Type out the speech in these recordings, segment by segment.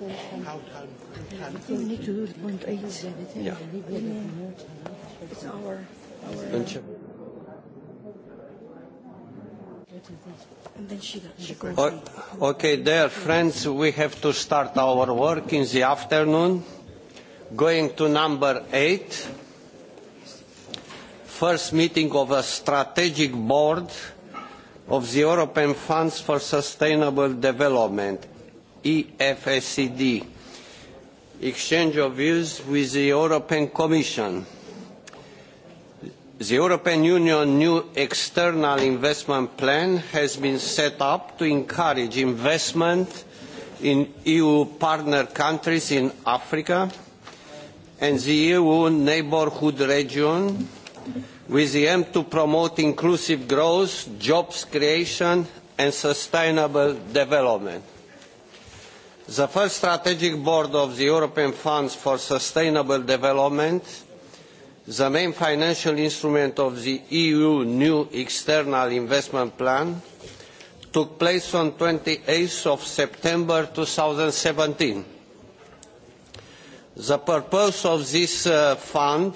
How time? How time? You need to do the point eight. Yeah. It's our. our uh, And then she, she o- okay, dear friends, we have to start our work in the afternoon. Going to number eight, first meeting of a strategic board of the European Funds for Sustainable Development, EFSCD, exchange of views with the European Commission. The European Union new external investment plan has been set up to encourage investment in EU partner countries in Africa and the EU neighbourhood region with the aim to promote inclusive growth, jobs creation and sustainable development. The first strategic board of the European Funds for Sustainable Development, the main financial instrument of the EU new external investment plan, took place on 28th of September 2017. The purpose of this uh, fund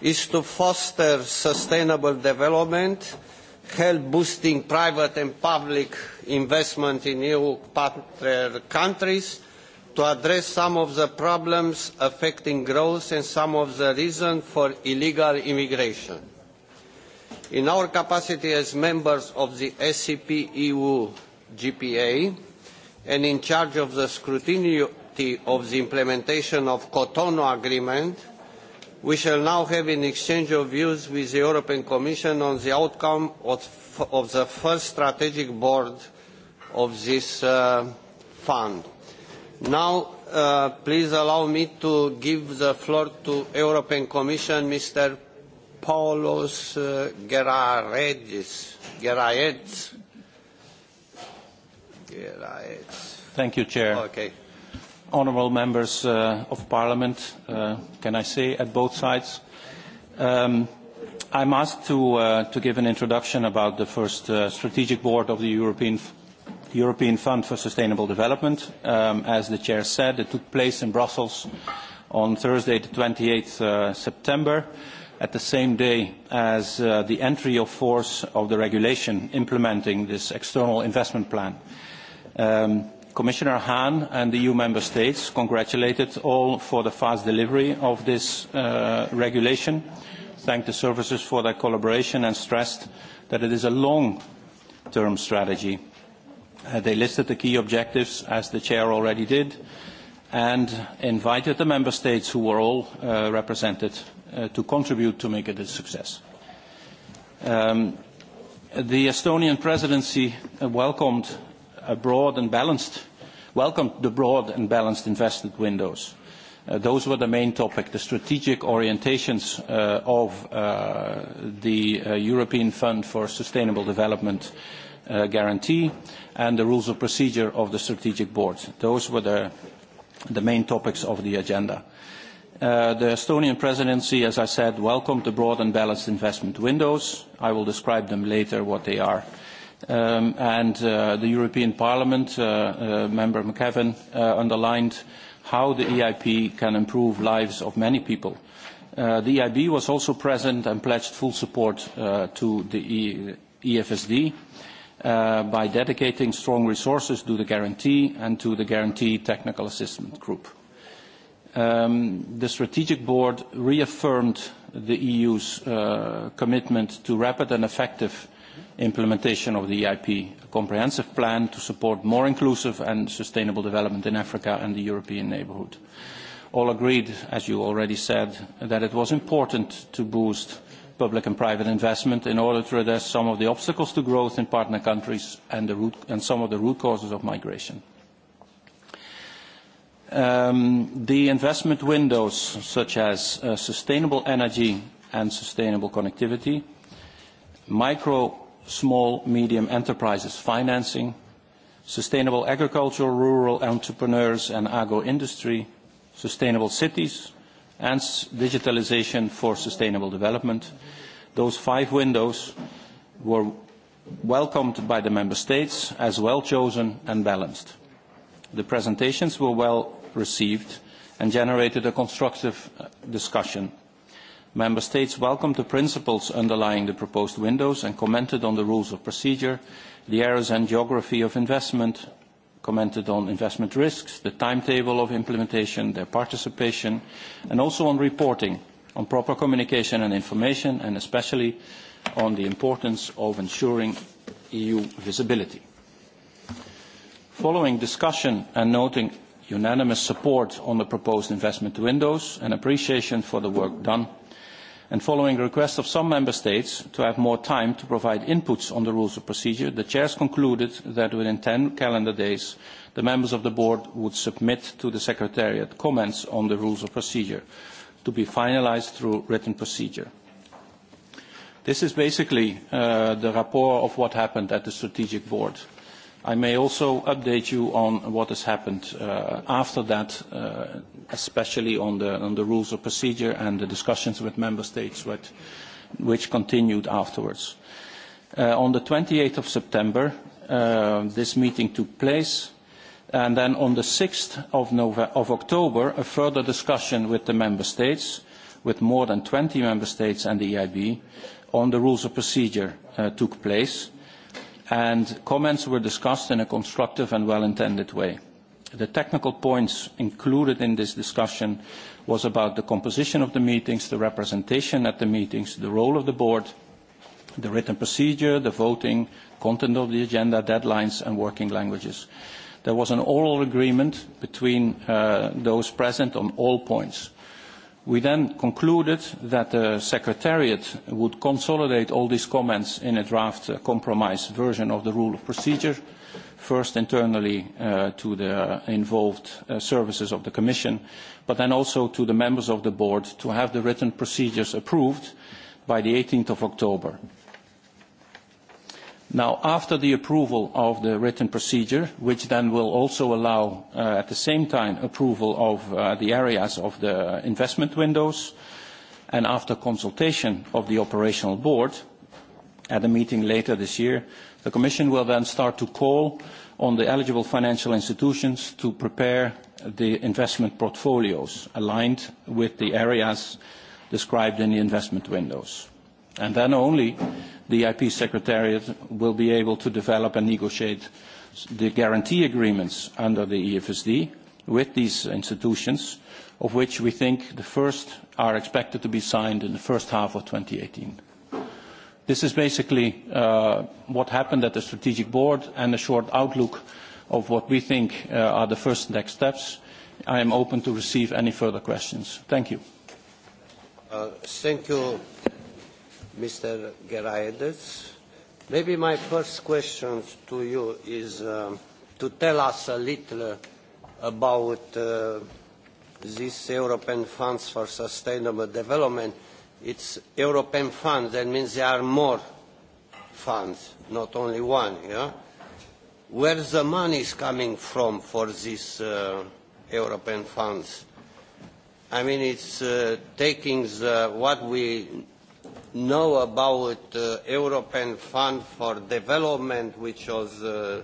is to foster sustainable development help boosting private and public investment in EU partner countries to address some of the problems affecting growth and some of the reasons for illegal immigration. In our capacity as members of the SCP EU GPA and in charge of the scrutiny of the implementation of Cotonou Agreement, We shall now have an exchange of views with the European Commission on the outcome of, of the first strategic board of this uh, fund. Now, uh, please allow me to give the floor to European Commission, Mr. Paulos uh, Geraides. Geraides. Geraides. Thank you, Chair. Okay honourable members uh, of Parliament, uh, can I say, at both sides. Um, I'm asked to, uh, to give an introduction about the first uh, strategic board of the European, European Fund for Sustainable Development. Um, as the chair said, it took place in Brussels on Thursday, the 28th uh, September, at the same day as uh, the entry of force of the regulation implementing this external investment plan. Um, Commissioner Hahn and the EU member states congratulated all for the fast delivery of this uh, regulation, thanked the services for their collaboration and stressed that it is a long-term strategy. Uh, they listed the key objectives, as the chair already did, and invited the member states who were all uh, represented uh, to contribute to make it a success. Um, the Estonian presidency uh, welcomed a broad and balanced, welcomed the broad and balanced investment windows. Uh, those were the main topic, the strategic orientations uh, of uh, the uh, European Fund for Sustainable Development uh, Guarantee and the rules of procedure of the strategic board. Those were the, the main topics of the agenda. Uh, the Estonian presidency, as I said, welcomed the broad and balanced investment windows. I will describe them later what they are. Uh, um, and uh, the European Parliament, uh, uh, Member McKevin, uh, underlined how the EIP can improve lives of many people. Uh, the EIB was also present and pledged full support uh, to the e EFSD uh, by dedicating strong resources to the guarantee and to the guarantee technical assistance group. Um, the strategic board reaffirmed the EU's uh, commitment to rapid and effective uh, implementation of the EIP comprehensive plan to support more inclusive and sustainable development in Africa and the European neighbourhood. All agreed, as you already said, that it was important to boost public and private investment in order to address some of the obstacles to growth in partner countries and, the root, and some of the root causes of migration. Um, the investment windows, such as uh, sustainable energy and sustainable connectivity, micro small, medium enterprises financing, sustainable agriculture, rural entrepreneurs and agro-industry, sustainable cities, and digitalization for sustainable development. Those five windows were welcomed by the Member States as well chosen and balanced. The presentations were well received and generated a constructive uh, discussion Member States welcomed the principles underlying the proposed windows and commented on the rules of procedure, the areas and geography of investment, commented on investment risks, the timetable of implementation, their participation, and also on reporting, on proper communication and information, and especially on the importance of ensuring EU visibility. Following discussion and noting unanimous support on the proposed investment windows and appreciation for the work done, and following the request of some member states to have more time to provide inputs on the rules of procedure, the chairs concluded that within 10 calendar days, the members of the board would submit to the secretariat comments on the rules of procedure to be finalized through written procedure. This is basically uh, the rapport of what happened at the strategic board. Uh, I may also update you on what has happened uh, after that, uh, especially on the, on the rules of procedure and the discussions with member states, which, which continued afterwards. Uh, on the 28th of September, uh, this meeting took place, and then on the 6th of, November, of October, a further discussion with the member states, with more than 20 member states and the EIB, on the rules of procedure uh, took place and comments were discussed in a constructive and well-intended way. The technical points included in this discussion was about the composition of the meetings, the representation at the meetings, the role of the board, the written procedure, the voting, content of the agenda, deadlines, and working languages. There was an oral agreement between uh, those present on all points. We then concluded that the Secretariat would consolidate all these comments in a draft uh, compromise version of the rule of procedure, first internally uh, to the involved uh, services of the Commission, but then also to the members of the Board to have the written procedures approved by the 18th of October. Now, after the approval of the written procedure, which then will also allow, uh, at the same time, approval of uh, the areas of the investment windows, and after consultation of the operational board, at a meeting later this year, the Commission will then start to call on the eligible financial institutions to prepare the investment portfolios aligned with the areas described in the investment windows. And then only the IP Secretariat will be able to develop and negotiate the guarantee agreements under the EFSD with these institutions, of which we think the first are expected to be signed in the first half of 2018. This is basically uh, what happened at the strategic board and a short outlook of what we think uh, are the first next steps. I am open to receive any further questions. Thank you. Uh, thank you, Mr. Geraides. Maybe my first question to you is uh, to tell us a little about uh, this European Funds for Sustainable Development. It's European funds, that means there are more funds, not only one. Yeah? Where the money is coming from for these uh, European funds? I mean, it's uh, taking the, what we know about uh, European Fund for Development, which was uh,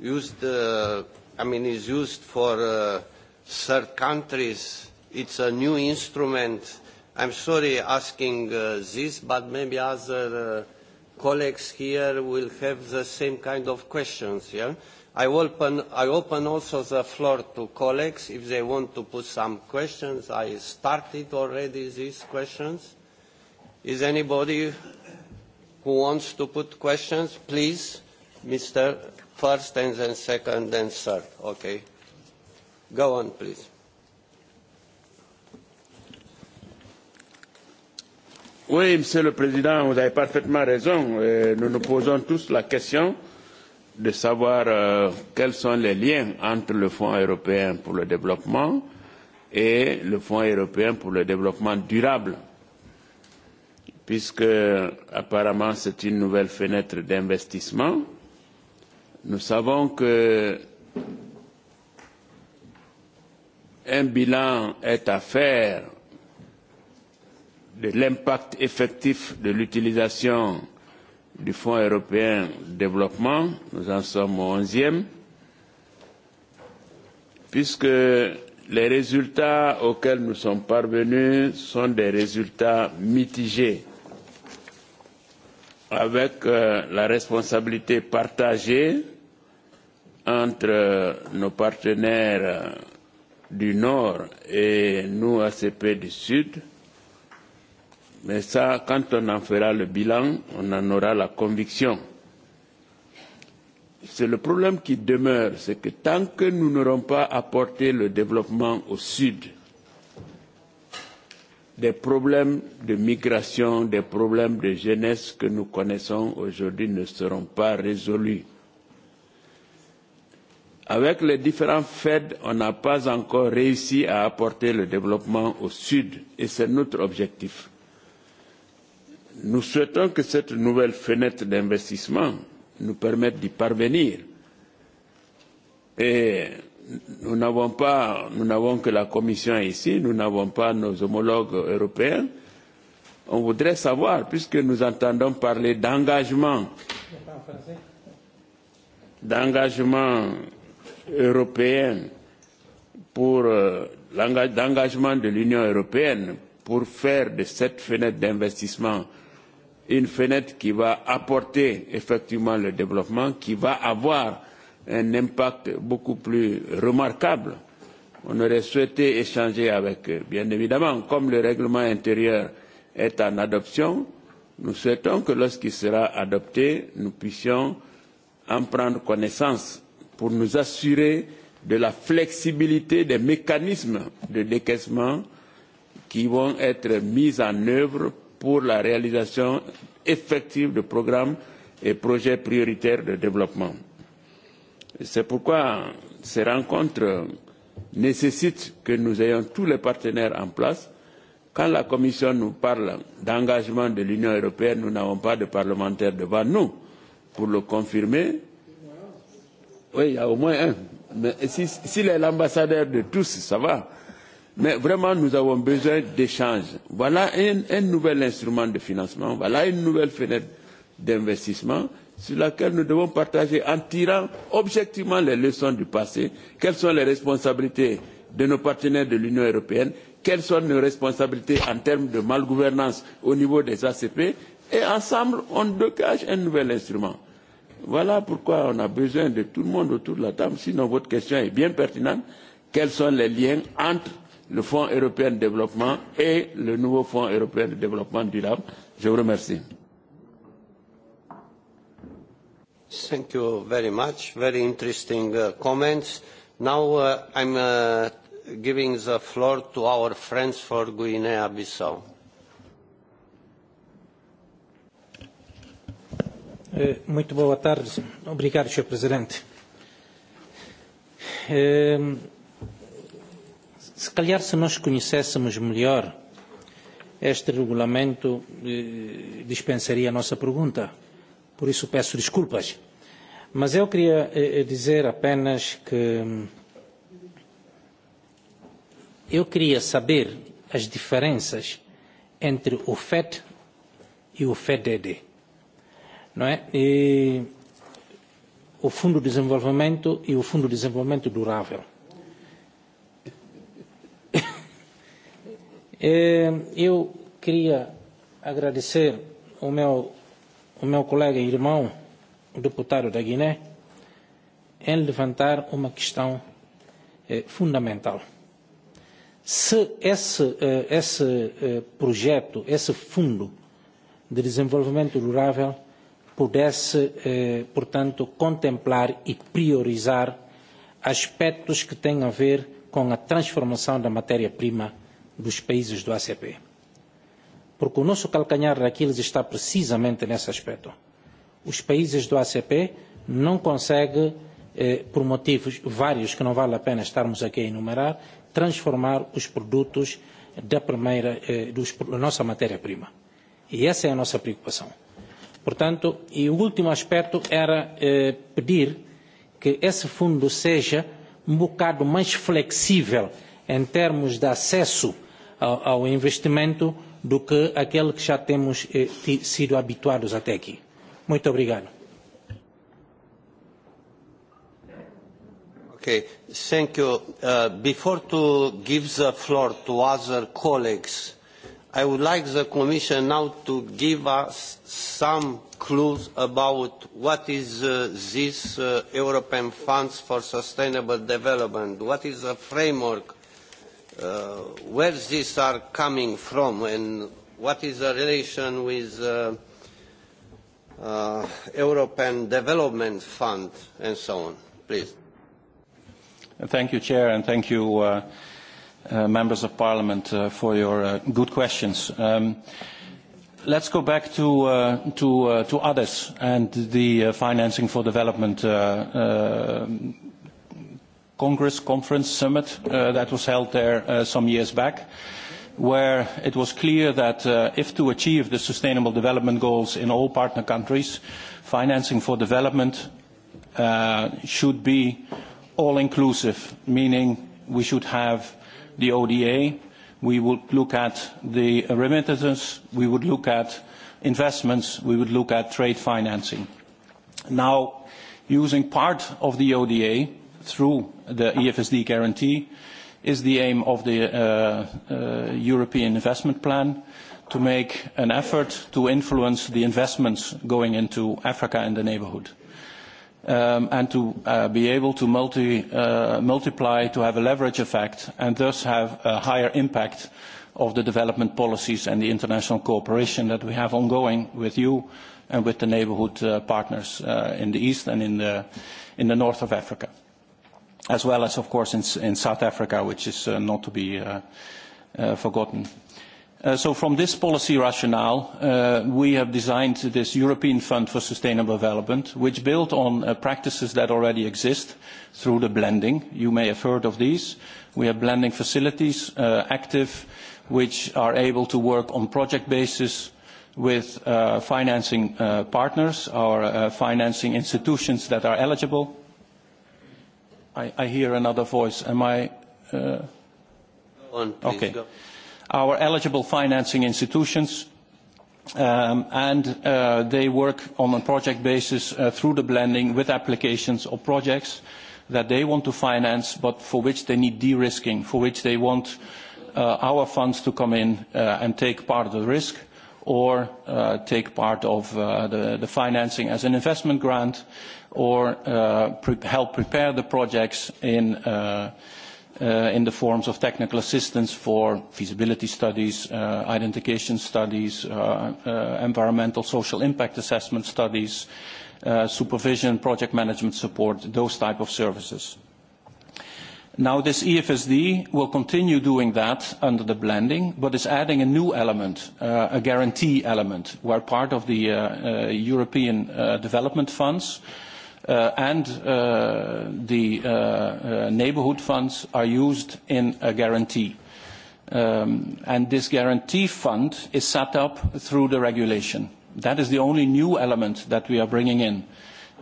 used, uh, I mean, is used for uh, third countries. It's a new instrument. I'm sorry asking uh, this, but maybe other uh, colleagues here will have the same kind of questions, yeah? I open, I open also the floor to colleagues if they want to put some questions. I started already these questions. Is anybody who wants to put questions? Please, Mr. First and then second and third. Okay. Go on, please. Oui, Monsieur le Président, vous avez parfaitement raison. Euh, nous nous posons tous la question de savoir euh, quels sont les liens entre le Fonds européen pour le développement et le Fonds européen pour le développement durable. Euh, puisque apparemment c'est une nouvelle fenêtre d'investissement. Nous savons que un bilan est à faire de l'impact effectif de l'utilisation du Fonds européen de développement, nous en sommes au onzième, puisque les résultats auxquels nous sommes parvenus sont des résultats mitigés avec euh, la responsabilité partagée entre euh, nos partenaires euh, du Nord et nous, ACP du Sud. Mais ça, quand on en fera le bilan, on en aura la conviction. C'est le problème qui demeure, c'est que tant que nous n'aurons pas apporté le développement au Sud, euh, des problèmes de migration, des problèmes de jeunesse que nous connaissons aujourd'hui ne seront pas résolus. Avec les différents FED, on n'a pas encore réussi à apporter le développement au Sud et c'est notre objectif. Nous souhaitons que cette nouvelle fenêtre d'investissement nous permette d'y parvenir. Et nous n'avons pas, nous n'avons que la Commission ici, nous n'avons pas nos homologues européens. On voudrait savoir, puisque nous entendons parler d'engagement, d'engagement européen pour euh, d'engagement de l'Union européenne pour faire de cette fenêtre d'investissement une fenêtre qui va apporter effectivement le développement, qui va avoir euh, un impact beaucoup plus remarquable. On aurait souhaité échanger avec eux. Bien évidemment, comme le règlement intérieur est en adoption, nous souhaitons que lorsqu'il sera adopté, nous puissions en prendre connaissance pour nous assurer de la flexibilité des mécanismes de décaissement qui vont être mis en œuvre pour la réalisation effective de programmes et projets prioritaires de développement. C'est pourquoi ces rencontres nécessitent que nous ayons tous les partenaires en place. Quand la Commission nous parle d'engagement de l'Union européenne, nous n'avons pas de parlementaires devant nous pour le confirmer. Oui, il y a au moins un. Mais s'il si, si est l'ambassadeur de tous, ça va. Mais vraiment, nous avons besoin d'échanges. Voilà un, un nouvel instrument de financement, voilà une nouvelle fenêtre d'investissement sur laquelle nous devons partager en tirant objectivement les leçons du passé, quelles sont les responsabilités de nos partenaires de l'Union européenne, quelles sont nos responsabilités en termes de malgouvernance au niveau des ACP, et ensemble, on dégage un nouvel instrument. Voilà pourquoi on a besoin de tout le monde autour de la table, sinon votre question est bien pertinente. Quels sont les liens entre le Fonds européen de développement et le nouveau Fonds européen de développement durable Je vous remercie. Thank you very much. Very interesting uh, comments. Now uh, I'm uh, giving the floor to our friends for Guinea-Bissau. Eh, muito boa tarde. Obrigado, Sr. Presidente. Eh, se calhar se nós conhecêssemos melhor este regulamento, eh, dispensaria a nossa pergunta por isso peço desculpas. Mas eu queria eh, eh dizer apenas que eu queria saber as diferenças entre o FED e o FEDED. Não é? E o Fundo de Desenvolvimento e o Fundo de Desenvolvimento Durável. Eh, eu queria agradecer o meu o meu colega e irmão, o deputado da Guiné, em levantar uma questão eh, fundamental. Se esse, eh, esse eh, projeto, esse fundo de desenvolvimento rural pudesse, eh, portanto, contemplar e priorizar aspectos que têm a ver com a transformação da matéria-prima dos países do ACP porque o nosso calcanhar de Aquiles está precisamente nesse aspecto. Os países do ACP não conseguem, eh, por motivos vários que não vale a pena estarmos aqui a enumerar, transformar os produtos da primeira, eh, dos, da nossa matéria-prima. E essa é a nossa preocupação. Portanto, e o último aspecto era eh, pedir que esse fundo seja um bocado mais flexível em termos de acesso ao, ao investimento, do que aquele que já temos eh, sido habituados até aqui. Muito obrigado. Okay, thank you. Uh, before to give the floor to other colleagues, I would like the Commission now to give us some clues about what is uh, this uh, European Funds for Sustainable Development, what is the framework uh, where these are coming from and what is the relation with uh, uh, European Development Fund and so on, please. Thank you, Chair, and thank you, uh, uh, Members of Parliament, uh, for your uh, good questions. Um, let's go back to, uh, to, uh, to others and the uh, financing for development uh, uh, Congress conference summit uh, that was held there uh, some years back, where it was clear that uh, if to achieve the Sustainable Development Goals in all partner countries, financing for development uh, should be all-inclusive, meaning we should have the ODA, we would look at the remittances, we would look at investments, we would look at trade financing. Now, using part of the ODA, through the EFSD guarantee is the aim of the uh, uh, European Investment Plan to make an effort to influence the investments going into Africa and the neighborhood. Um, and to uh, be able to multi, uh, multiply, to have a leverage effect, and thus have a higher impact of the development policies and the international cooperation that we have ongoing with you and with the neighborhood uh, partners uh, in the east and in the, in the north of Africa as well as, of course, in, in South Africa, which is uh, not to be uh, uh, forgotten. Uh, so from this policy rationale, uh, we have designed this European Fund for Sustainable Development, which built on uh, practices that already exist through the blending. You may have heard of these. We have blending facilities uh, active, which are able to work on project basis with uh, financing uh, partners or uh, financing institutions that are eligible I, I hear another voice. Am I? Uh... On, please, okay. Go. Our eligible financing institutions, um, and uh, they work on a project basis uh, through the blending with applications or projects that they want to finance, but for which they need de-risking, for which they want uh, our funds to come in uh, and take part of the risk or uh, take part of uh, the, the financing as an investment grant or uh, pre help prepare the projects in, uh, uh, in the forms of technical assistance for feasibility studies, uh, identification studies, uh, uh, environmental social impact assessment studies, uh, supervision, project management support, those type of services. Now this EFSD will continue doing that under the blending, but is adding a new element, uh, a guarantee element, where part of the uh, uh, European uh, development funds uh, uh, and uh, the uh, uh, neighborhood funds are used in a guarantee. Um, and this guarantee fund is set up through the regulation. That is the only new element that we are bringing in.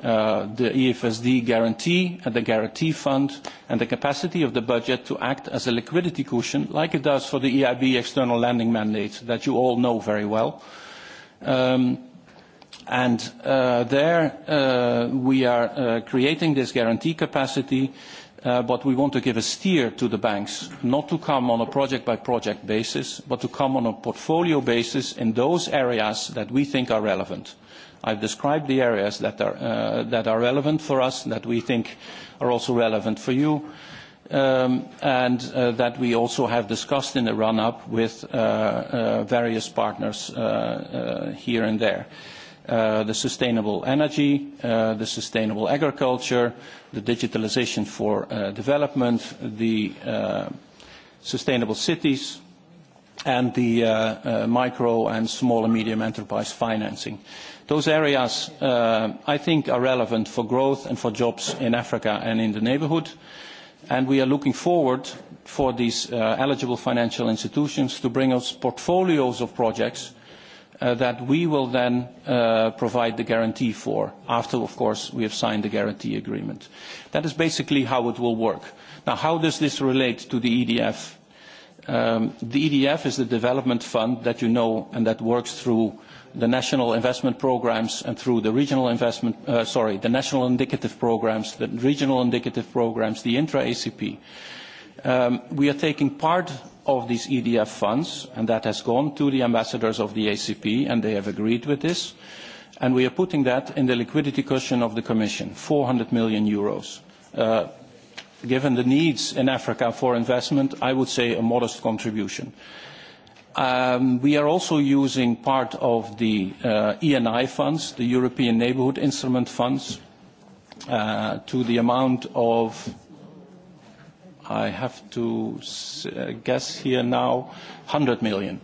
Uh, the EFSD guarantee and the guarantee fund and the capacity of the budget to act as a liquidity cushion like it does for the EIB external lending mandate that you all know very well. Um, And uh, there, uh, we are uh, creating this guarantee capacity, uh, but we want to give a steer to the banks, not to come on a project-by-project -project basis, but to come on a portfolio basis in those areas that we think are relevant. I've described the areas that are, uh, that are relevant for us, that we think are also relevant for you, um, and uh, that we also have discussed in the run-up with various partners here and there uh, the sustainable energy, uh, the sustainable agriculture, the digitalization for uh, development, the uh, sustainable cities, and the uh, uh, micro and small and medium enterprise financing. Those areas, uh, I think, are relevant for growth and for jobs in Africa and in the neighborhood. And we are looking forward for these uh, eligible financial institutions to bring us portfolios of projects uh, that we will then uh, provide the guarantee for after, of course, we have signed the guarantee agreement. That is basically how it will work. Now, how does this relate to the EDF? Um, the EDF is the development fund that you know and that works through the national investment programs and through the regional investment, uh, sorry, the national indicative programs, the regional indicative programs, the intra-ACP. Um, we are taking part of these EDF funds, and that has gone to the ambassadors of the ACP, and they have agreed with this. And we are putting that in the liquidity cushion of the Commission, 400 million euros. Uh, given the needs in Africa for investment, I would say a modest contribution. Um, we are also using part of the uh, ENI funds, the European Neighbourhood Instrument funds, uh, to the amount of I have to uh, guess here now, 100 million.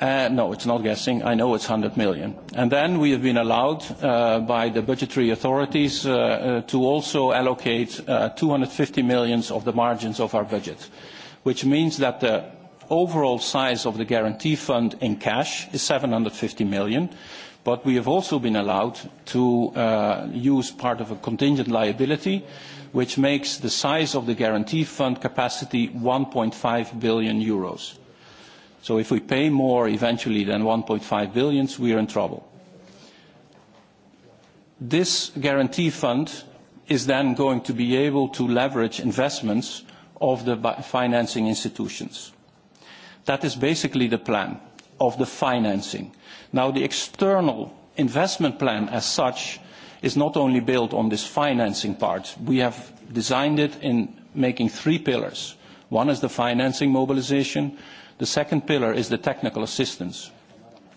Uh, no, it's not guessing. I know it's 100 million. And then we have been allowed uh, by the budgetary authorities uh, uh to also allocate 250 uh, million of the margins of our budget, which means that the overall size of the guarantee fund in cash is 750 million, but we have also been allowed to use part of a contingent liability which makes the size of the guarantee fund capacity 1.5 billion euros. So if we pay more eventually than 1.5 billion, we are in trouble. This guarantee fund is then going to be able to leverage investments of the financing institutions. That is basically the plan of the financing. Now, the external investment plan as such is not only built on this financing part. We have designed it in making three pillars. One is the financing mobilization. The second pillar is the technical assistance,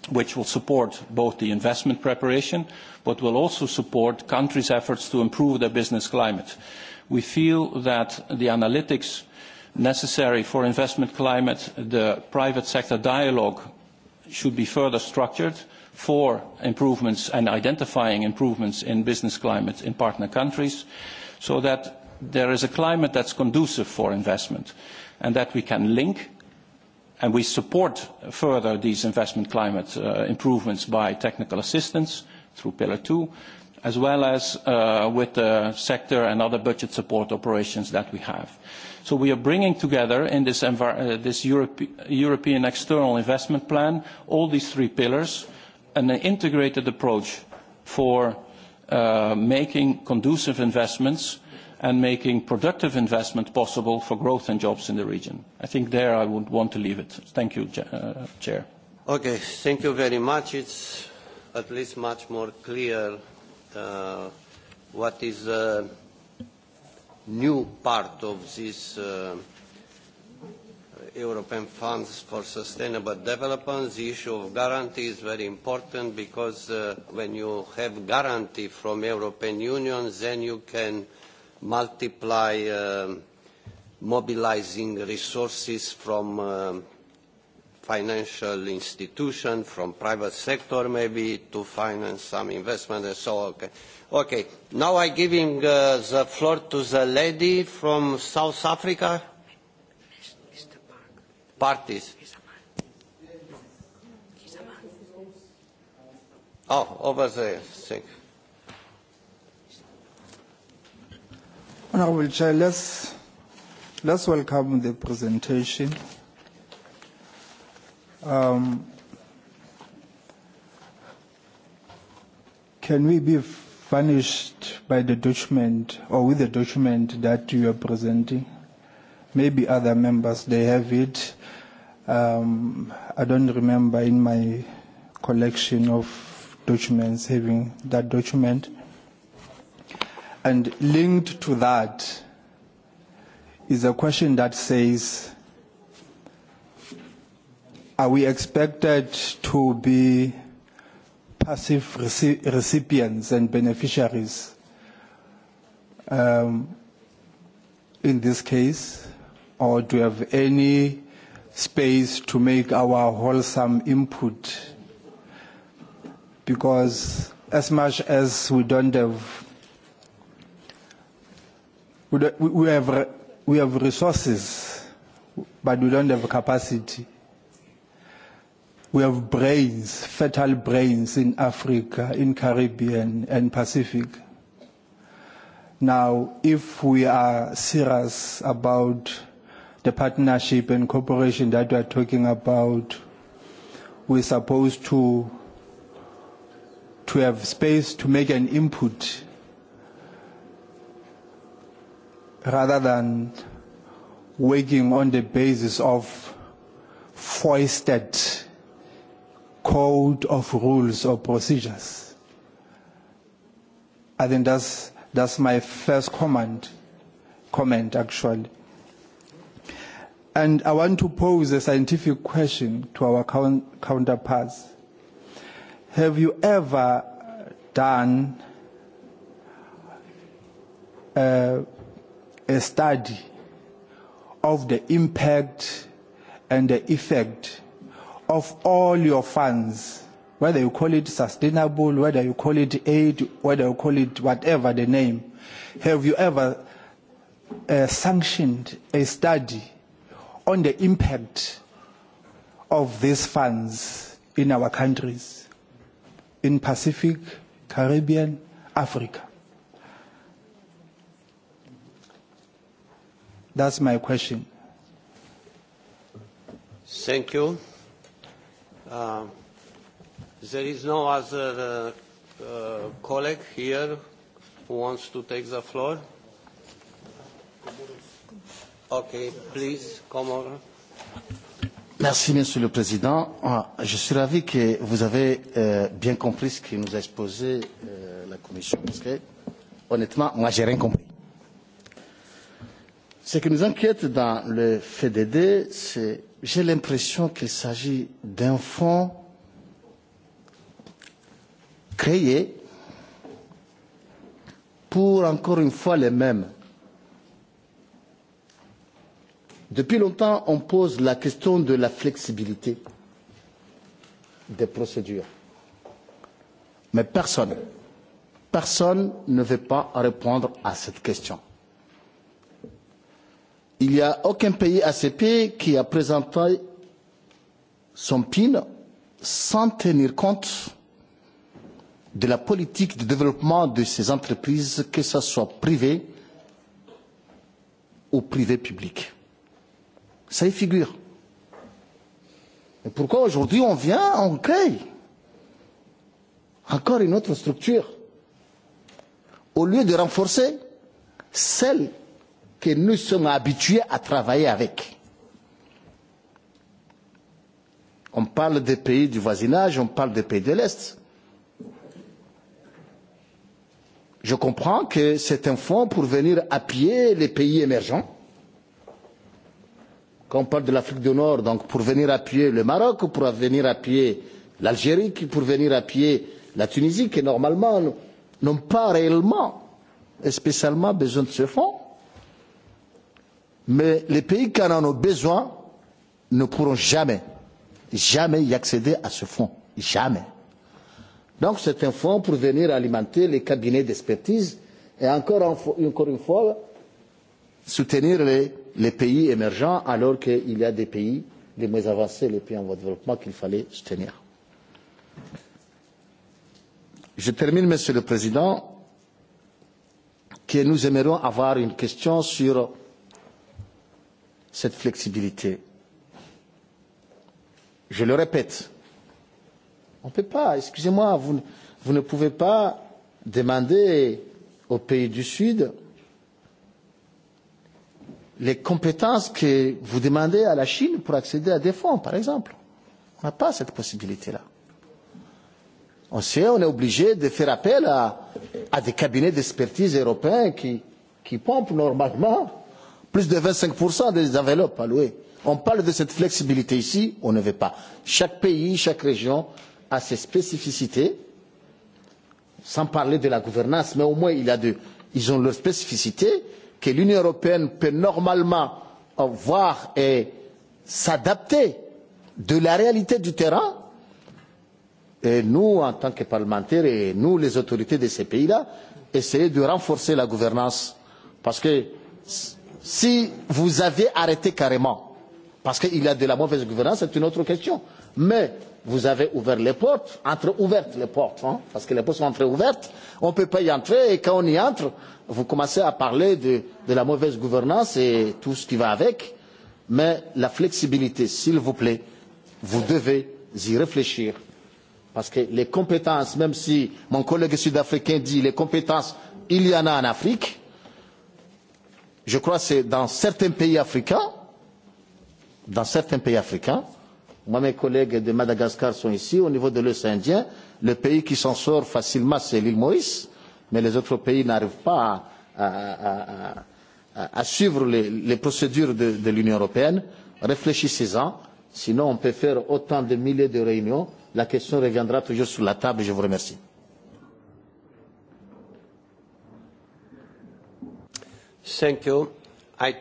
which will support both the investment preparation, but will also support countries' efforts to improve their business climate. We feel that the analytics necessary for investment climate, the private sector dialogue should be further structured, for improvements and identifying improvements in business climate in partner countries so that there is a climate that's conducive for investment and that we can link and we support further these investment climate uh, improvements by technical assistance through Pillar 2, as well as uh, with the sector and other budget support operations that we have. So we are bringing together in this, uh, this Europe European External Investment Plan all these three pillars – an integrated approach for uh, making conducive investments and making productive investment possible for growth and jobs in the region. I think there I would want to leave it. Thank you, uh, Chair. Okay, thank you very much. It's at least much more clear uh, what is the uh, new part of this uh, European funds for sustainable development, the issue of guarantee is very important because uh, when you have guarantee from European Union, then you can multiply uh, mobilizing resources from uh, financial institution, from private sector maybe, to finance some investment and so on. Okay, okay. now I'm giving uh, the floor to the lady from South Africa parties. Oh, over there, thank you. Honorable Chair, let's, let's welcome the presentation. Um, can we be furnished by the document or with the document that you are presenting? Maybe other members, they have it Um, I don't remember in my collection of documents having that document. And linked to that is a question that says, are we expected to be passive reci- recipients and beneficiaries um, in this case, or do you have any space to make our wholesome input. Because as much as we don't have, we, don't, we have, we have resources, but we don't have capacity. We have brains, fertile brains in Africa, in Caribbean and Pacific. Now, if we are serious about the partnership and cooperation that we are talking about, we're supposed to to have space to make an input rather than working on the basis of foisted code of rules or procedures. I think that's that's my first comment comment actually. And I want to pose a scientific question to our count- counterparts. Have you ever done uh, a study of the impact and the effect of all your funds, whether you call it sustainable, whether you call it aid, whether you call it whatever the name? Have you ever uh, sanctioned a study on the impact of these funds in our countries, in Pacific, Caribbean, Africa? That's my question. Thank you. Uh, there is no other uh, uh, colleague here who wants to take the floor. Okay, please come over. Merci, Monsieur le Président. Ah, je suis ravi que vous avez euh, bien compris ce que nous a exposé euh, la Commission, parce que, honnêtement, moi, j'ai rien compris. Ce qui nous inquiète dans le FDD, c'est j'ai l'impression qu'il s'agit d'un fonds créé pour encore une fois les mêmes Depuis longtemps, on pose la question de la flexibilité des procédures. Mais personne, personne ne veut pas répondre à cette question. Il n'y a aucun pays ACP qui a présenté son PIN sans tenir compte de la politique de développement de ces entreprises, que ce soit privées ou privées publiques. Ça y figure. Et pourquoi aujourd'hui on vient, on crée encore une autre structure au lieu de renforcer celle que nous sommes habitués à travailler avec. On parle des pays du voisinage, on parle des pays de l'Est. Je comprends que c'est un fonds pour venir appuyer les pays émergents, quand on parle de l'Afrique du Nord, donc pour venir appuyer le Maroc ou pour venir appuyer l'Algérie, pour venir appuyer la Tunisie, qui normalement n'ont pas réellement et spécialement besoin de ce fonds. Mais les pays qui en ont besoin ne pourront jamais, jamais y accéder à ce fonds. Jamais. Donc c'est un fonds pour venir alimenter les cabinets d'expertise. Et encore, encore une fois, soutenir les, les pays émergents alors qu'il y a des pays les moins avancés, les pays en voie de développement qu'il fallait soutenir. Je termine, Monsieur le Président, que nous aimerions avoir une question sur cette flexibilité. Je le répète, on ne peut pas, excusez-moi, vous, vous ne pouvez pas demander aux pays du Sud les compétences que vous demandez à la Chine pour accéder à des fonds, par exemple. On n'a pas cette possibilité-là. On sait, on est obligé de faire appel à, à des cabinets d'expertise européens qui, qui pompent normalement plus de 25% des enveloppes allouées. On parle de cette flexibilité ici, on ne veut pas. Chaque pays, chaque région a ses spécificités, sans parler de la gouvernance, mais au moins il a de, ils ont leurs spécificités que l'Union européenne peut normalement voir et s'adapter de la réalité du terrain, et nous, en tant que parlementaires, et nous, les autorités de ces pays-là, essayer de renforcer la gouvernance. Parce que si vous avez arrêté carrément, parce qu'il y a de la mauvaise gouvernance, c'est une autre question. Mais vous avez ouvert les portes, entre-ouvertes les portes, hein, parce que les portes sont entre-ouvertes, on ne peut pas y entrer et quand on y entre, vous commencez à parler de, de la mauvaise gouvernance et tout ce qui va avec. Mais la flexibilité, s'il vous plaît, vous devez y réfléchir. Parce que les compétences, même si mon collègue sud-africain dit les compétences, il y en a en Afrique, je crois que c'est dans certains pays africains, dans certains pays africains, Moi, mes collègues de Madagascar sont ici. Au niveau de l'océan Indien, le pays qui s'en sort facilement, c'est l'île Maurice. Mais les autres pays n'arrivent pas à, à, à, à, à suivre les, les procédures de, de l'Union européenne. Réfléchissez-en. Sinon, on peut faire autant de milliers de réunions. La question reviendra toujours sur la table. Je vous remercie. Thank you. I...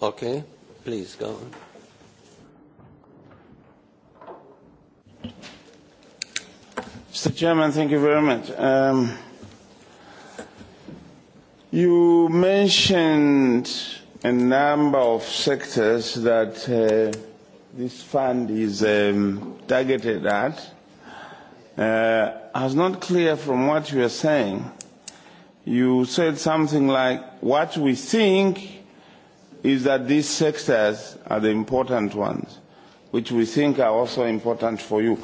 Okay, please go on. Mr. Chairman, thank you very much. Um, you mentioned a number of sectors that uh, this fund is um, targeted at. Uh, I was not clear from what you are saying. You said something like, what we think is that these sectors are the important ones, which we think are also important for you.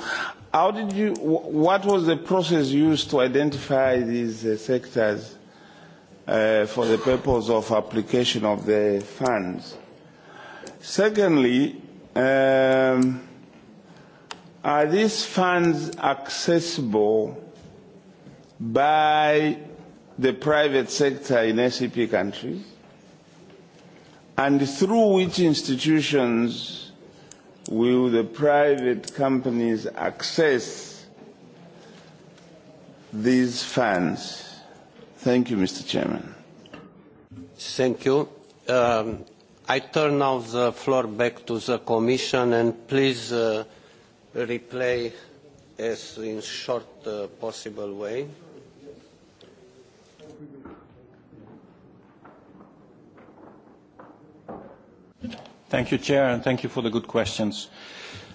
How did you, what was the process used to identify these uh, sectors uh, for the purpose of application of the funds? Secondly, um, are these funds accessible by the private sector in SCP e countries? And through which institutions will the private companies access these funds? Thank you, Mr. Chairman. Thank you. Um, I turn now the floor back to the Commission and please uh, replay as in short uh, possible way. Thank you, Chair, and thank you for the good questions.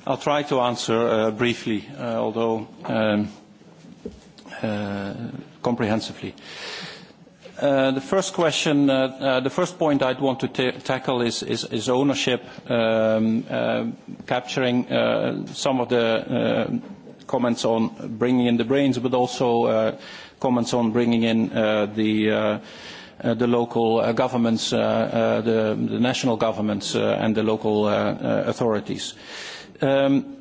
I'll try to answer uh, briefly, uh, although um, uh, comprehensively. Uh, the first question, uh, uh, the first point I'd want to ta tackle is, is, is ownership, um, uh, capturing uh, some of the uh, comments on bringing in the brains, but also uh, comments on bringing in uh, the uh, uh, the local uh, governments, uh, uh, the, the national governments, uh, and the local uh, uh, authorities. Um,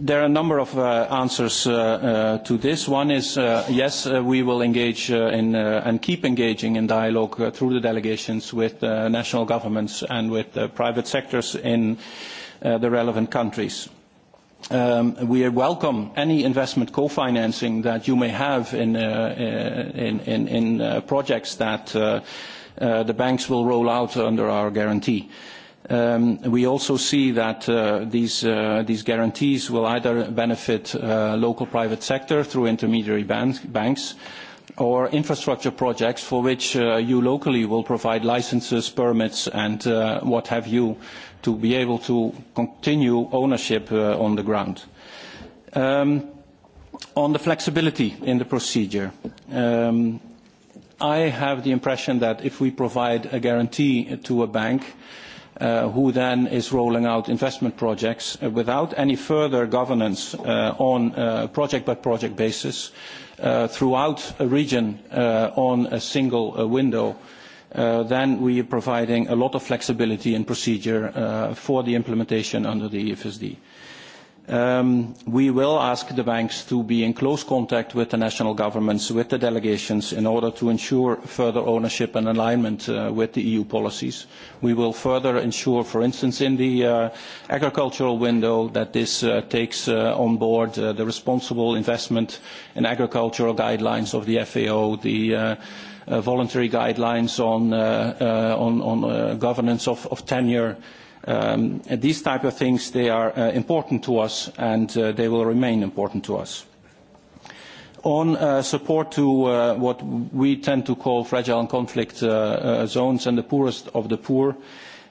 There are a number of uh, answers uh, uh, to this. One is, uh, yes, uh, we will engage uh, in and keep engaging in dialogue through the delegations with national governments and with private sectors in the relevant countries. Um, we welcome any investment co-financing that you may have in, uh, uh in, in, in uh, projects that uh, uh, the banks will roll out under our guarantee. Um, we also see that uh, these, these guarantees will either benefit local private sector through intermediary ban banks or infrastructure projects for which uh, you locally will provide licenses, permits, and uh, what have you, to be able to continue ownership uh, on the ground. Um, on the flexibility in the procedure, um, I have the impression that if we provide a guarantee to a bank, uh, who then is rolling out investment projects uh, without any further governance uh, on a uh, project-by-project -project basis, uh, throughout a region uh, on a single uh, window, uh, then we are providing a lot of flexibility in procedure uh, for the implementation under the EFSD. Uh, Um, we will ask the banks to be in close contact with the national governments, with the delegations, in order to ensure further ownership and alignment uh, with the EU policies. We will further ensure, for instance, in the uh, agricultural window, that this uh, takes uh, on board uh, the responsible investment in agricultural guidelines of the FAO, the uh, uh, voluntary guidelines on, uh, uh, on, on uh, governance of, of tenure, uh, um, these type of things, they are uh, important to us and uh, they will remain important to us. On uh, support to uh, what we tend to call fragile and conflict uh, uh, zones and the poorest of the poor,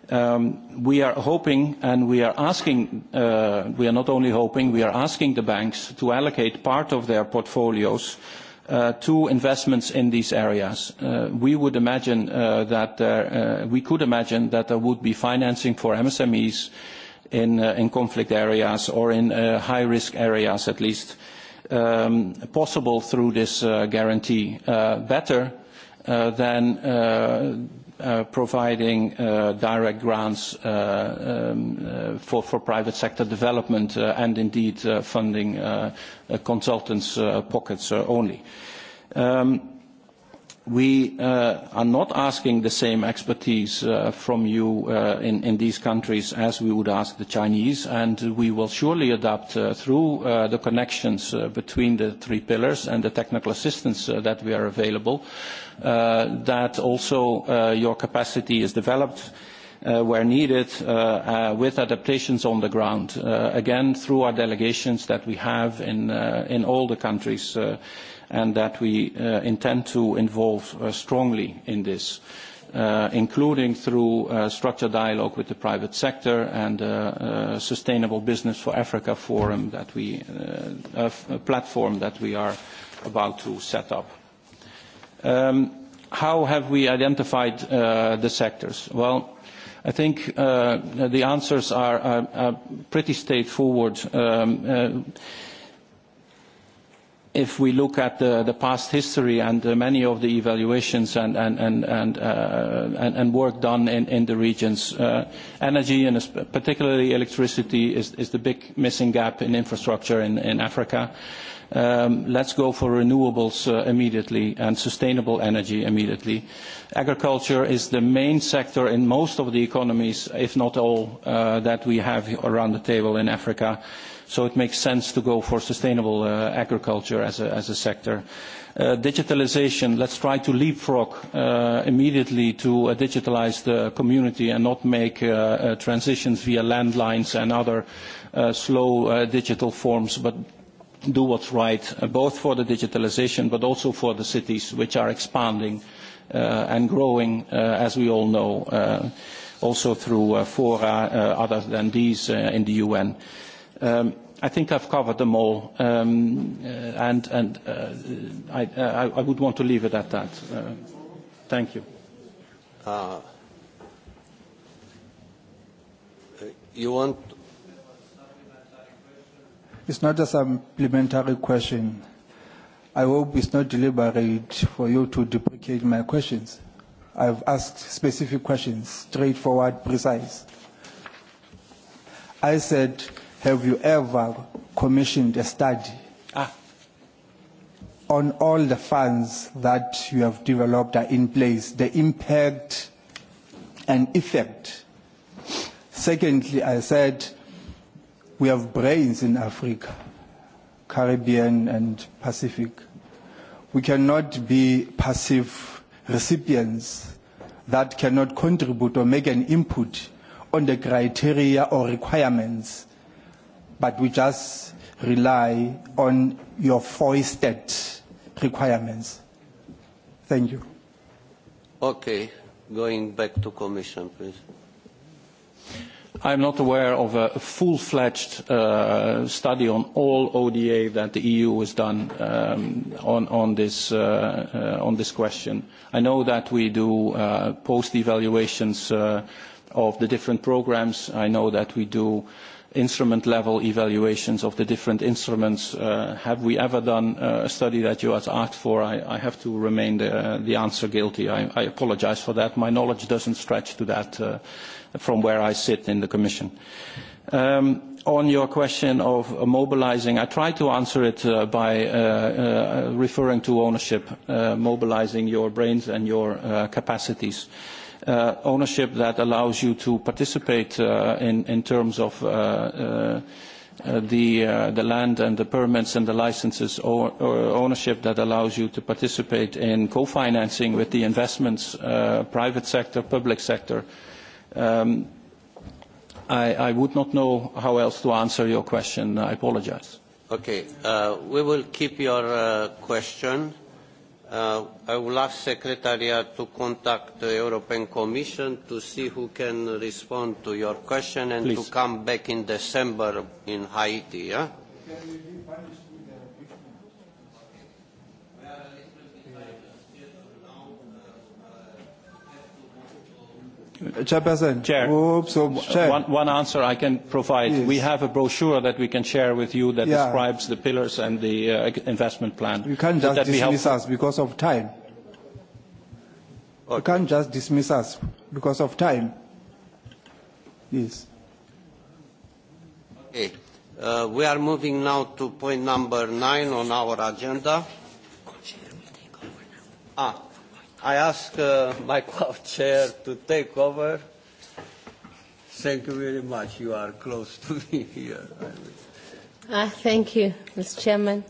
um, we are hoping and we are asking, uh, we are not only hoping, we are asking the banks to allocate part of their portfolios uh, uh, to investments in these areas. Uh, we would imagine uh, that there, uh, we could imagine that there would be financing for MSMEs in, uh, in conflict areas or in uh, high-risk areas at least, um, possible through this uh, guarantee. Uh, better uh, than uh, uh, providing uh, direct grants uh, um, uh, for, for private sector development uh, and indeed uh, funding uh, uh, consultants' uh, pockets uh, only. Um, we uh, are not asking the same expertise uh, from you uh, in, in these countries as we would ask the Chinese, and we will surely adapt uh, through uh, the connections uh, between the three pillars and the technical assistance uh, that we are available. Uh, uh, that also uh, your capacity is developed uh, where needed uh, uh, with adaptations on the ground, uh, again, through our delegations that we have in, uh, in all the countries uh, and that we uh, intend to involve uh, strongly in this. Uh, including through uh, structured dialogue with the private sector and uh, uh, Sustainable Business for Africa forum that we, uh, a, f- a platform that we are about to set up. Um, how have we identified uh, the sectors? Well, I think uh, the answers are, are, are pretty straightforward. Um, uh, if we look at the, the past history and uh, many of the evaluations and, and, and, and, uh, and, and work done in, in the regions, uh, energy and particularly electricity is, is the big missing gap in infrastructure in, in Africa. Uh, um, let's go for renewables uh, immediately and sustainable energy immediately. Agriculture is the main sector in most of the economies, if not all, uh, that we have around the table in Africa. So it makes sense to go for sustainable uh, agriculture as a, as a sector. Uh, digitalization, let's try to leapfrog uh, immediately to a digitalized uh, community and not make uh, uh, transitions via landlines and other uh, slow uh, digital forms, but do what's right, uh, both for the digitalization but also for the cities which are expanding uh, and growing, uh, as we all know, uh, also through uh, fora uh, other than these uh, in the UN. Um, I think I've covered them all, um, uh, and, and uh, I, uh, I would want to leave it at that. Uh, thank you. Uh, you want It's not a supplementary question. I hope it's not deliberate for you to duplicate my questions. I've asked specific questions, straightforward, precise. I said, have you ever commissioned a study ah. on all the funds that you have developed are in place, the impact and effect? Secondly, I said, we have brains in Africa, Caribbean and Pacific. We cannot be passive recipients that cannot contribute or make an input on the criteria or requirements, but we just rely on your foisted requirements. Thank you. Okay. Going back to Commission, please. I'm not aware of a full-fledged uh, study on all ODA that the EU has done um, on, on, this, uh, uh, on this question. I know that we do uh, post-evaluations uh, of the different programs. I know that we do uh, instrument level evaluations of the different instruments. Uh, have we ever done uh, a study that you had asked for? I, I have to remain the, uh, the answer guilty. I, I apologize for that. My knowledge doesn't stretch to that uh, from where I sit in the Commission. Um, on your question of uh, mobilizing, I tried to answer it uh, by uh, uh, referring to ownership, uh, mobilizing your brains and your uh, capacities. Uh, uh, ownership that allows you to participate uh, in, in terms of uh, uh, uh, the, uh, the land and the permits and the licenses or, or ownership that allows you to participate in co-financing with the investments, uh, private sector, public sector. Um, I, I would not know how else to answer your question. I apologize. Okay. Uh, we will keep your uh, question. Uh, Uh, I will ask Secretariat to contact the European Commission to see who can respond to your question and Please. to come back in December in Haiti. Yeah? Chairperson. Chair. Oops, oops, uh, Chair. One, one answer I can provide. Yes. We have a brochure that we can share with you that yeah. describes the pillars and the uh, investment plan. You can't just dismiss be us because of time. Okay. You can't just dismiss us because of time. Yes. Okay. Uh, we are moving now to point number nine on our agenda. Ah, I ask uh, my co-chair to take over. Thank you very much. You are close to me here. Ah, thank you, Mr. Chairman.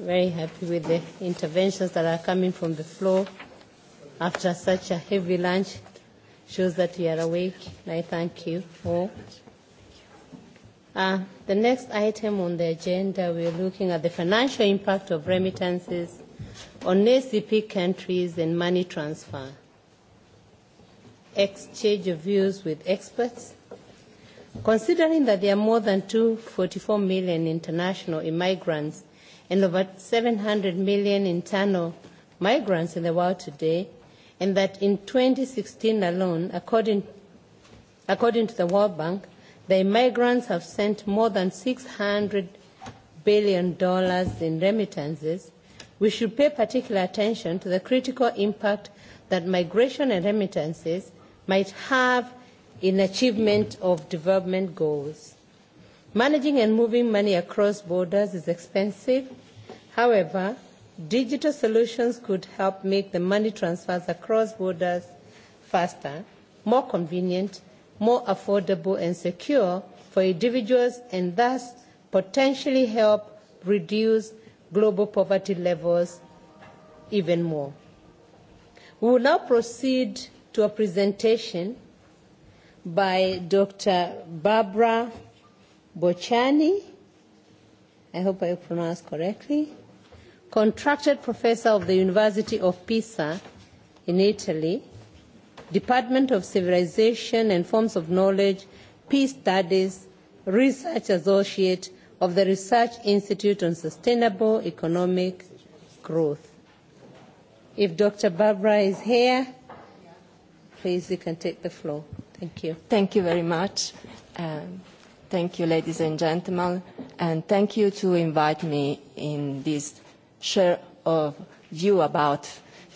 Very happy with the interventions that are coming from the floor after such a heavy lunch. Shows that you are awake, and I thank you all. Uh, the next item on the agenda, we're looking at the financial impact of remittances on ACP countries and money transfer, exchange of views with experts, considering that there are more than 244 million international immigrants and over 700 million internal migrants in the world today, and that in 2016 alone, according, according to the World Bank, the migrants have sent more than $600 billion in remittances we should pay particular attention to the critical impact that migration and remittances might have in achievement of development goals. Managing and moving money across borders is expensive. However, digital solutions could help make the money transfers across borders faster, more convenient, more affordable and secure for individuals and thus potentially help reduce global poverty levels even more. We will now proceed to a presentation by Dr. Barbara Bocciani, I hope I pronounced correctly, contracted professor of the University of Pisa in Italy, Department of Civilization and Forms of Knowledge, Peace Studies, Research Associate, of the Research Institute on Sustainable Economic Growth. If Dr. Barbara is here, please, you can take the floor. Thank you. Thank you very much. Um, thank you, ladies and gentlemen, and thank you to invite me in this share of view about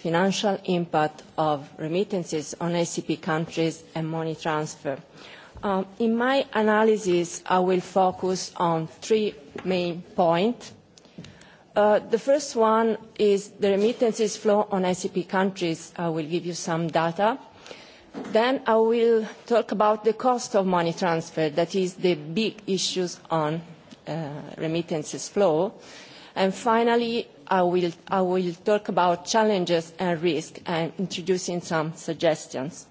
financial impact of remittances on ACP e countries and money transfer. Uh, Um, in my analysis, I will focus on three main points. Uh, the first one is the remittances flow on ICP e countries. I will give you some data. Then I will talk about the cost of money transfer, that is the big issues on uh, remittances flow. And finally, I will, I will talk about challenges and risk and introducing some suggestions.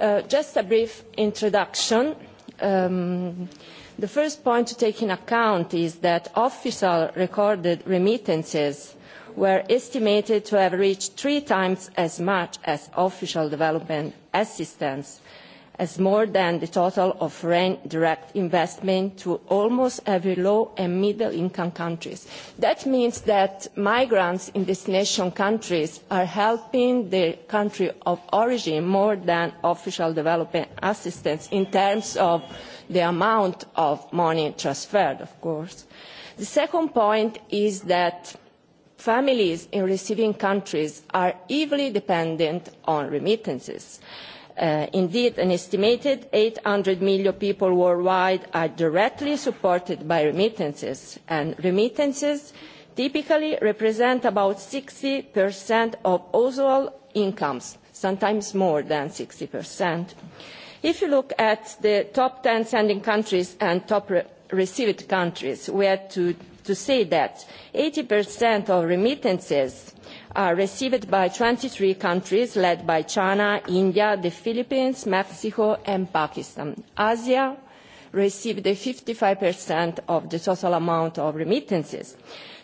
Uh, just a brief introduction. Um, the first point to take into account is that official recorded remittances were estimated to have reached three times as much as official development assistance as more than the total of foreign direct investment to almost every low and middle income countries. That means that migrants in destination countries are helping the country of origin more than official development assistance in terms of the amount of money transferred, of course. The second point is that families in receiving countries are heavily dependent on remittances. Uh, Uh, indeed, an estimated 800 million people worldwide are directly supported by remittances, and remittances typically represent about 60% of overall incomes, sometimes more than 60%. If you look at the top 10 sending countries and top re received countries, we have to, to say that 80% of remittances are received by 23 countries led by China, India, the Philippines, Mexico and Pakistan. Asia received 55% of the total amount of remittances.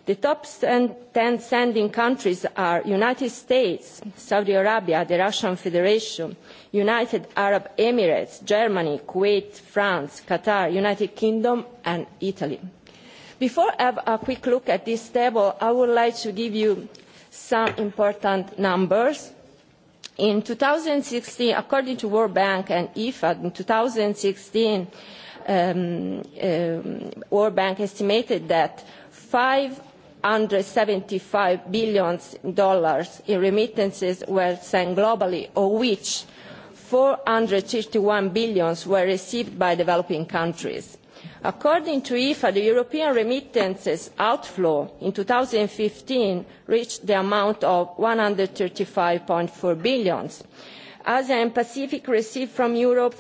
The top 10 sending countries are United States, Saudi Arabia, the Russian Federation, United Arab Emirates, Germany, Kuwait, France, Qatar, United Kingdom and Italy. Before I have a quick look at this table, I would like to give you some important numbers. In 2016, according to World Bank and IFAD, in 2016, um, um, World Bank estimated that 575 billion dollars in remittances were sent globally, of which 451 billion were received by developing countries According to IFA, the European remittances outflow in 2015 reached the amount of 135.4 billion. Asia and Pacific received from Europe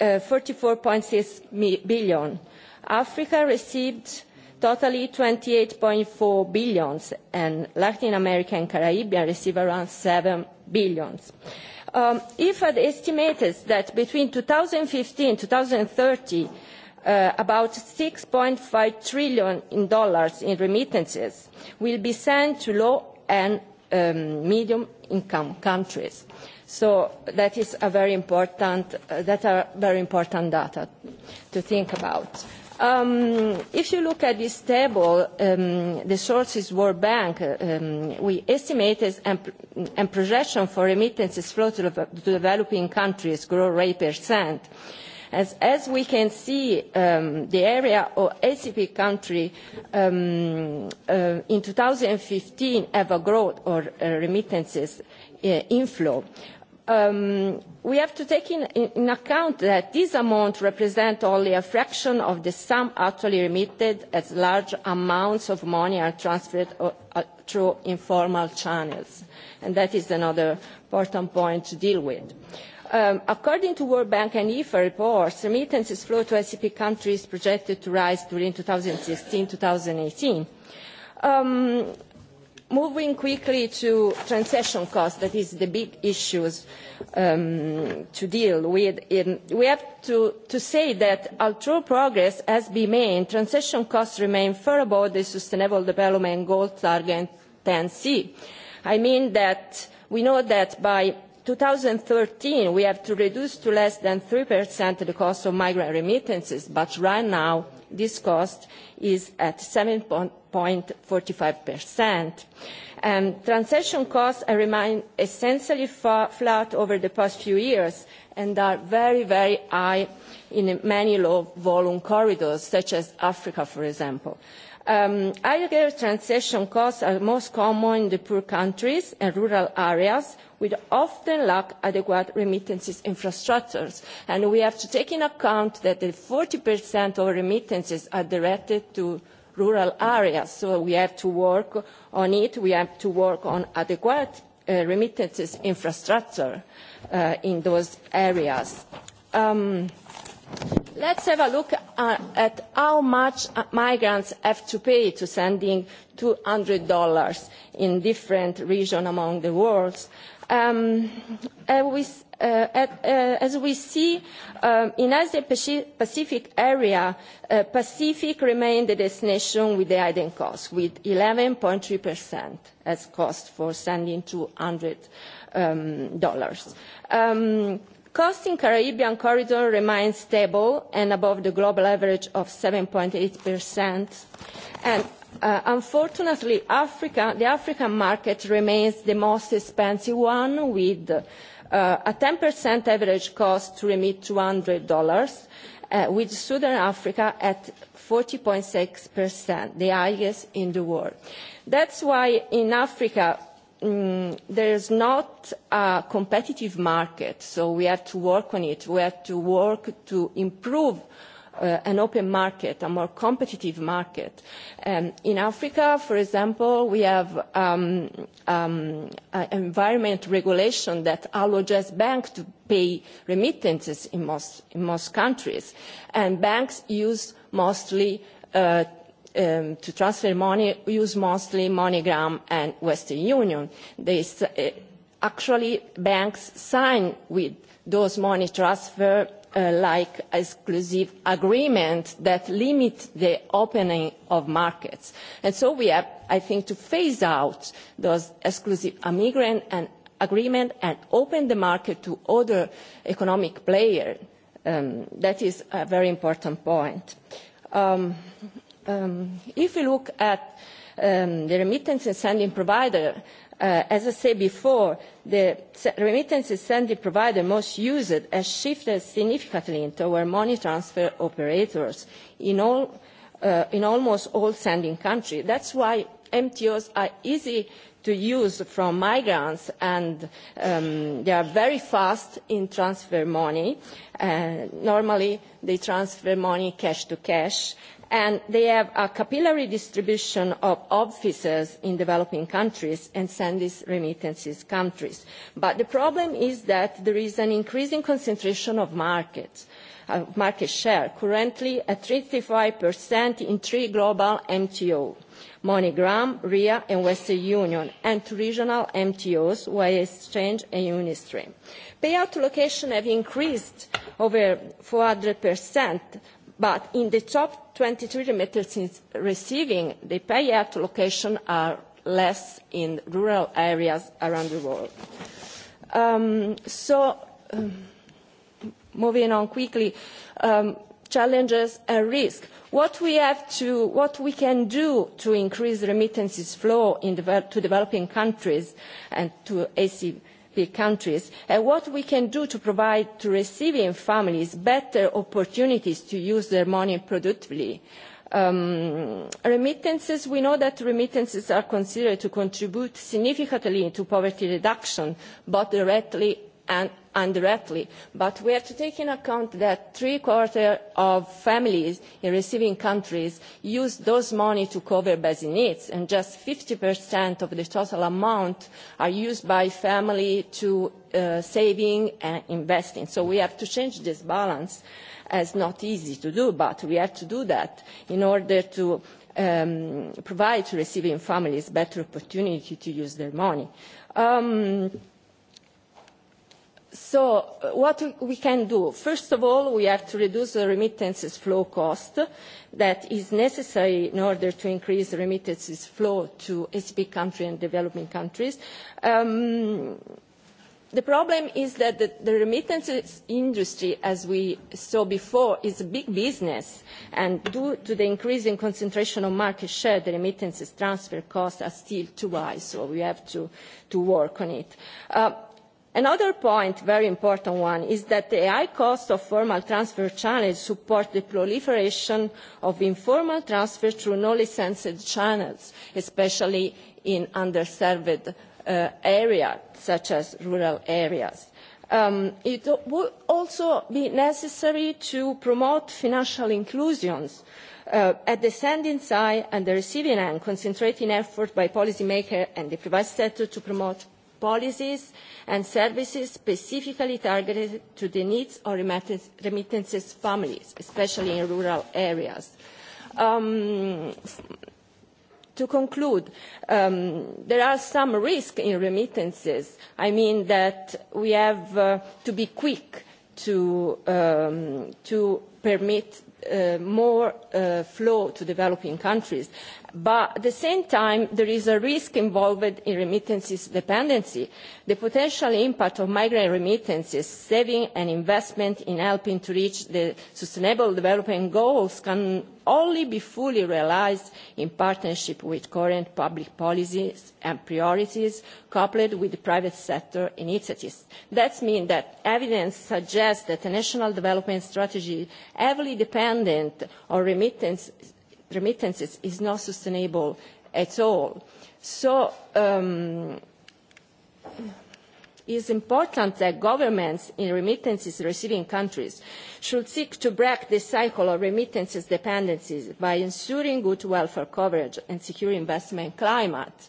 uh, 44.6 billion. Africa received totally 28.4 billion, and Latin America and Caribbean receive around 7 billion. Um, IFAD estimated that between 2015 and 2030, uh, about 6.5 trillion in dollars in remittances will be sent to low and um, medium income countries. So that is a very important, uh, that are very important data to think about. Um, if you look at this table, um, the sources World Bank, um, we estimated and, and projection for remittances flow to, to developing countries grow rate percent. Uh, As, as we can see, um, the area or ACP country um, uh, in 2015 have a growth or uh, remittances uh, inflow. Um, we have to take in, in account that this amount represents only a fraction of the sum actually remitted as large amounts of money are transferred or, uh, uh, through informal channels. And that is another important point to deal with. Uh, Um, according to World Bank and IFA reports, remittances flow to ACP e countries projected to rise during 2016-2018. Um, moving quickly to transaction costs, that is the big issues um, to deal with. In, we have to, to say that although progress has been made, transaction costs remain far above the Sustainable Development Goal Target 10C. I mean that we know that by 2013, we have to reduce to less than 3% the cost of migrant remittances, but right now this cost is at 7.45%. Um, transaction costs remain essentially flat over the past few years and are very, very high in many low-volume corridors, such as Africa, for example. Uh, Um, higher transaction costs are most common in the poor countries and rural areas, which often lack adequate remittances infrastructures. And we have to take into account that 40% of remittances are directed to rural areas. So we have to work on it. We have to work on adequate uh, remittances infrastructure uh, in those areas. Um, let's have a look uh, at how much uh, migrants have to pay to sending $200 in different regions among the world. Um, and we, uh, at, uh, as we see um, in Asia Pacific area, uh, Pacific remained the destination with the hidden cost, with 11.3% as cost for sending $200. Um, Cost in Caribbean corridor remains stable and above the global average of 7.8%. And uh, unfortunately, Africa, the African market remains the most expensive one, with uh, a 10% average cost to remit $200, uh, with Southern Africa at 40.6%, the highest in the world. That's why in Africa, um, mm, there is not a competitive market, so we have to work on it. We have to work to improve uh, an open market, a more competitive market. Um, in Africa, for example, we have um, um, uh, environment regulation that allows banks to pay remittances in most, in most countries, and banks use mostly uh, um, to transfer money use mostly MoneyGram and Western Union. This, uh, actually, banks sign with those money transfer uh, like exclusive agreement that limit the opening of markets. And so we have, I think, to phase out those exclusive immigrant and agreement and open the market to other economic players. Um, that is a very important point. Um, um, if you look at um, the remittances sending provider, uh, as I said before, the remittances sending provider most used has shifted significantly toward money transfer operators in, all, uh, in almost all sending countries. That's why MTOs are easy to use from migrants and um, they are very fast in transfer money. Uh, normally they transfer money cash to cash and they have a capillary distribution of offices in developing countries and send these remittances countries. But the problem is that there is an increasing concentration of markets, uh, market share, currently at 35% in three global MTO, MoneyGram, RIA and Western Union, and to regional MTOs, Way Exchange and Unistream. Payout location have increased over 400%, but in the top 23 remitters receiving the payout location are less in rural areas around the world. Um, so, um, moving on quickly, um, challenges and risk. What we have to, what we can do to increase remittances flow in devel to developing countries and to ACP acp countries and uh, what we can do to provide to receiving families better opportunities to use their money productively. Um, remittances we know that remittances are considered to contribute significantly to poverty reduction both directly and indirectly but we have to take into account that three quarters of families in receiving countries use those money to cover basic needs and just 50% of the total amount are used by family to uh, saving and investing so we have to change this balance it's not easy to do but we have to do that in order to um, provide to receiving families better opportunity to use their money um, So uh, what we can do? First of all, we have to reduce the remittances flow cost that is necessary in order to increase remittances flow to ACP country and developing countries. Um, the problem is that the, the remittances industry, as we saw before, is a big business, and due to the increasing concentration of market share, the remittances transfer costs are still too high, so we have to, to work on it. Uh, another point a very important one is that the high cost of formal transfer channels supports the proliferation of informal transfer through non licensed channels especially in under served uh, areas such as rural areas. Um, it would also be necessary to promote financial inclusion uh, at the sending side and the receiving end, concentrating effort by policymakers and the private sector to promote policies and services specifically targeted to the needs of remittances families, especially in rural areas. Um, to conclude, um, there are some risks in remittances. I mean that we have uh, to be quick to, um, to permit uh, more uh, flow to developing countries but at the same time there is a risk involved in remittances dependency. the potential impact of migrant remittances saving and investment in helping to reach the sustainable development goals can only be fully realised in partnership with current public policies and priorities coupled with private sector initiatives. that means that evidence suggests that a national development strategy heavily dependent on remittances remittances is not sustainable at all. So um, it is important that governments in remittances receiving countries should seek to break the cycle of remittances dependencies by ensuring good welfare coverage and secure investment climate.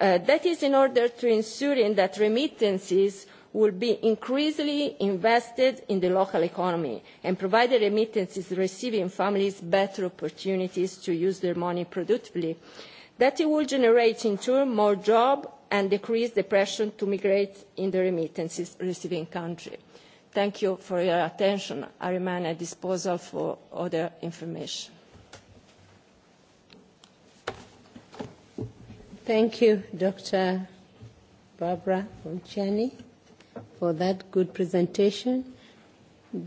Uh, that is in order to ensuring that remittances will be increasingly invested in the local economy and provide the remittances receiving families better opportunities to use their money productively. That it will generate in turn more jobs and decrease the pressure to migrate in the remittances receiving country. Thank you for your attention. I remain at disposal for other information. Thank you, Dr. Barbara Unciani for that good presentation.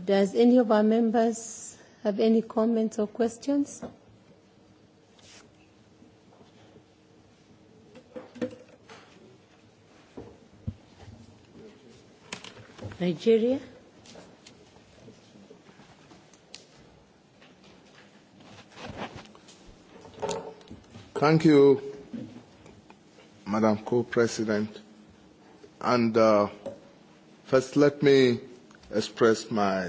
Does any of our members have any comments or questions? Nigeria? Thank you, Madam Co-President. And uh, First, let me express my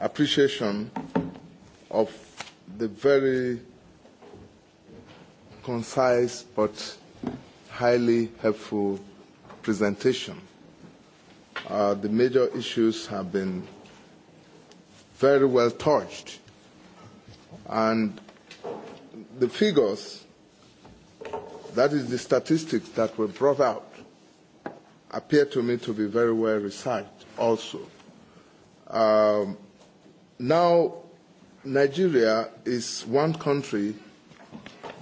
appreciation of the very concise but highly helpful presentation. Uh, the major issues have been very well touched, and the figures, that is the statistics that were brought out, appear to me to be very well researched also. Um, now, Nigeria is one country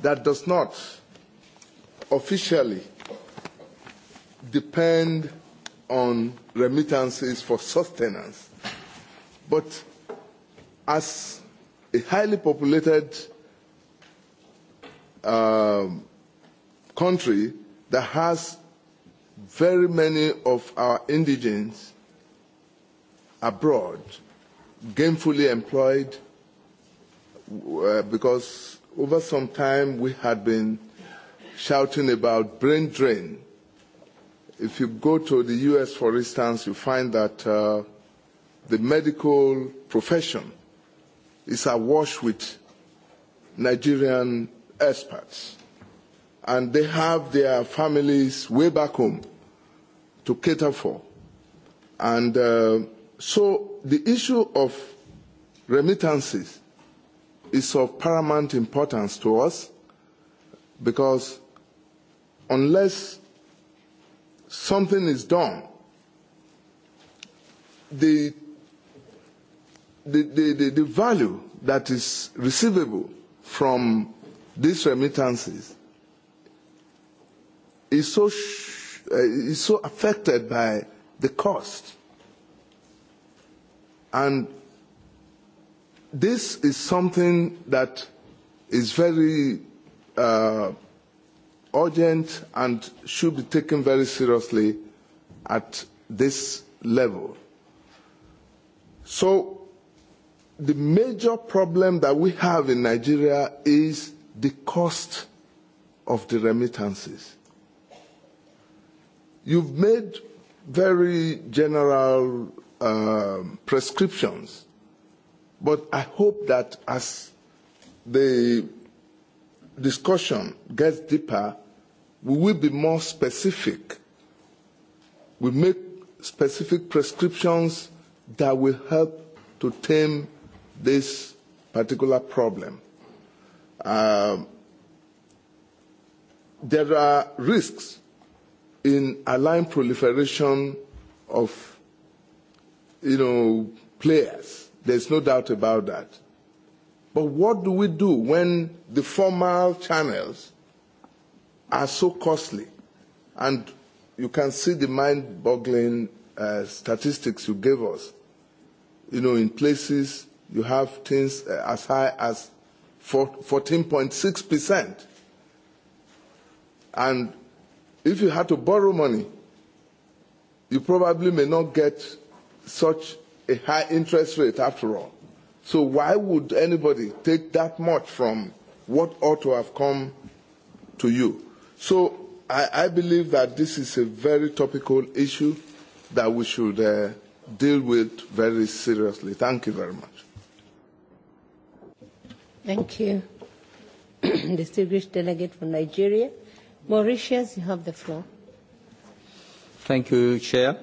that does not officially depend on remittances for sustenance, but as a highly populated um, country that has very many of our indigents abroad gainfully employed uh, because over some time we had been shouting about brain drain. If you go to the US, for instance, you find that uh, the medical profession is awash with Nigerian experts. And they have their families way back home to cater for. And uh, so the issue of remittances is of paramount importance to us because unless something is done, the, the, the, the, the value that is receivable from these remittances is so sh- uh, is so affected by the cost. And this is something that is very uh, urgent and should be taken very seriously at this level. So the major problem that we have in Nigeria is the cost of the remittances. You've made very general uh, prescriptions, but I hope that as the discussion gets deeper, we will be more specific. We make specific prescriptions that will help to tame this particular problem. Um, there are risks in allowing proliferation of, you know, players. There's no doubt about that. But what do we do when the formal channels are so costly? And you can see the mind-boggling uh, statistics you gave us. You know, in places you have things uh, as high as 14.6%. And If you had to borrow money, you probably may not get such a high interest rate after all. So why would anybody take that much from what ought to have come to you? So I, I believe that this is a very topical issue that we should uh, deal with very seriously. Thank you very much. Thank you. Distinguished delegate from Nigeria. Mauritius, you have the floor. Thank you, Chair.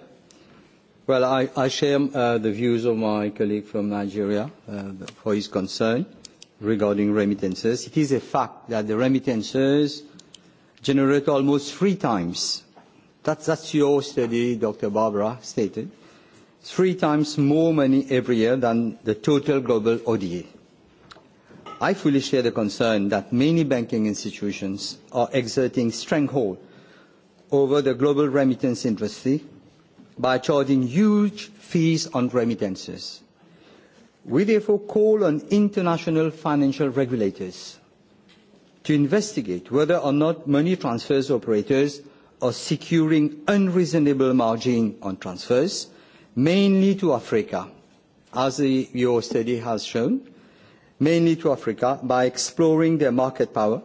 Well, I, I share uh, the views of my colleague from Nigeria uh, for his concern regarding remittances. It is a fact that the remittances generate almost three times. That's, that's your study, Dr. Barbara stated. Three times more money every year than the total global ODA. I fully share the concern that many banking institutions are exerting stranglehold over the global remittance industry by charging huge fees on remittances. We therefore call on international financial regulators to investigate whether or not money transfers operators are securing unreasonable margin on transfers, mainly to Africa, as the, your study has shown, mainly to Africa, by exploring their market power.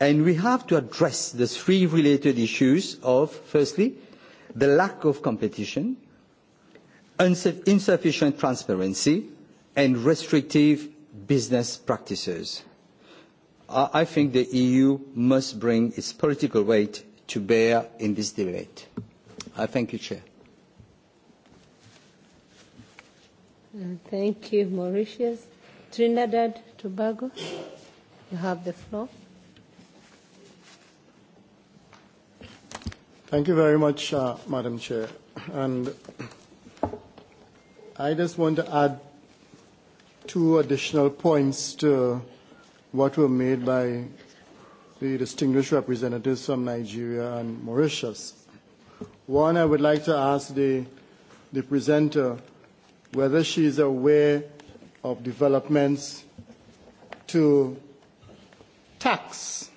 And we have to address the three related issues of, firstly, the lack of competition, insufficient transparency, and restrictive business practices. I think the EU must bring its political weight to bear in this debate. I thank you, Chair. Thank you, Mauritius. Trinidad, Tobago, you have the floor. Thank you very much, uh, Madam Chair. And I just want to add two additional points to what were made by the distinguished representatives from Nigeria and Mauritius. One, I would like to ask the, the presenter whether she is aware of developments to tax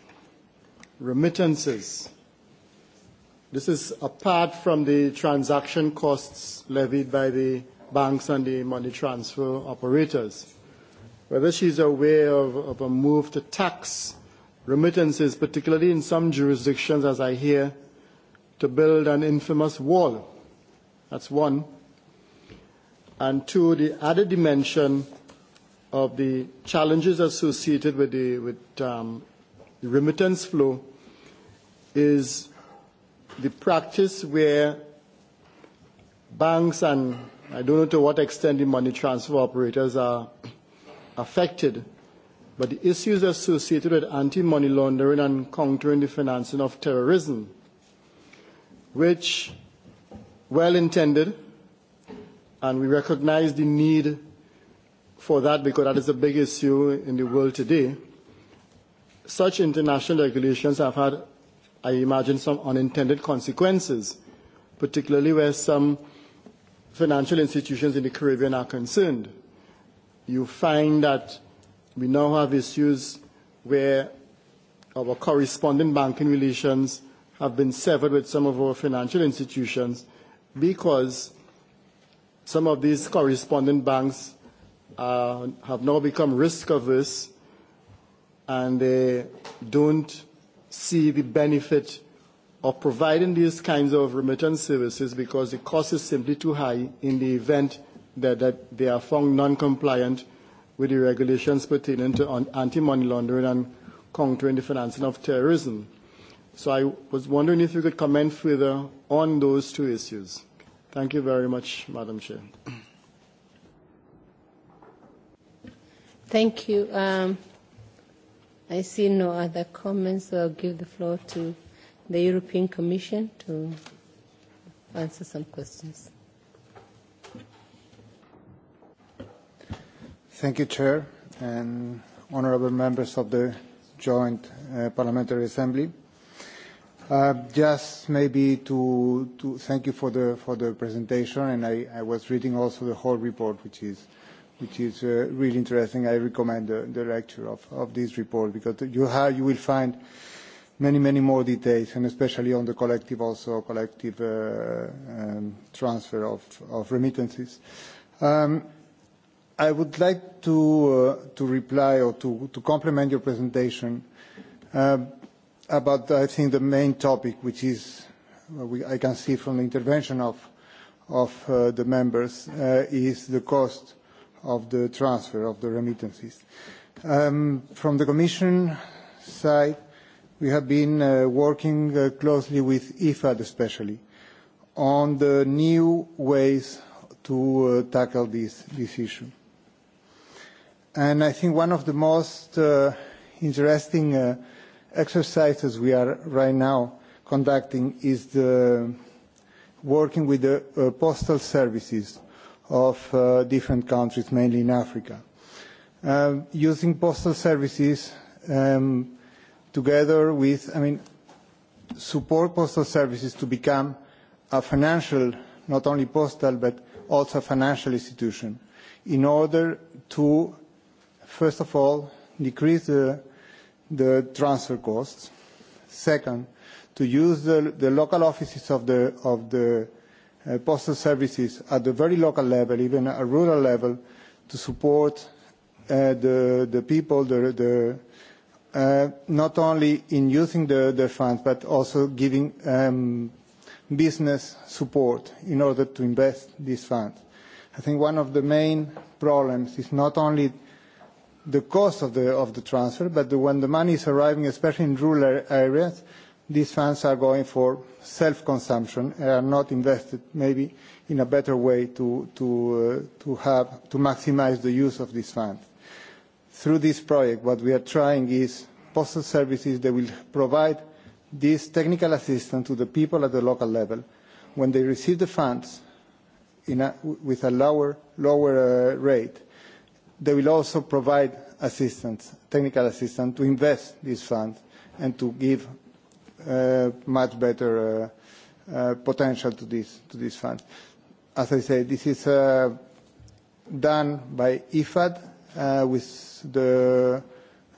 remittances. This is apart from the transaction costs levied by the banks and the money transfer operators. Whether she's aware of, of a move to tax remittances, particularly in some jurisdictions, as I hear, to build an infamous wall. That's one and two, the added dimension of the challenges associated with the, with, um, the remittance flow is the practice where banks and I don't know to what extent the money transfer operators are affected, but the issues associated with anti-money laundering and countering the financing of terrorism, which, well intended, And we recognize the need for that because that is a big issue in the world today. Such international regulations have had, I imagine, some unintended consequences, particularly where some financial institutions in the Caribbean are concerned. You find that we now have issues where our correspondent banking relations have been severed with some of our financial institutions because Some of these correspondent banks uh, have now become risk averse and they don't see the benefit of providing these kinds of remittance services because the cost is simply too high in the event that, that they are found non-compliant with the regulations pertaining to anti-money laundering and countering the financing of terrorism. So I was wondering if you could comment further on those two issues. Thank you very much, Madam Chair. Thank you. Um, I see no other comments, so I'll give the floor to the European Commission to answer some questions. Thank you, Chair, and honorable members of the Joint uh, Parliamentary Assembly. Uh, just maybe to, to thank you for the, for the presentation, and I, I was reading also the whole report, which is, which is uh, really interesting. I recommend the, the lecture of, of this report because you, have, you will find many, many more details, and especially on the collective also, collective uh, um, transfer of, of remittances. Um, I would like to, uh, to reply or to, to complement your presentation um, about, I think, the main topic, which is, we, I can see from the intervention of, of uh, the members, uh, is the cost of the transfer of the remittances. Um, from the Commission side, we have been uh, working uh, closely with IFAD especially on the new ways to uh, tackle this, this issue. And I think one of the most uh, interesting uh, exercises we are right now conducting is the working with the uh, postal services of uh, different countries, mainly in Africa. Um, using postal services um, together with, I mean, support postal services to become a financial, not only postal, but also a financial institution in order to, first of all, decrease the the transfer costs. Second, to use the, the local offices of the, of the uh, postal services at the very local level, even at rural level, to support uh, the, the people, the, the, uh, not only in using the, the funds, but also giving um, business support in order to invest these funds. I think one of the main problems is not only the cost of the, of the transfer, but the, when the money is arriving, especially in rural areas, these funds are going for self-consumption and are not invested maybe in a better way to, to, uh, to, have, to maximize the use of these funds. Through this project, what we are trying is postal services that will provide this technical assistance to the people at the local level. When they receive the funds in a, with a lower, lower uh, rate, they will also provide assistance, technical assistance, to invest these funds and to give uh, much better uh, uh, potential to this, to this fund. As I said, this is uh, done by IFAD uh, with the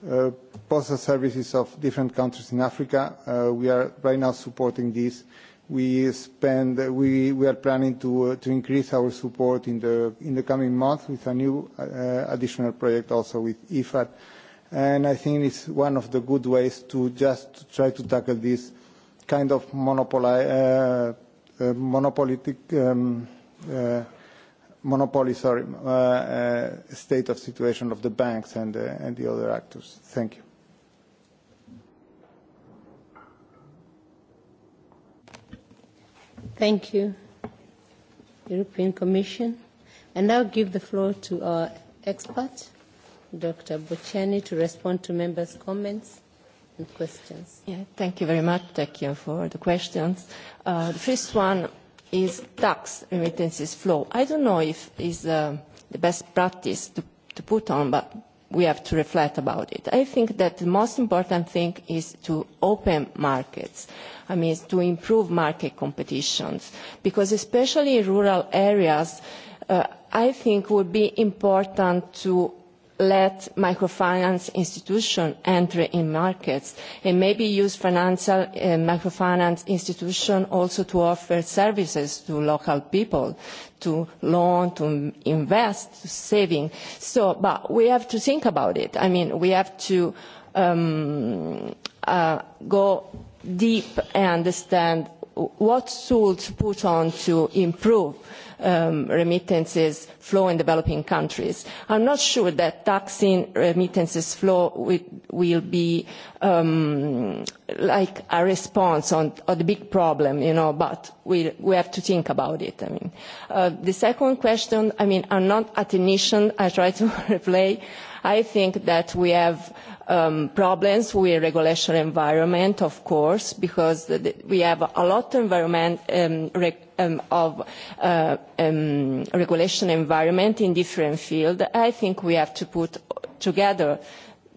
uh, postal services of different countries in Africa. Uh, we are right now supporting this We, spend, we, we are planning to, uh, to increase our support in the, in the coming months with a new uh, additional project also with IFAD. And I think it's one of the good ways to just try to tackle this kind of monopoly, uh, uh monopolistic um, uh, monopoly, sorry, uh, state of situation of the banks and, and the other actors. Thank you. Thank you, European Commission. And now give the floor to our expert, Dr. Bocciani, to respond to members' comments and questions. Yeah, thank you very much. Thank you for the questions. Uh, the first one is tax remittances flow. I don't know if it's uh, the best practice to, to put on, but we have to reflect about it. I think that the most important thing is to open markets. I mean, to improve market competitions, because especially in rural areas, uh, I think would be important to let microfinance institutions enter in markets and maybe use financial uh, microfinance institutions also to offer services to local people to loan, to invest, to saving. So, but we have to think about it. I mean, we have to um, uh, go deep and understand what tools to put on to improve uh, um, remittances flow in developing countries. I'm not sure that taxing remittances flow with, will be um, like a response on, on the big problem, you know, but we, we have to think about it. I mean, uh, the second question, I mean, I'm not a technician. I try to replay. I think that we have um, problems with regulation environment, of course, because the, the, we have a lot environment um, reg, um, of uh, um, regulation environment in different fields. I think we have to put together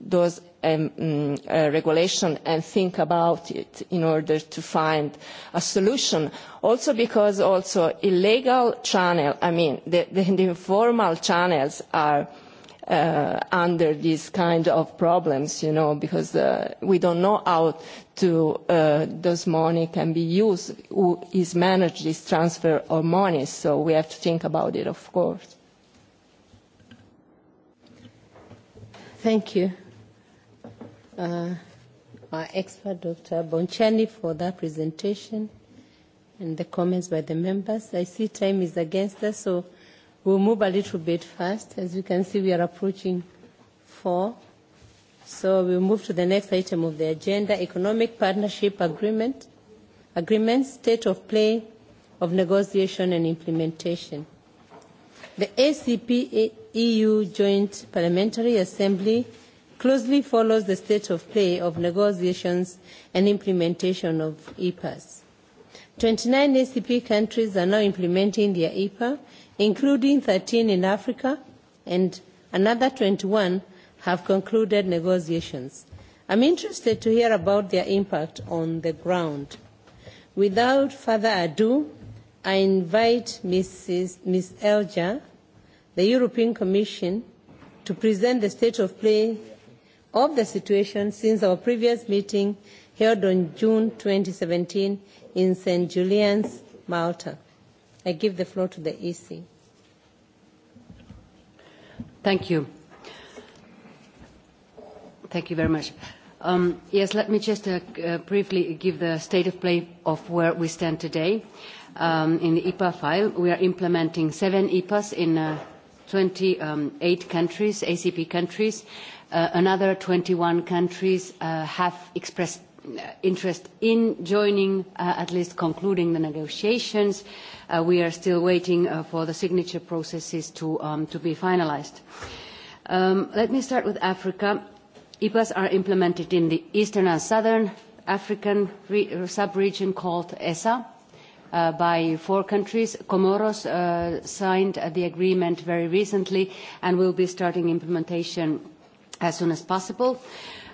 those um, um, uh, regulation and think about it in order to find a solution. Also because also illegal channel, I mean, the, the, the informal channels are – uh, under these kind of problems, you know, because uh, we don't know how to uh, those money can be used, who is managed this transfer of money. So we have to think about it, of course. Thank you. Uh, our expert, Dr. Boncelli, for that presentation and the comments by the members. I see time is against us, so We'll move a little bit fast. As you can see, we are approaching four. So we'll move to the next item of the agenda, Economic Partnership Agreement, Agreement State of Play of Negotiation and Implementation. The ACP EU e Joint Parliamentary Assembly closely follows the state of play of negotiations and implementation of EPAs. 29 ACP countries are now implementing their EPA including 13 in Africa and another 21 have concluded negotiations. I'm interested to hear about their impact on the ground. Without further ado, I invite Mrs. Ms. Elger, the European Commission, to present the state of play of the situation since our previous meeting held on June 2017 in St. Julian's, Malta. I give the floor to the EC. Thank you. Thank you very much. Um, yes, let me just uh, uh, briefly give the state of play of where we stand today. Um, in the EPA file, we are implementing seven EPAs in uh, 28 um, countries, ACP countries. Uh, another 21 countries uh, have expressed Uh, interest in joining, uh, at least concluding the negotiations. Uh, we are still waiting uh, for the signature processes to, um, to be finalized. Um, let me start with Africa. IPAs are implemented in the eastern and southern African re uh, sub-region called ESA uh, by four countries. Comoros uh, signed uh, the agreement very recently and will be starting implementation as soon as possible. Uh,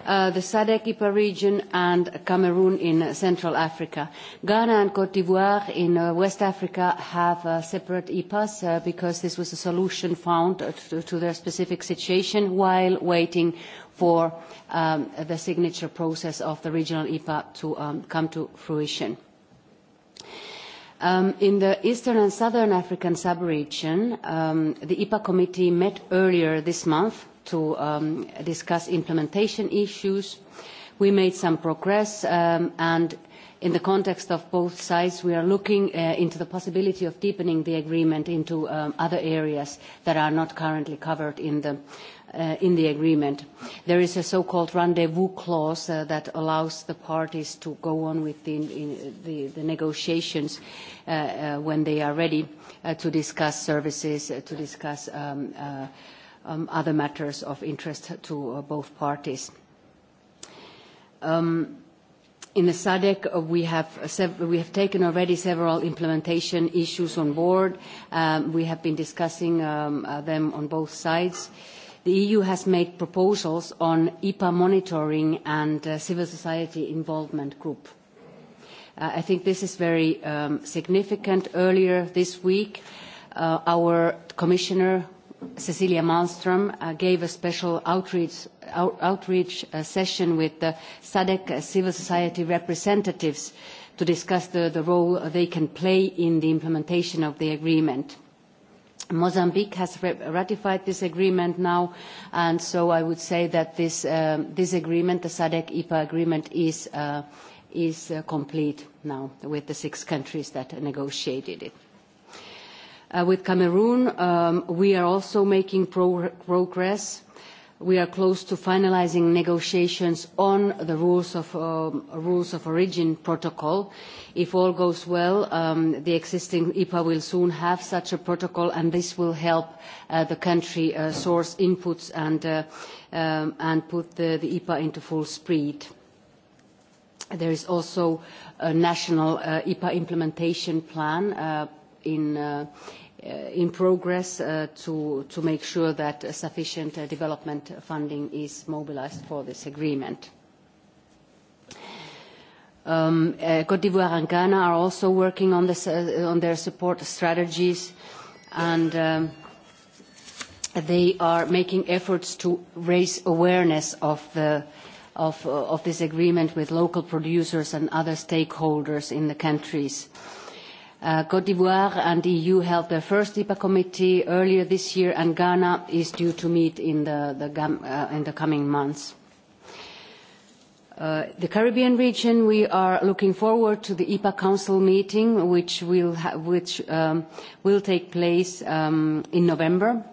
uh, the SADC IPA region, and Cameroon in Central Africa. Ghana and Cote d'Ivoire in uh, West Africa have uh, separate IPAs uh, because this was a solution found to, to their specific situation while waiting for um, the signature process of the regional IPA to um, come to fruition. Um, in the Eastern and Southern African sub-region, um, the IPA committee met earlier this month to um, discuss implementation issues. We made some progress, um, and in the context of both sides, we are looking uh, into the possibility of deepening the agreement into um, other areas that are not currently covered in the Uh, in the agreement. There is a so-called rendezvous clause uh, that allows the parties to go on with the, in, the, the negotiations uh, uh when they are ready uh, to discuss services, uh, to discuss um, um, other matters of interest to uh, both parties. Um, in the SADC, uh, we have, uh, we have taken already several implementation issues on board. Um, we have been discussing um, uh, them on both sides. The EU has made proposals on IPA monitoring and uh, civil society involvement group. Uh, I think this is very um, significant. Earlier this week, uh, our commissioner Cecilia Malmström uh, gave a special outreach, out, outreach uh, session with the SADC civil society representatives to discuss the, the role they can play in the implementation of the agreement. Mozambique has ratified this agreement now, and so I would say that this, um, this agreement, the SADC-IPA agreement, is, uh, is uh, complete now with the six countries that negotiated it. Uh, with Cameroon, um, we are also making pro progress. We are close to finalizing negotiations on the rules of, um, rules of origin protocol. If all goes well, um, the existing IPA will soon have such a protocol, and this will help uh, the country uh, source inputs and, uh, um, and put the, the IPA into full speed. There is also a national uh, IPA implementation plan uh, in, uh, uh, in progress uh, to, to make sure that sufficient uh, development funding is mobilized for this agreement. Um, uh, Côte d'Ivoire and Ghana are also working on, this, uh, on their support strategies, and um, they are making efforts to raise awareness of, the, of, uh, of this agreement with local producers and other stakeholders in the countries. Uh, Uh, Cote d'Ivoire and EU e held their first IPA committee earlier this year, and Ghana is due to meet in the, the, uh, in the coming months. Uh, the Caribbean region, we are looking forward to the IPA e Council meeting, which will, ha- which, um, will take place um, in November.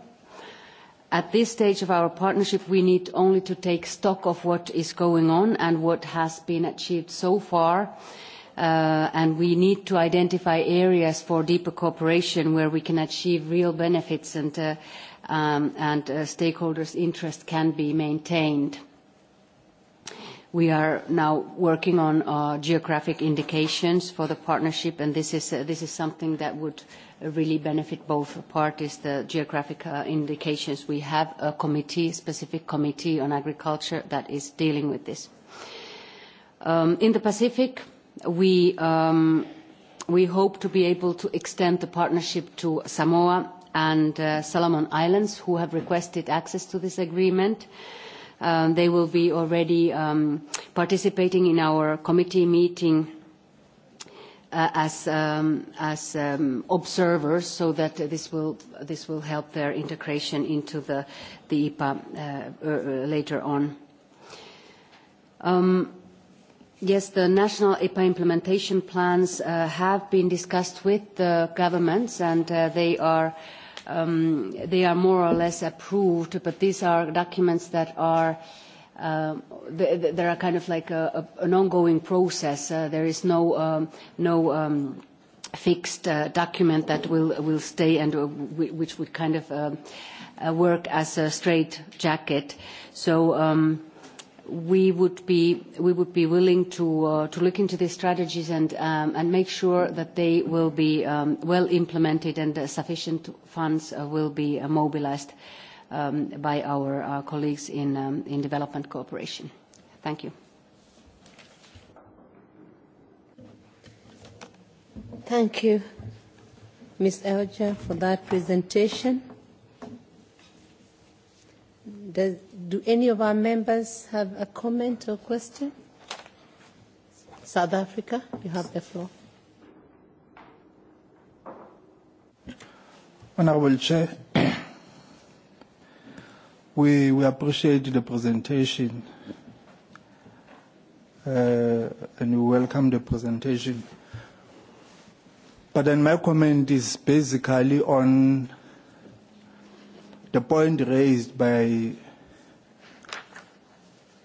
At this stage of our partnership, we need only to take stock of what is going on and what has been achieved so far, uh, uh, and we need to identify areas for deeper cooperation where we can achieve real benefits and, uh, um, and uh, stakeholders' interest can be maintained. We are now working on uh, geographic indications for the partnership, and this is, uh, this is something that would really benefit both parties, the geographic uh, indications. We have a committee, specific committee on agriculture that is dealing with this. Um, in the Pacific, we, um, we hope to be able to extend the partnership to Samoa and uh, Solomon Islands, who have requested access to this agreement. Um, they will be already um, participating in our committee meeting uh, as, um, as um, observers so that this will, this will help their integration into the, the IPA uh, uh, later on. Um, Yes, the national EPA implementation plans uh, have been discussed with the governments and uh, they are um, they are more or less approved, but these are documents that are um, th th there are kind of like a, a, an ongoing process. Uh, there is no um, no um, fixed uh, document that will will stay and uh, which would kind of um, uh, work as a straight jacket. So. Um, we would be, we would be willing to, uh, to look into these strategies and, um, and make sure that they will be um, well implemented and uh, sufficient funds uh, will be uh, mobilized um, by our uh, colleagues in, um, in development cooperation. Thank you. Thank you, Ms. Elja, for that presentation. Does, do any of our members have a comment or question? South Africa, you have the floor. Honorable Chair, we, we appreciate the presentation uh, and we welcome the presentation. But then my comment is basically on the point raised by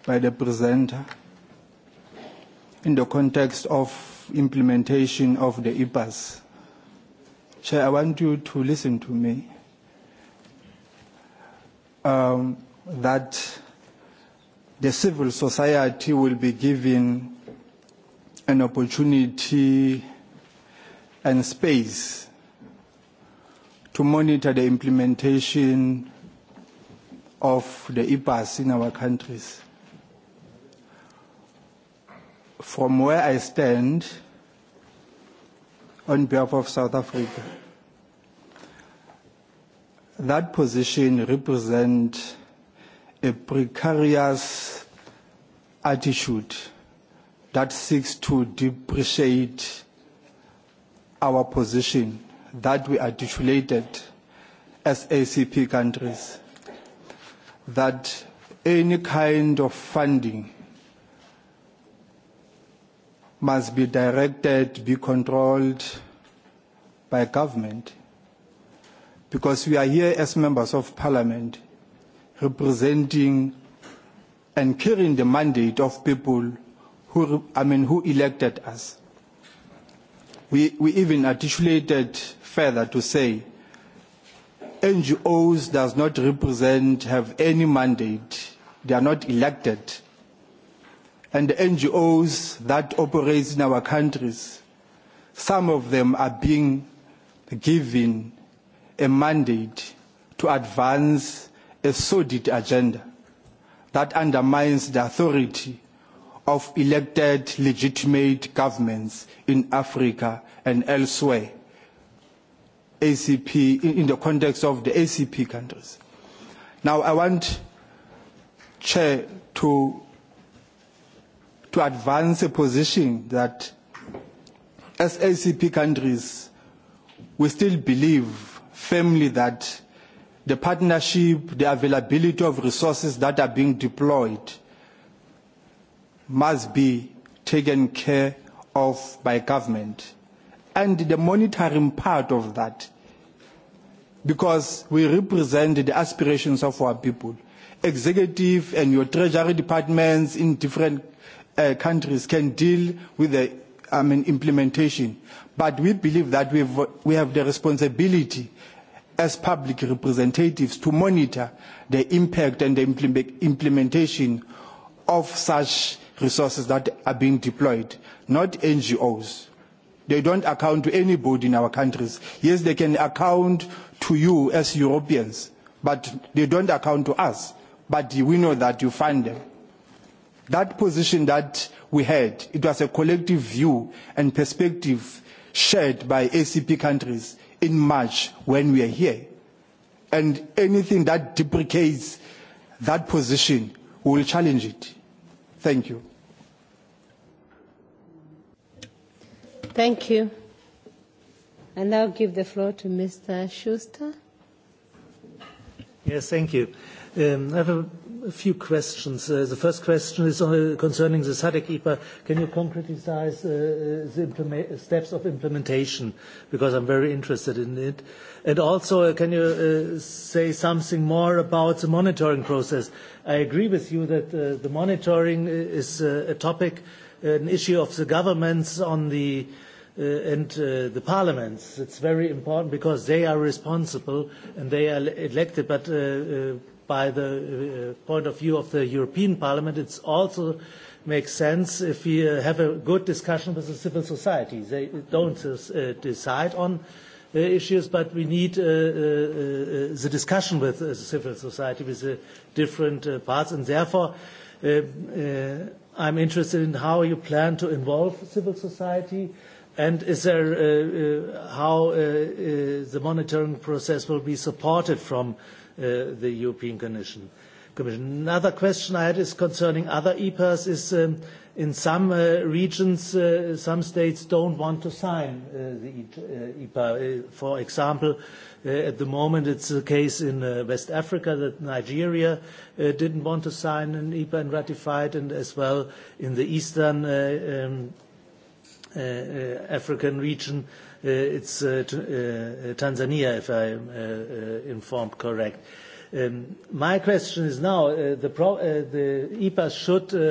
by the presenter in the context of implementation of the IPAS. E Chair, I want you to listen to me. Um, that the civil society will be given an opportunity and space to monitor the implementation of the EPAS in our countries. From where I stand, on behalf of South Africa, that position represents a precarious attitude that seeks to depreciate our position that we articulated as ACP countries that any kind of funding must be directed, be controlled by government. Because we are here as members of parliament representing and carrying the mandate of people who, I mean, who elected us. We, we even articulated further to say NGOs does not represent, have any mandate. They are not elected. And the NGOs that operate in our countries, some of them are being given a mandate to advance a sordid agenda that undermines the authority of elected legitimate governments in Africa and elsewhere, ACP, in, in the context of the ACP countries. Now I want, Chair, to, to advance a position that as ACP countries, we still believe firmly that the partnership, the availability of resources that are being deployed – must be taken care of by government and the monitoring part of that because we represent the aspirations of our people. Executive and your treasury departments in different uh, countries can deal with the I mean, implementation. But we believe that we've, we have the responsibility as public representatives to monitor the impact and the implement, implementation of such resources that are being deployed, not NGOs. They don't account to anybody in our countries. Yes, they can account to you as Europeans, but they don't account to us. But we know that you fund them. That position that we had, it was a collective view and perspective shared by ACP countries in March when we are here. And anything that deprecates that position, we will challenge it. Thank you. Thank you. And I'll give the floor to Mr. Schuster. Yes, thank you. Um, I have a a few questions. Uh, the first question is on, uh, concerning the SADC-EPA. Can you concretize uh, uh, the steps of implementation? Because I'm very interested in it. And also, uh, can you say something more about the monitoring process? I agree with you that the monitoring is a topic, an issue of the governments on the uh, and uh, the parliaments. It's very important because they are responsible and they are elected. But uh, uh, by the uh, point of view of the European Parliament, it also makes sense if we uh, have a good discussion with the civil society. They don't uh, uh decide on uh, issues, but we need uh, uh, uh, the discussion with uh, civil society, with the different uh, parts, and therefore uh, uh, I'm interested in how you plan to involve civil society and is there uh, uh, how uh, uh, the monitoring process will be supported from uh, Uh, the European Commission. Another question I had is concerning other EPAs is, um, in some uh, regions, uh, some states don't want to sign uh, the EPA. Uh, e uh, for example, at the moment, it's the case in West Africa that Nigeria didn't want to sign an EPA and ratify it, and as well in the Eastern um, African region, uh, it's uh, t uh, Tanzania, if I'm uh, uh, informed correct. Um, my question is now, uh, the, pro uh, the EPA should uh, uh,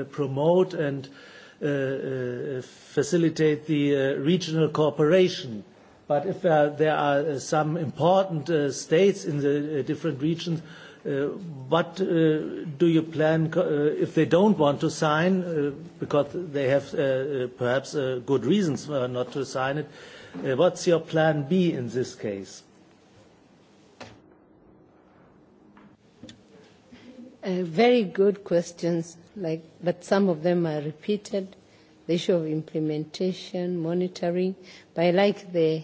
uh, promote and uh, uh, facilitate the uh, regional cooperation. But if uh, there are uh, some important uh, states in the uh, different regions Uh, what uh, do you plan uh, if they don't want to sign uh, because they have uh, uh, perhaps uh, good reasons uh, not to sign it? Uh, what's your plan B in this case? Uh, very good questions, like, but some of them are repeated. The issue of implementation, monitoring, but I like the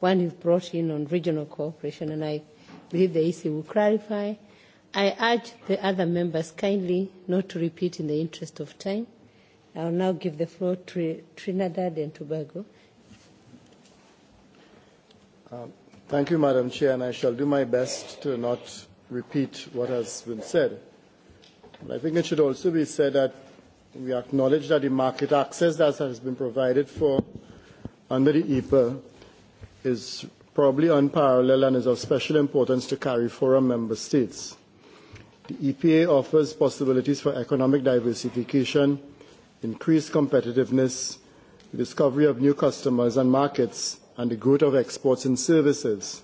one you've brought in on regional cooperation, and I believe the EC will clarify I urge the other members kindly not to repeat in the interest of time. I will now give the floor to Trinidad and Tobago. Um, thank you, Madam Chair, and I shall do my best to not repeat what has been said. But I think it should also be said that we acknowledge that the market access that has been provided for under the EPA is probably unparalleled and is of special importance to CARIFORUM member states. The EPA offers possibilities for economic diversification, increased competitiveness, the discovery of new customers and markets, and the growth of exports and services.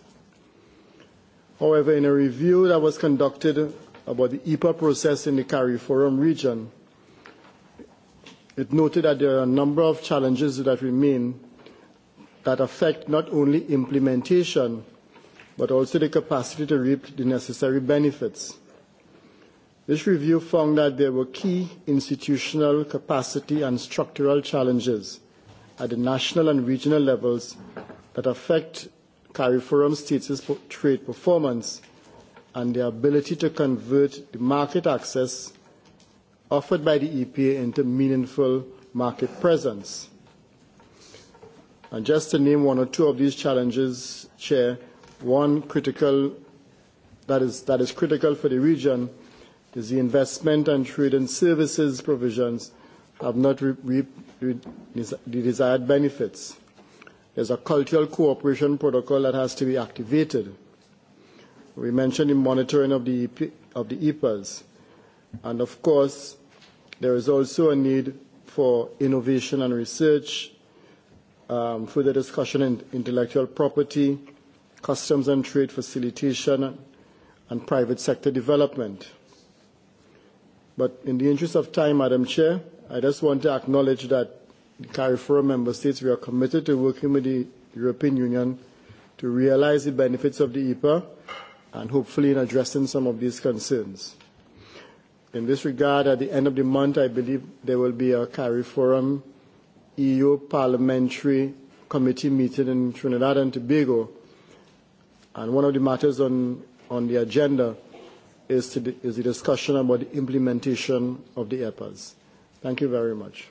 However, in a review that was conducted about the EPA process in the CARIFORUM region, it noted that there are a number of challenges that remain that affect not only implementation, but also the capacity to reap the necessary benefits. This review found that there were key institutional capacity and structural challenges at the national and regional levels that affect CARIFORUM status trade performance and their ability to convert the market access offered by the EPA into meaningful market presence. And just to name one or two of these challenges, Chair, one critical that is, that is critical for the region the investment and trade and services provisions have not reaped the desired benefits. There's a cultural cooperation protocol that has to be activated. We mentioned the monitoring of the, EP, of the EPAs. And of course, there is also a need for innovation and research, um, further discussion in intellectual property, customs and trade facilitation, and private sector development. But in the interest of time, Madam Chair, I just want to acknowledge that the CARIFORUM member states, we are committed to working with the European Union to realize the benefits of the EPA and hopefully in addressing some of these concerns. In this regard, at the end of the month, I believe there will be a CARIFORUM EU Parliamentary Committee meeting in Trinidad and Tobago. And one of the matters on, on the agenda is, to, is the discussion about the implementation of the EPAs. Thank you very much.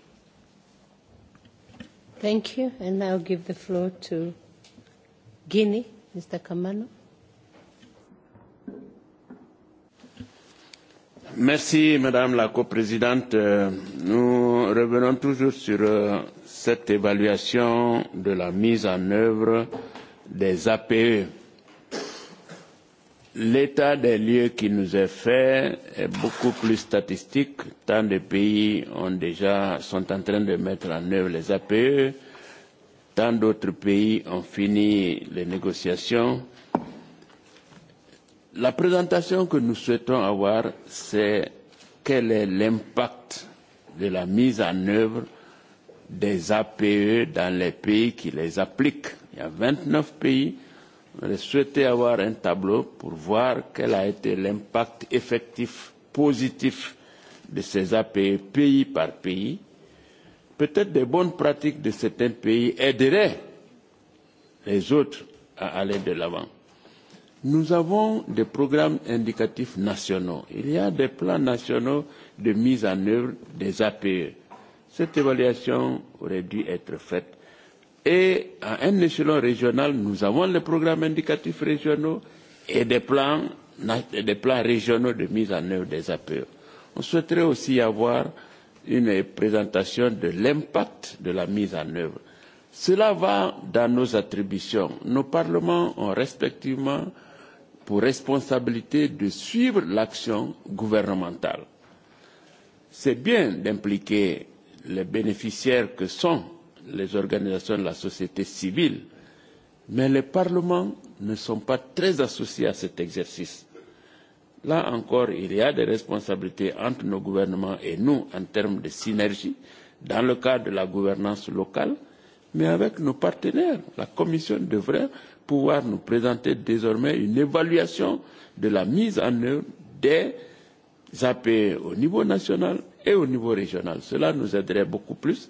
Thank you. And now give the floor to Guinea, Mr. Kamano. Merci, Madame la Coprésidente. Euh, nous revenons toujours sur euh, cette évaluation de la mise en œuvre des APE L'état des lieux qui nous est fait est beaucoup plus statistique. Tant de pays ont déjà, sont en train de mettre en œuvre les APE. Tant d'autres pays ont fini les négociations. La présentation que nous souhaitons avoir, c'est quel est l'impact de la mise en œuvre des APE dans les pays qui les appliquent. Il y a 29 pays J'aurais souhaité avoir un tableau pour voir quel a été l'impact effectif positif de ces APE pays par pays. Peut-être des bonnes pratiques de certains pays aideraient les autres à aller de l'avant. Nous avons des programmes indicatifs nationaux. Il y a des plans nationaux de mise en œuvre des APE. Cette évaluation aurait dû être faite Et à un échelon régional, nous avons les programmes indicatifs régionaux et des plans, des plans régionaux de mise en œuvre des APE. On souhaiterait aussi avoir une présentation de l'impact de la mise en œuvre. Cela va dans nos attributions. Nos parlements ont respectivement pour responsabilité de suivre l'action gouvernementale. C'est bien d'impliquer les bénéficiaires que sont les organisations de la société civile, mais les parlements ne sont pas très associés à cet exercice. Là encore, il y a des responsabilités entre nos gouvernements et nous en termes de synergie dans le cadre de la gouvernance locale, mais avec nos partenaires. La Commission devrait pouvoir nous présenter désormais une évaluation de la mise en œuvre des APE au niveau national et au niveau régional. Cela nous aiderait beaucoup plus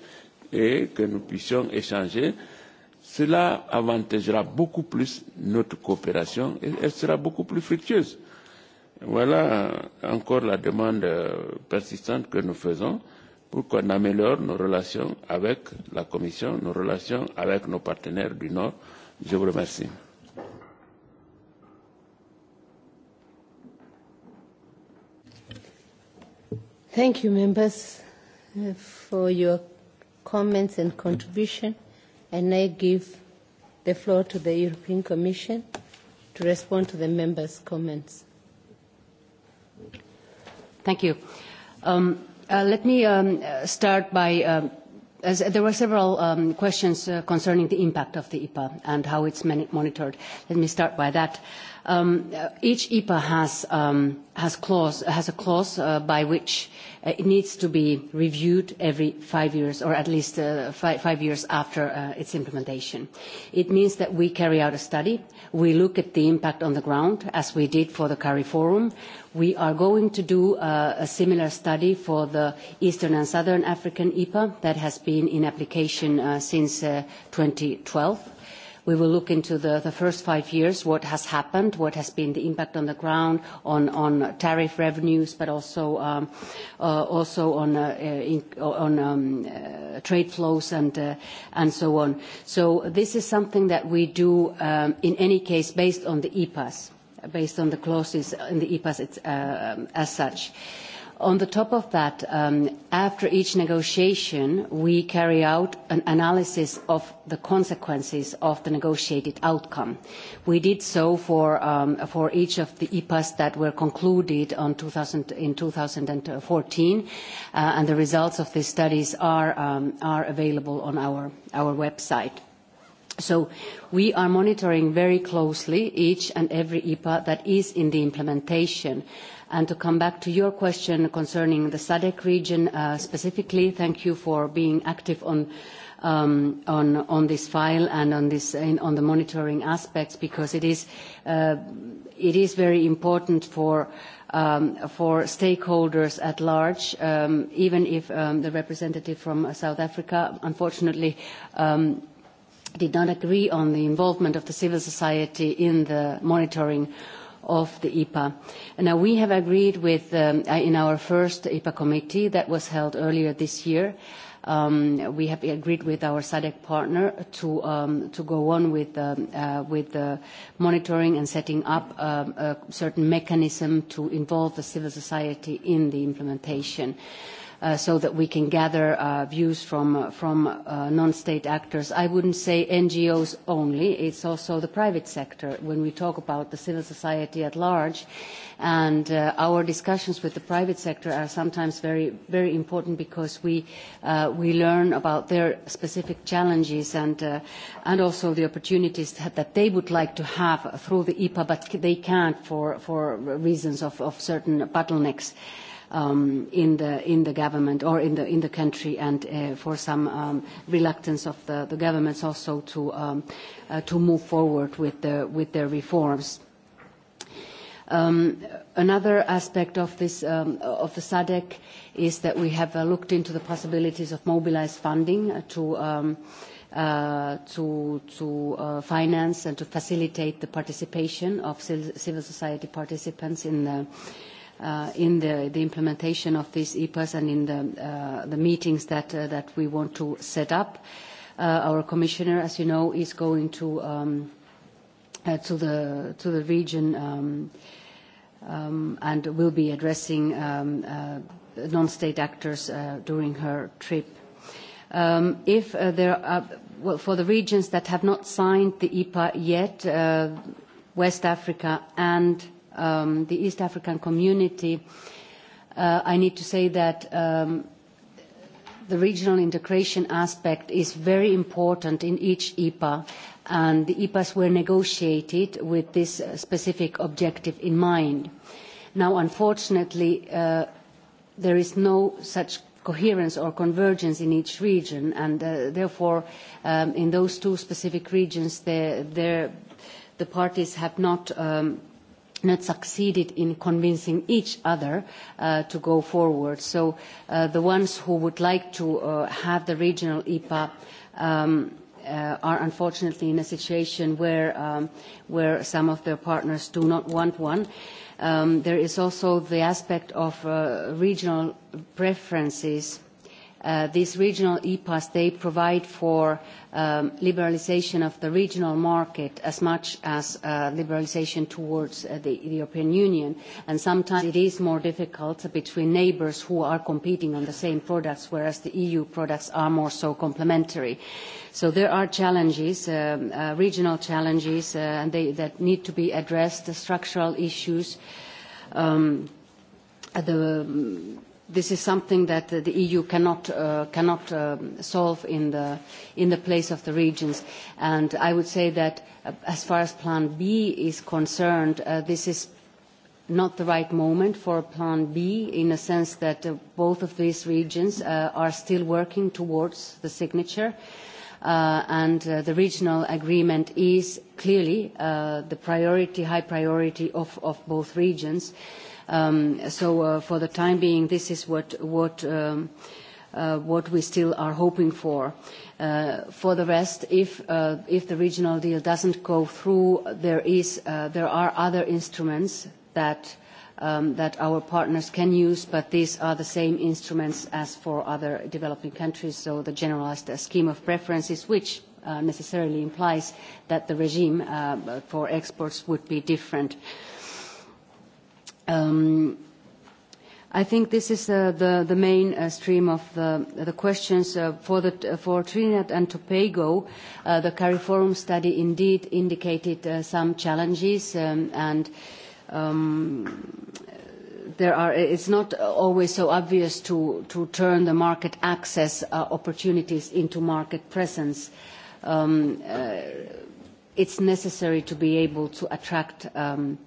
et que nous puissions échanger. Cela avantagera beaucoup plus notre coopération et elle sera beaucoup plus fructueuse. Voilà encore la demande euh, persistante que nous faisons pour qu'on améliore nos relations avec la Commission, nos relations avec nos partenaires du Nord. Je vous remercie. Thank you, members, uh, for your comments and contribution, and I give the floor to the European Commission to respond to the members' comments. Thank you. Um, uh, let me um, start by, um, as there were several um, questions uh, concerning the impact of the IPA and how it's monitored. Let me start by that. Uh, Um, uh, each EPA has, um, has, clause, has a clause uh, by which uh, it needs to be reviewed every five years or at least uh, five, five years after uh, its implementation. It means that we carry out a study. We look at the impact on the ground as we did for the CARI Forum. We are going to do uh, a similar study for the Eastern and Southern African EPA that has been in application uh, since uh, 2012 We will look into the, the first five years, what has happened, what has been the impact on the ground, on, on tariff revenues, but also, um, uh, also on, uh, in, on um, uh, trade flows and, uh, and so on. So this is something that we do um, in any case based on the EPAS, based on the clauses in the EPAS uh, as such. On the top of that, um, after each negotiation, we carry out an analysis of the consequences of the negotiated outcome. We did so for, um, for each of the EPAs that were concluded on 2000, in 2014, uh, and the results of these studies are, um, are available on our, our website. So we are monitoring very closely each and every EPA that is in the implementation, And to come back to your question concerning the SADC region uh, specifically, thank you for being active on um, on, on this file and on, this, in, on the monitoring aspects because it is, uh, it is very important for, um, for stakeholders at large, um, even if um, the representative from South Africa unfortunately um, did not agree on the involvement of the civil society in the monitoring of the EPA. Now, we have agreed with, um, uh, in our first EPA committee that was held earlier this year, um, we have agreed with our SADC partner to, um, to go on with, um, uh, with the monitoring and setting up um, a certain mechanism to involve the civil society in the implementation. Uh, uh, so that we can gather uh, views from, uh, from uh, non-state actors. I wouldn't say NGOs only. It's also the private sector when we talk about the civil society at large. And uh, our discussions with the private sector are sometimes very, very important because we, uh, we learn about their specific challenges and, uh, and also the opportunities that they would like to have through the EPA, but they can't for, for reasons of, of certain bottlenecks. Uh, um, in, the, in the government or in the, in the country and uh, for some um, reluctance of the, the governments also to, um, uh, to move forward with, the, with their reforms. Um, another aspect of, this, um, of the SADC is that we have uh, looked into the possibilities of mobilized funding uh, to um, Uh, to, to uh, finance and to facilitate the participation of civil society participants in the uh, in the, the implementation of these EPAs and in the, uh, the meetings that, uh, that we want to set up. Uh, our commissioner, as you know, is going to, um, uh, to, the, to the region um, um, and will be addressing um, uh, non-state actors uh, during her trip. Um, if uh, there are, well, for the regions that have not signed the EPA yet, uh, West Africa and uh, um, the East African community, uh, I need to say that um, the regional integration aspect is very important in each EPA, and the EPAs were negotiated with this uh, specific objective in mind. Now, unfortunately, uh, there is no such coherence or convergence in each region, and uh, therefore, um, in those two specific regions, the, the, the parties have not um, not succeeded in convincing each other uh, to go forward. So uh, the ones who would like to uh, have the regional EPA um, uh, are unfortunately in a situation where, um, where some of their partners do not want one. Um, there is also the aspect of uh, regional preferences uh, Uh, these regional EPAs, they provide for um, liberalization of the regional market as much as uh, liberalization towards uh, the, the European Union. And sometimes it is more difficult between neighbors who are competing on the same products, whereas the EU products are more so complementary. So there are challenges, um, uh, regional challenges, uh, and they, that need to be addressed, the structural issues, um, the um, this is something that the EU e cannot, uh, cannot um, solve in the, in the place of the regions. And I would say that uh, as far as Plan B is concerned, uh, this is not the right moment for Plan B in a sense that uh, both of these regions uh, are still working towards the signature. Uh, and uh, the regional agreement is clearly uh, the priority, high priority of, of both regions. Uh, Um, so uh, for the time being, this is what, what, um, uh, what we still are hoping for. Uh, for the rest, if, uh, if the regional deal doesn't go through, there, is, uh, there are other instruments that, um, that our partners can use, but these are the same instruments as for other developing countries, so the generalized uh, scheme of preferences, which uh, necessarily implies that the regime uh, for exports would be different. Uh, Um, I think this is uh, the, the main uh, stream of the, the questions. Uh, for, the, uh, for Trinidad and Tobago, uh, the CARIFORUM study indeed indicated uh, some challenges, um, and um, there are, it's not always so obvious to, to turn the market access opportunities into market presence. Um, it's necessary to be able to attract um,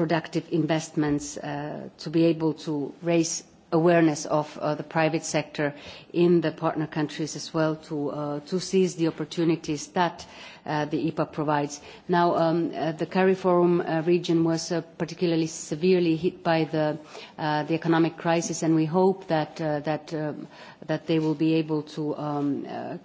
productive investments uh, to be able to raise awareness of uh, the private sector in the partner countries as well to, uh, to seize the opportunities that uh, the EPA provides. Now, um, uh, the CARIFORUM uh, region was uh, particularly severely hit by the, uh, the economic crisis, and we hope that, uh, that, um, that they will be able to um, uh,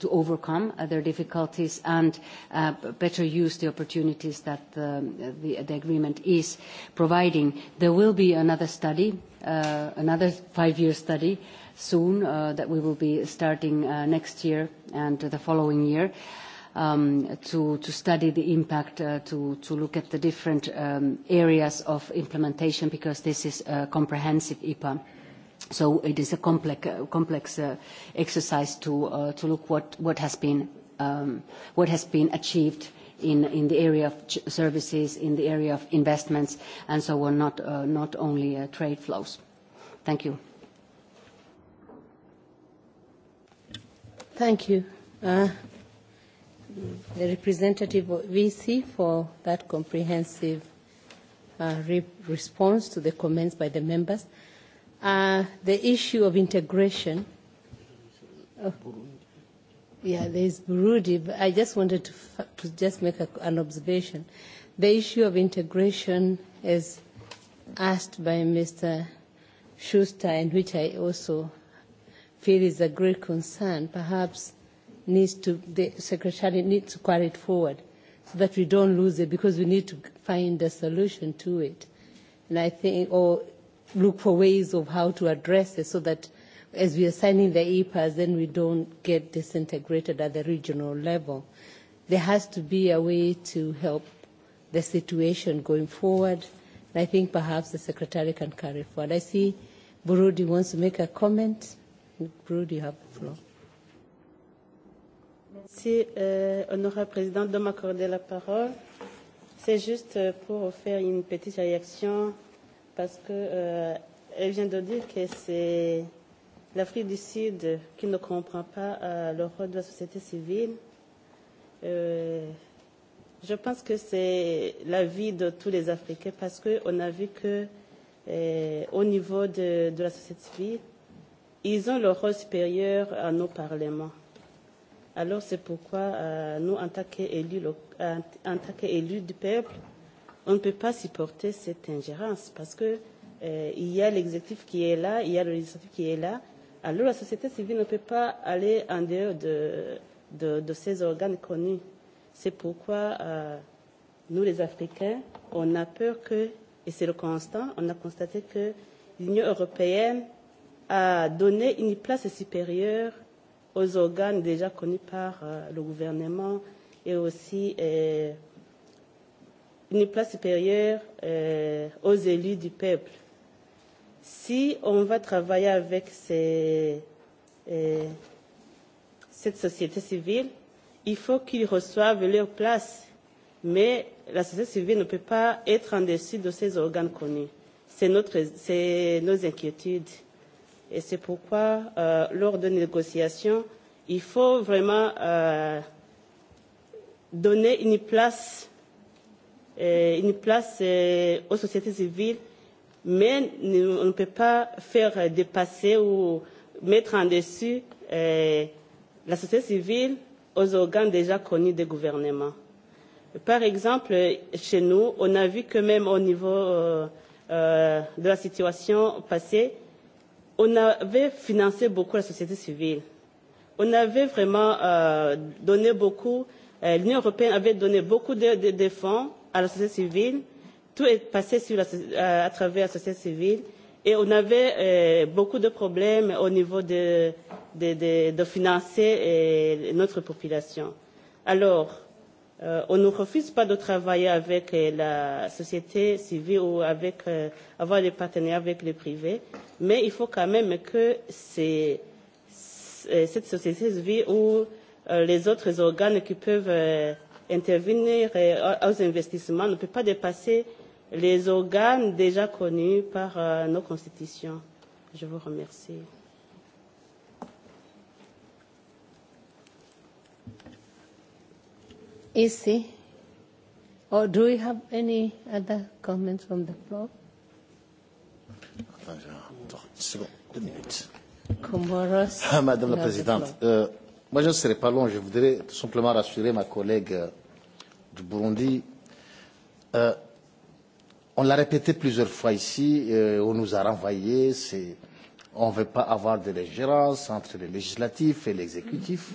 to overcome uh, their difficulties and uh, better use the opportunities that um, the, the agreement is providing. There will be another study, uh, another five-year study soon uh, that we will be starting uh, next year and the following year. Um, to, to study the impact, uh, to, to look at the different um, areas of implementation, because this is a comprehensive IPA. So it is a complex, uh, complex uh, exercise to, uh, to look what, what, has been, um, what has been achieved in, in the area of services, in the area of investments, and so on, not, uh, not only uh, trade flows. Thank you. Thank you. Uh, the representative of VC for that comprehensive re response to the comments by the members uh, the issue of integration. Oh, yeah, there is Burundi. But I just wanted to, to just make a, an observation. The issue of integration is asked by Mr. Schuster, and which I also feel is a great concern, perhaps needs to, the Secretary needs to carry it forward so that we don't lose it because we need to find a solution to it. And I think, or look for ways of how to address it so that as we are signing the EPAs, then we don't get disintegrated at the regional level. There has to be a way to help the situation going forward. And I think perhaps the Secretary can carry forward. I see Burundi wants to make a comment. Burundi, you have the floor. Merci, euh, honorable présidente, de m'accorder la parole. C'est juste euh, pour faire une petite réaction parce que euh, elle vient de dire que c'est l'Afrique du Sud qui ne comprend pas euh, le rôle de la société civile. Euh, je pense que c'est l'avis de tous les Africains parce qu'on a vu que euh, au niveau de, de la société civile, ils ont leur rôle supérieur à nos parlements. Alors c'est pourquoi euh, nous, en tant qu'élus qu du peuple, on ne peut pas supporter cette ingérence parce que euh, il y a l'exécutif qui est là, il y a le législatif qui est là. Alors la société civile ne peut pas aller en dehors de, de, de ces organes connus. C'est pourquoi euh, nous, les Africains, on a peur que, et c'est le constat, on a constaté que l'Union européenne a donné une place supérieure aux organes déjà connus par euh, le gouvernement et aussi euh, une place supérieure euh, aux élus du peuple. Si on va travailler avec ces, euh, cette société civile, il faut qu'ils reçoivent leur place. Mais la société civile ne peut pas être en dessous de ces organes connus. C'est nos inquiétudes. Et c'est pourquoi, euh, lors de négociations, il faut vraiment euh, donner une place Euh, une place euh, aux sociétés civiles, mais on ne peut pas faire dépasser ou mettre en dessus euh, la société civile aux organes déjà connus des gouvernements. Par exemple, chez nous, on a vu que même au niveau euh, euh, de la situation passée, on avait financé beaucoup la société civile. On avait vraiment euh, donné beaucoup, euh, l'Union européenne avait donné beaucoup de, de, de fonds à la société civile. Tout est passé sur la, à, euh, à travers la société civile. Et on avait euh, beaucoup de problèmes au niveau de, de, de, de financer euh, notre population. Alors, euh, on ne refuse pas de travailler avec euh, la société civile ou avec, euh, avoir des partenaires avec le privé, mais il faut quand même que c'est, c'est, cette société civile ou euh, les autres organes qui peuvent euh, intervenir euh, aux investissements ne peut pas dépasser les organes déjà connus par euh, nos constitutions. Je vous remercie. Is he? Or do we have any other comments from the floor? Attends, attends, deux minutes. Comoros. Ah, Madame la Présidente, euh, Moi, je ne serai pas long. Je voudrais tout simplement rassurer ma collègue euh, du Burundi. Euh, on l'a répété plusieurs fois ici. Euh, on nous a renvoyé. C'est, on ne veut pas avoir de l'ingérence entre le législatif et l'exécutif.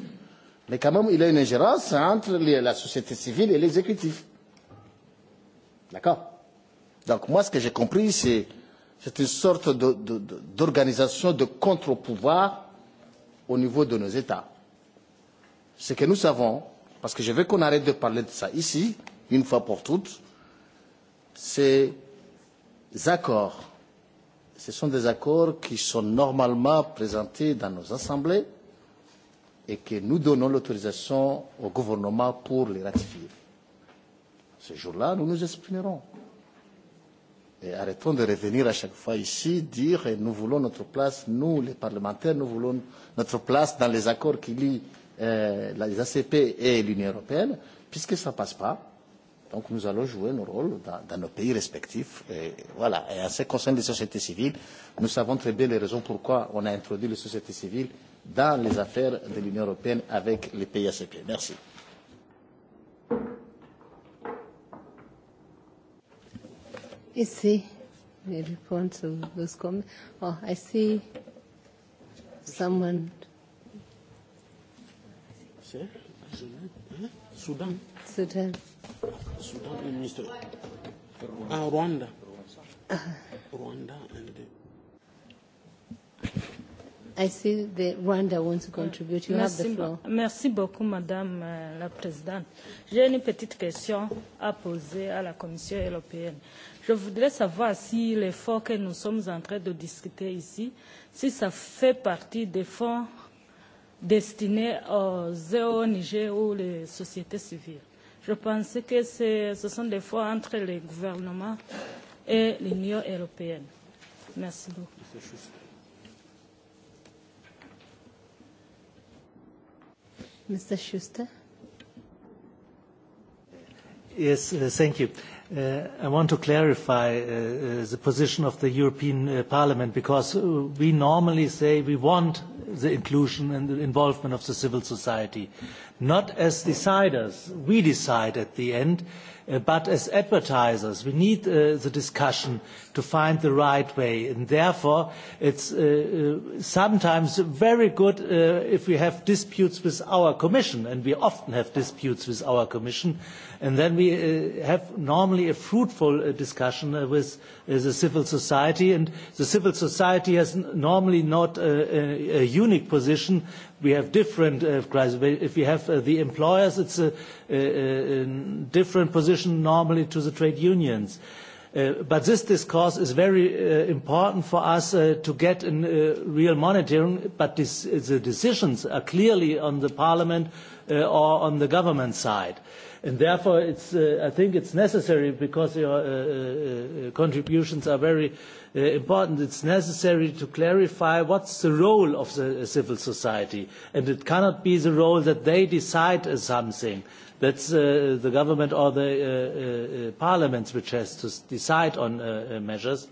Mais quand même, il y a une ingérence entre les, la société civile et l'exécutif. D'accord Donc, moi, ce que j'ai compris, c'est, c'est une sorte de, de, de, d'organisation de contre-pouvoir au niveau de nos États ce que nous savons, parce que je veux qu'on arrête de parler de ça ici, une fois pour toutes, ces accords, ce sont des accords qui sont normalement présentés dans nos assemblées et que nous donnons l'autorisation au gouvernement pour les ratifier. Ce jour-là, nous nous exprimerons. Et arrêtons de revenir à chaque fois ici, dire eh, nous voulons notre place, nous les parlementaires, nous voulons notre place dans les accords qui lient euh, les ACP et l'Union européenne, puisque ça ne passe pas, donc nous allons jouer nos rôles dans, dans nos pays respectifs. Et voilà. Et en ce qui concerne les sociétés civiles, nous savons très bien les raisons pourquoi on a introduit les sociétés civiles dans les affaires de l'Union européenne avec les pays ACP. Merci. I see the response of those comments. Oh, I see someone C'est hein? Soudan. Soudan. Soudan, le ministre. Ah, Rwanda. Rwanda and the... I see the Rwanda wants to contribute. You merci, have the floor. Merci beaucoup, Madame euh, la Présidente. J'ai une petite question à poser à la Commission européenne. Je voudrais savoir si l'effort que nous sommes en train de discuter ici, si ça fait partie des fonds destinés aux ONG ou les sociétés civiles. Je pensais que ce sont des fois entre les gouvernements et l'Union européenne. Merci beaucoup. Mr. Schuster. Yes, uh, thank you. Uh, I want to clarify uh, uh the position of the European uh, Parliament, because uh, we normally say we want the inclusion and the involvement of the civil society. Not as deciders, we decide at the end, uh, but as advertisers. We need uh, the discussion to find the right way. And therefore, it's uh, uh sometimes very good uh, if we have disputes with our commission, and we often have disputes with our commission, uh, And then we uh, have normally a fruitful uh, discussion uh, with uh, the civil society. And the civil society has n- normally not uh, a, a unique position. We have different uh, crises. If we have uh, the employers, it's a, a, a different position normally to the trade unions. Uh, but this discourse is very uh, important for us uh, to get in uh, real monitoring, but this, the decisions are clearly on the parliament uh, or on the government side. Uh, And therefore, it's, uh, I think it's necessary because your uh, uh, uh, contributions are very uh, important. It's necessary to clarify what's the role of the uh, civil society, and it cannot be the role that they decide as something. That's uh, the government or the uh, uh, uh parliaments which has to decide on uh, uh, measures.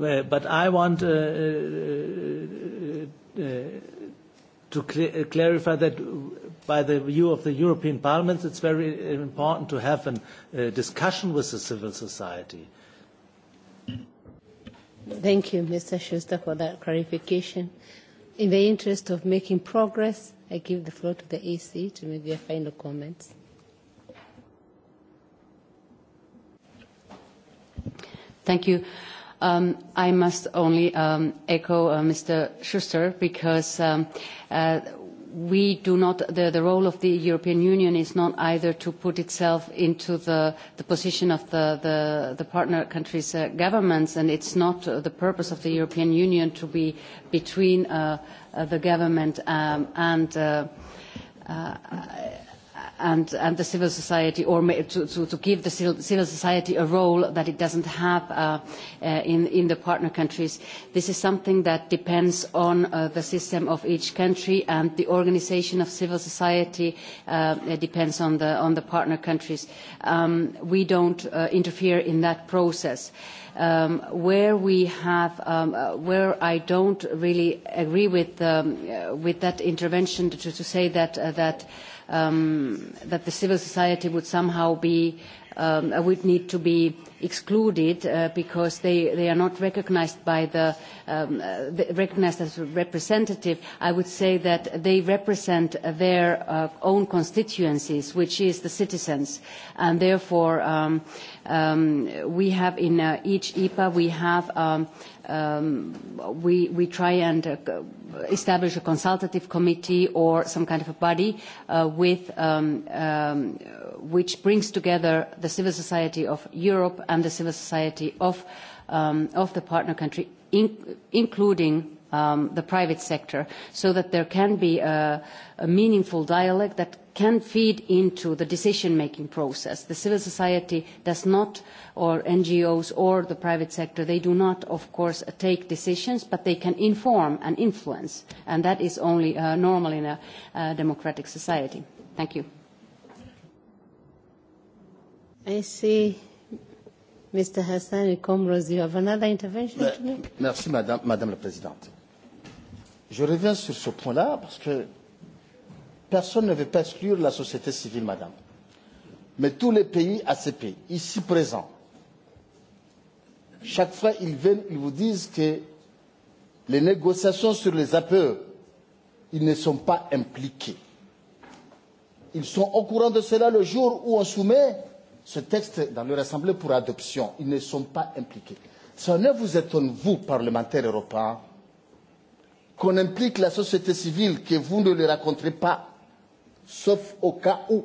Uh, but I want. Uh, uh, uh, uh to cl- clarify that by the view of the European Parliament, it's very uh, important to have a uh, discussion with the civil society. Thank you, Mr. Schuster, for that clarification. In the interest of making progress, I give the floor to the AC to make their final comments. Thank you. Um, I must only um, echo uh, Mr. Schuster because um, uh, we do not, the, the role of the European Union is not either to put itself into the, the position of the, the, the partner countries' uh, governments, and it's not uh, the purpose of the European Union to be between uh, uh, the government um, and uh, uh, and, and the civil society or to, to, to give the civil society a role that it doesn't have uh, uh, in, in the partner countries. This is something that depends on uh, the system of each country and the organization of civil society uh, it depends on the, on the partner countries. Um, we don't uh, interfere in that process. Um, where we have, um, uh, where I don't really agree with, um, uh, with that intervention to, to say that, uh, that uh, um, that the civil society would somehow be um, uh, would need to be excluded uh, because they, they are not recognized by the, um, uh, the recognized as representative. I would say that they represent their uh, own constituencies, which is the citizens, and therefore. Um, uh, Um, we have in uh, each IPA, e we have um, um, we, we try and uh, establish a consultative committee or some kind of a body uh, with, um, um, which brings together the civil society of Europe and the civil society of, um, of the partner country, in, including um, the private sector, so that there can be a, a meaningful dialogue that can feed into the decision-making process. The civil society does not, or NGOs or the private sector, they do not, of course, uh, take decisions, but they can inform and influence, and that is only uh, normal in a uh, democratic society. Thank you. I see. Mr. Hassan et Comrose, you have another intervention to make? Merci, Madame, Madame la Présidente. Je reviens sur ce point-là parce que Personne ne veut pas exclure la société civile, madame. Mais tous les pays ACP, ici présents, chaque fois ils viennent, ils vous disent que les négociations sur les APE, ils ne sont pas impliqués. Ils sont au courant de cela le jour où on soumet ce texte dans leur assemblée pour adoption. Ils ne sont pas impliqués. Ça ne vous étonne, vous, parlementaires européens, qu'on implique la société civile, que vous ne les rencontrez pas sauf au cas où,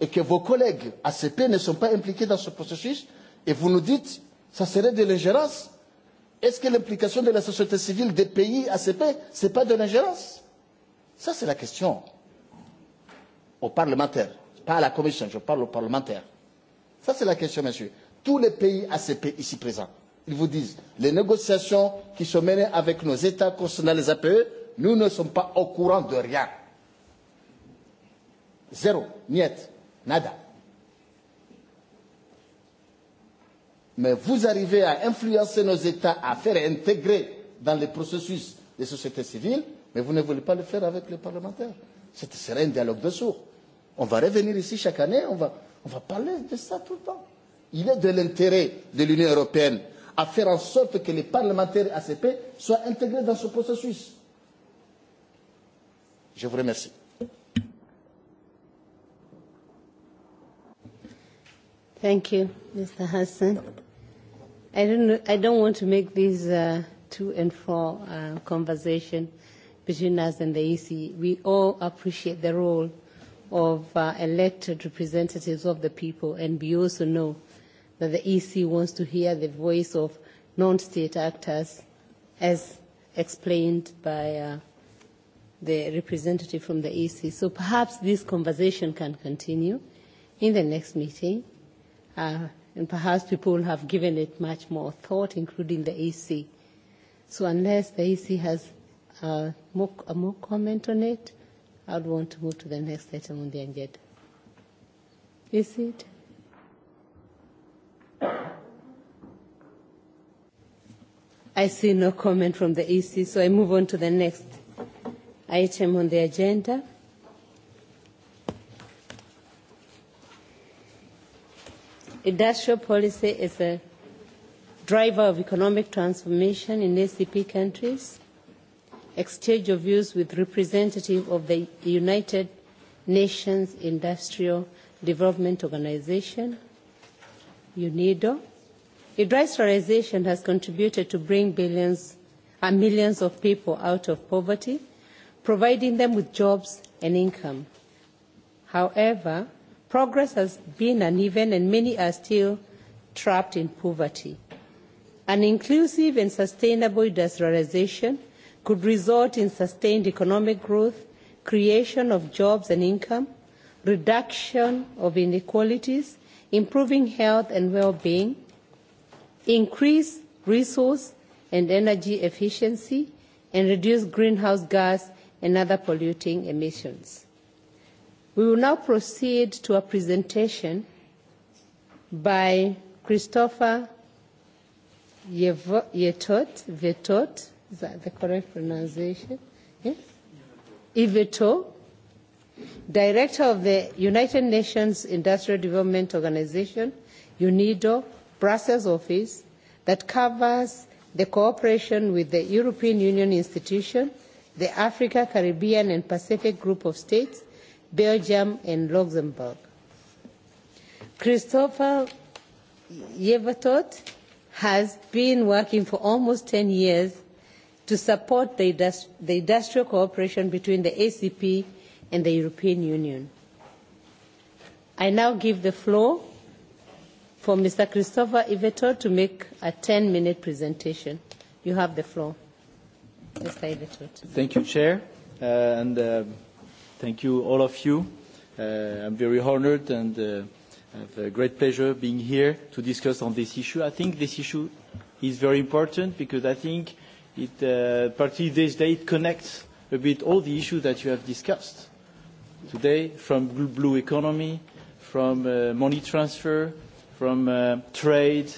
et que vos collègues ACP ne sont pas impliqués dans ce processus, et vous nous dites ça serait de l'ingérence. Est-ce que l'implication de la société civile des pays ACP, ce n'est pas de l'ingérence Ça, c'est la question aux parlementaires, pas à la Commission, je parle aux parlementaires. Ça, c'est la question, monsieur. Tous les pays ACP ici présents, ils vous disent, les négociations qui sont menées avec nos États concernant les APE, nous ne sommes pas au courant de rien. Zero, niet, nada. Mais vous arrivez à influencer nos États à faire intégrer dans le processus des sociétés civiles, mais vous ne voulez pas le faire avec les parlementaires. Ce serait un dialogue de sourds. On va revenir ici chaque année, on va, on va parler de ça tout le temps. Il est de l'intérêt de l'Union européenne à faire en sorte que les parlementaires ACP soient intégrés dans ce processus. Je vous remercie. Thank you, Mr. Hassan. I don't, I don't want to make these uh, two and four uh, conversation between us and the EC. We all appreciate the role of uh, elected representatives of the people, and we also know that the EC wants to hear the voice of non-state actors, as explained by uh, the representative from the EC. So perhaps this conversation can continue in the next meeting uh, and perhaps people have given it much more thought, including the AC. So unless the AC has uh, more, a more comment on it, I would want to move to the next item on the agenda. Is it? I see no comment from the EC, so I move on to the next item on the agenda. Industrial policy is a driver of economic transformation in ACP e countries. Exchange of views with representative of the United Nations Industrial Development Organization, UNIDO. Industrialization has contributed to bring billions and uh, millions of people out of poverty, providing them with jobs and income. However, Progress has been uneven and many are still trapped in poverty. An inclusive and sustainable industrialization could result in sustained economic growth, creation of jobs and income, reduction of inequalities, improving health and well-being, increase resource and energy efficiency, and reduce greenhouse gas and other polluting emissions. We will now proceed to a presentation by Christopher Yetot, Vetot, is that the correct pronunciation? Yes? Iveto, Director of the United Nations Industrial Development Organization, UNIDO, Brussels office, that covers the cooperation with the European Union institution, the Africa, Caribbean and Pacific Group of States, Belgium, and Luxembourg. Christopher Yevatot has been working for almost 10 years to support the, industri the industrial cooperation between the ACP and the European Union. I now give the floor for Mr. Christopher Ivetot to make a 10-minute presentation. You have the floor, Mr. Ivetot. Thank you, Chair. Uh, and uh, Thank you, all of you. Uh, I'm very honored and uh, have a great pleasure being here to discuss on this issue. I think this issue is very important because I think it, uh, particularly this day, it connects a bit all the issues that you have discussed today, from blue economy, from uh, money transfer, from uh, trade,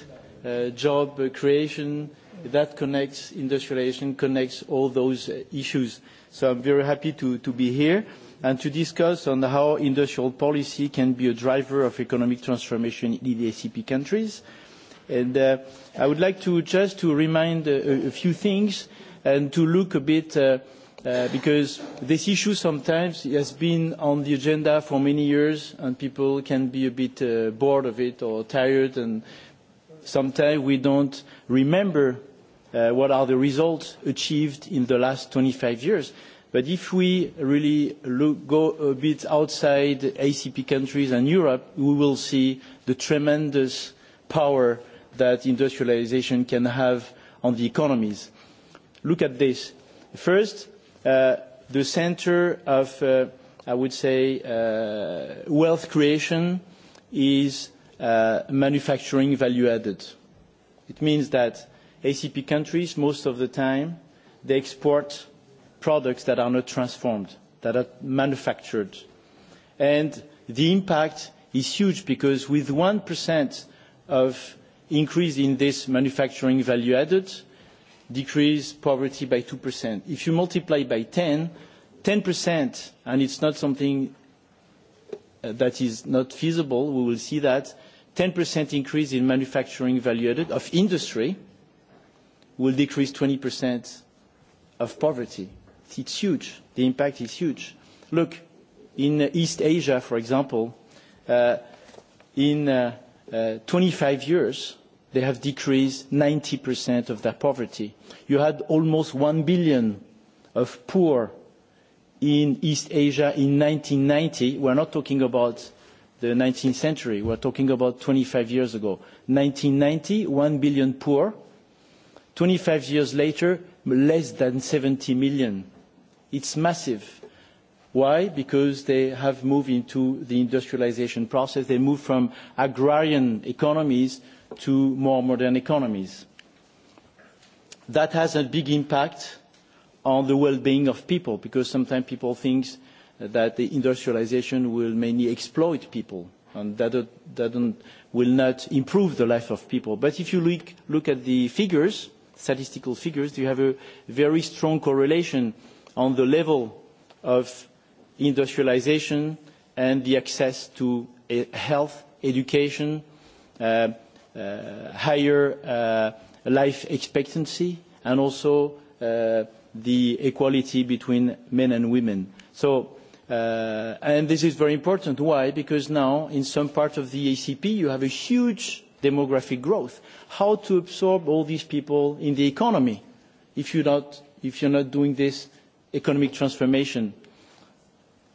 uh, job creation. That connects industrialization, connects all those issues. So I'm very happy to, to be here. Uh, and to discuss on how industrial policy can be a driver of economic transformation in the ACP countries. And uh, I would like to just to remind a, uh, a few things and to look a bit, uh, uh, because this issue sometimes has been on the agenda for many years, and people can be a bit uh, bored of it or tired, and sometimes we don't remember uh, what are the results achieved in the last 25 years But if we really look, go a bit outside ACP countries and Europe, we will see the tremendous power that industrialization can have on the economies. Look at this. First, uh, the center of, uh, I would say, uh, wealth creation is uh, manufacturing value added. It means that ACP countries, most of the time, they export products that are not transformed, that are manufactured. And the impact is huge because with 1% of increase in this manufacturing value added, decrease poverty by 2%. If you multiply by 10, 10%, and it's not something uh, that is not feasible, we will see that 10% increase in manufacturing value added of industry will decrease 20% of poverty it's huge. The impact is huge. Look, in East Asia, for example, uh, in uh, uh, 25 years, they have decreased 90% of their poverty. You had almost 1 billion of poor in East Asia in 1990. We're not talking about the 19th century. We're talking about 25 years ago. 1990, 1 billion poor. 25 years later, less than 70 million It's massive. Why? Because they have moved into the industrialization process. They moved from agrarian economies to more modern economies. That has a big impact on the well-being of people, because sometimes people think that the industrialization will mainly exploit people, and that, that will not improve the life of people. But if you look, look at the figures, statistical figures, you have a very strong correlation uh, on the level of industrialization and the access to e, health, education, uh, uh, higher uh, life expectancy, and also uh, the equality between men and women. So, uh, and this is very important. Why? Because now in some parts of the ACP you have a huge demographic growth. How to absorb all these people in the economy if you're not, if you're not doing this uh, economic transformation.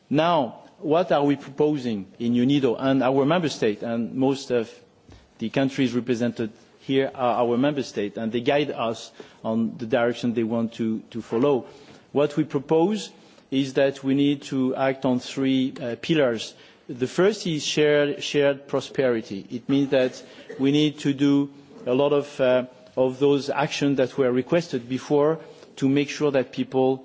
Now, what are we proposing in UNIDO and our member state, and most of the countries represented here are our member state, and they guide us on the direction they want to, to follow. What we propose is that we need to act on three uh, pillars. The first is shared, shared prosperity. It means that we need to do a lot of, uh, of those actions that were requested before to make sure that people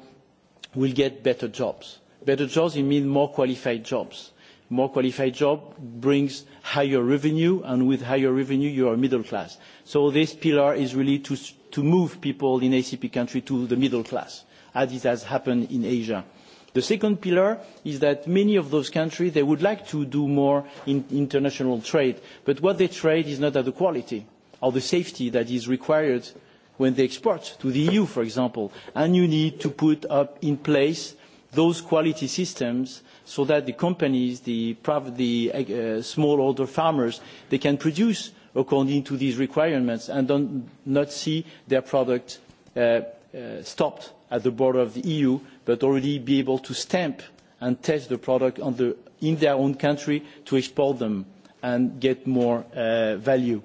will get better jobs. Better jobs mean more qualified jobs. More qualified job brings higher revenue, and with higher revenue, you are middle class. So this pillar is really to, to move people in ACP country to the middle class, as it has happened in Asia. The second pillar is that many of those countries, they would like to do more in international trade, but what they trade is not at the quality or the safety that is required uh, when they export to the EU, for example. And you need to put up in place those quality systems so that the companies, the, the uh, smallholder farmers, they can produce according to these requirements and don't, not see their product uh, uh, stopped at the border of the EU, but already be able to stamp and test the product on the, in their own country to export them and get more uh, value.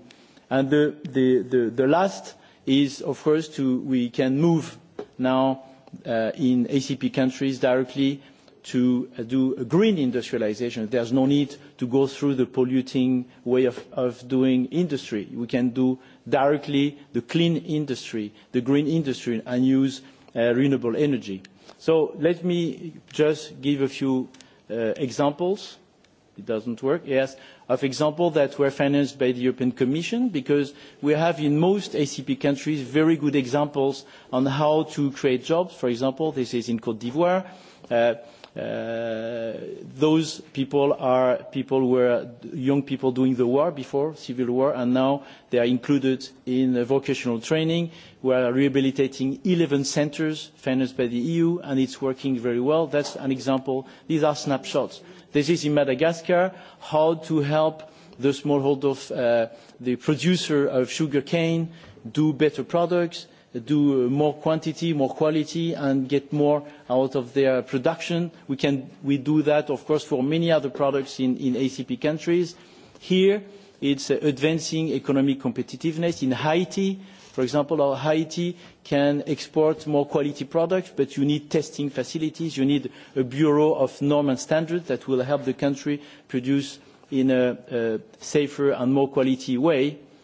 And the, the, the, the last is, of course, to we can move now uh, in ACP countries directly to uh, do a green industrialization. There's no need to go through the polluting way of, of doing industry. We can do directly the clean industry, the green industry, and use uh, renewable energy. So let me just give a few uh, examples. It doesn't work. Yes of example that were financed by the European Commission because we have in most ACP countries very good examples on how to create jobs. For example, this is in Cote d'Ivoire. Uh, uh, those people are people who were young people doing the war before, civil war, and now they are included in uh, vocational training. We are rehabilitating 11 centers financed by the EU, and it's working very well. That's an example. These are snapshots. Mm-hmm This is in Madagascar, how to help the smallholder, uh, the producer of sugarcane do better products, do uh, more quantity, more quality, and get more out of their production. We, can, we do that, of course, for many other products in, in ACP countries. Here, it's uh, advancing economic competitiveness. In Haiti, For example, our Haiti can export more quality products, but you need testing facilities. You need a bureau of norm and standards that will help the country produce in a, a safer and more quality way. Uh,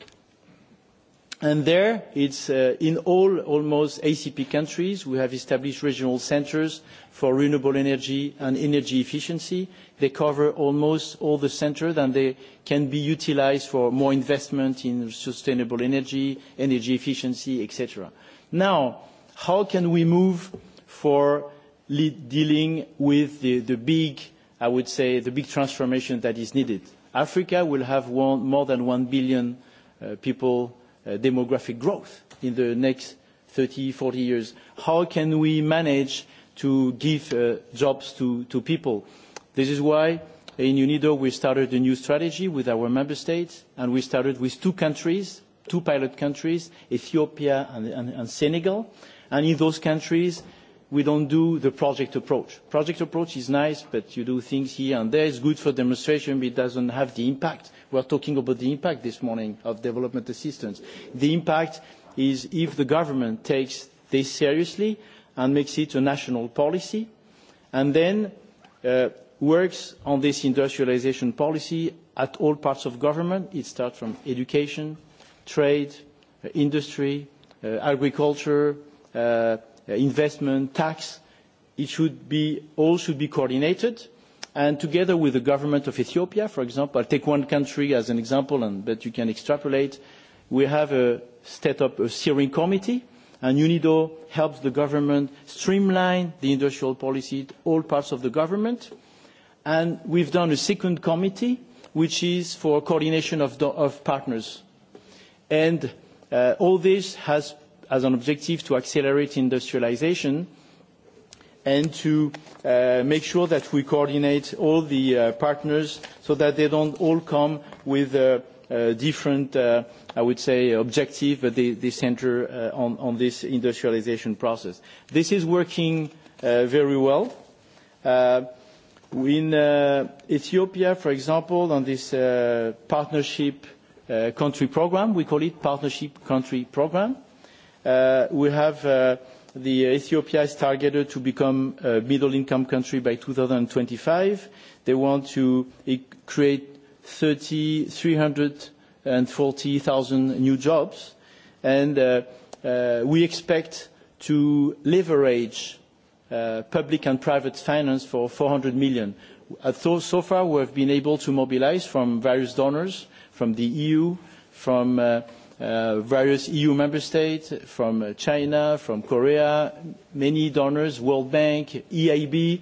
And there, it's uh, in all almost ACP countries, we have established regional centers for renewable energy and energy efficiency. They cover almost all the centers and they can be utilized for more investment in sustainable energy, energy efficiency, etc. Now, how can we move for lead, dealing with the, the big, I would say, the big transformation that is needed? Africa will have one, more than 1 billion uh, people uh, demographic growth in the next 30, 40 years? How can we manage to give uh, jobs to, to people? This is why in UNIDO we started a new strategy with our member states and we started with two countries, two pilot countries, Ethiopia and, and, and Senegal. And in those countries, uh, we don't do the project approach. Project approach is nice, but you do things here and there. It's good for demonstration, but it doesn't have the impact. We're talking about the impact this morning of development assistance. The impact is if the government takes this seriously and makes it a national policy, and then uh, works on this industrialization policy at all parts of government. It starts from education, trade, uh, industry, uh, agriculture, uh, Uh, investment, tax, it should be, all should be coordinated. And together with the government of Ethiopia, for example, I'll take one country as an example, and, but you can extrapolate. We have a, set up a steering committee, and UNIDO helps the government streamline the industrial policy, all parts of the government. And we've done a second committee, which is for coordination of, of partners. And uh, all this has as an objective to accelerate industrialization and to uh, make sure that we coordinate all the uh, partners so that they don't all come with uh, uh, different, uh, I would say, objective, but they, they center uh, on, on this industrialization process. This is working uh, very well. Uh, in uh, Ethiopia, for example, on this uh, partnership uh, country program, we call it partnership country program, uh, Uh, we have uh, the Ethiopia is targeted to become a middle-income country by 2025. They want to e, create 30, 340,000 new jobs. And uh, uh, we expect to leverage uh, public and private finance for 400 million. Uh, so, so far, we have been able to mobilize from various donors, from the EU, from uh, uh, various EU member states, from uh, China, from Korea, many donors, World Bank, EIB,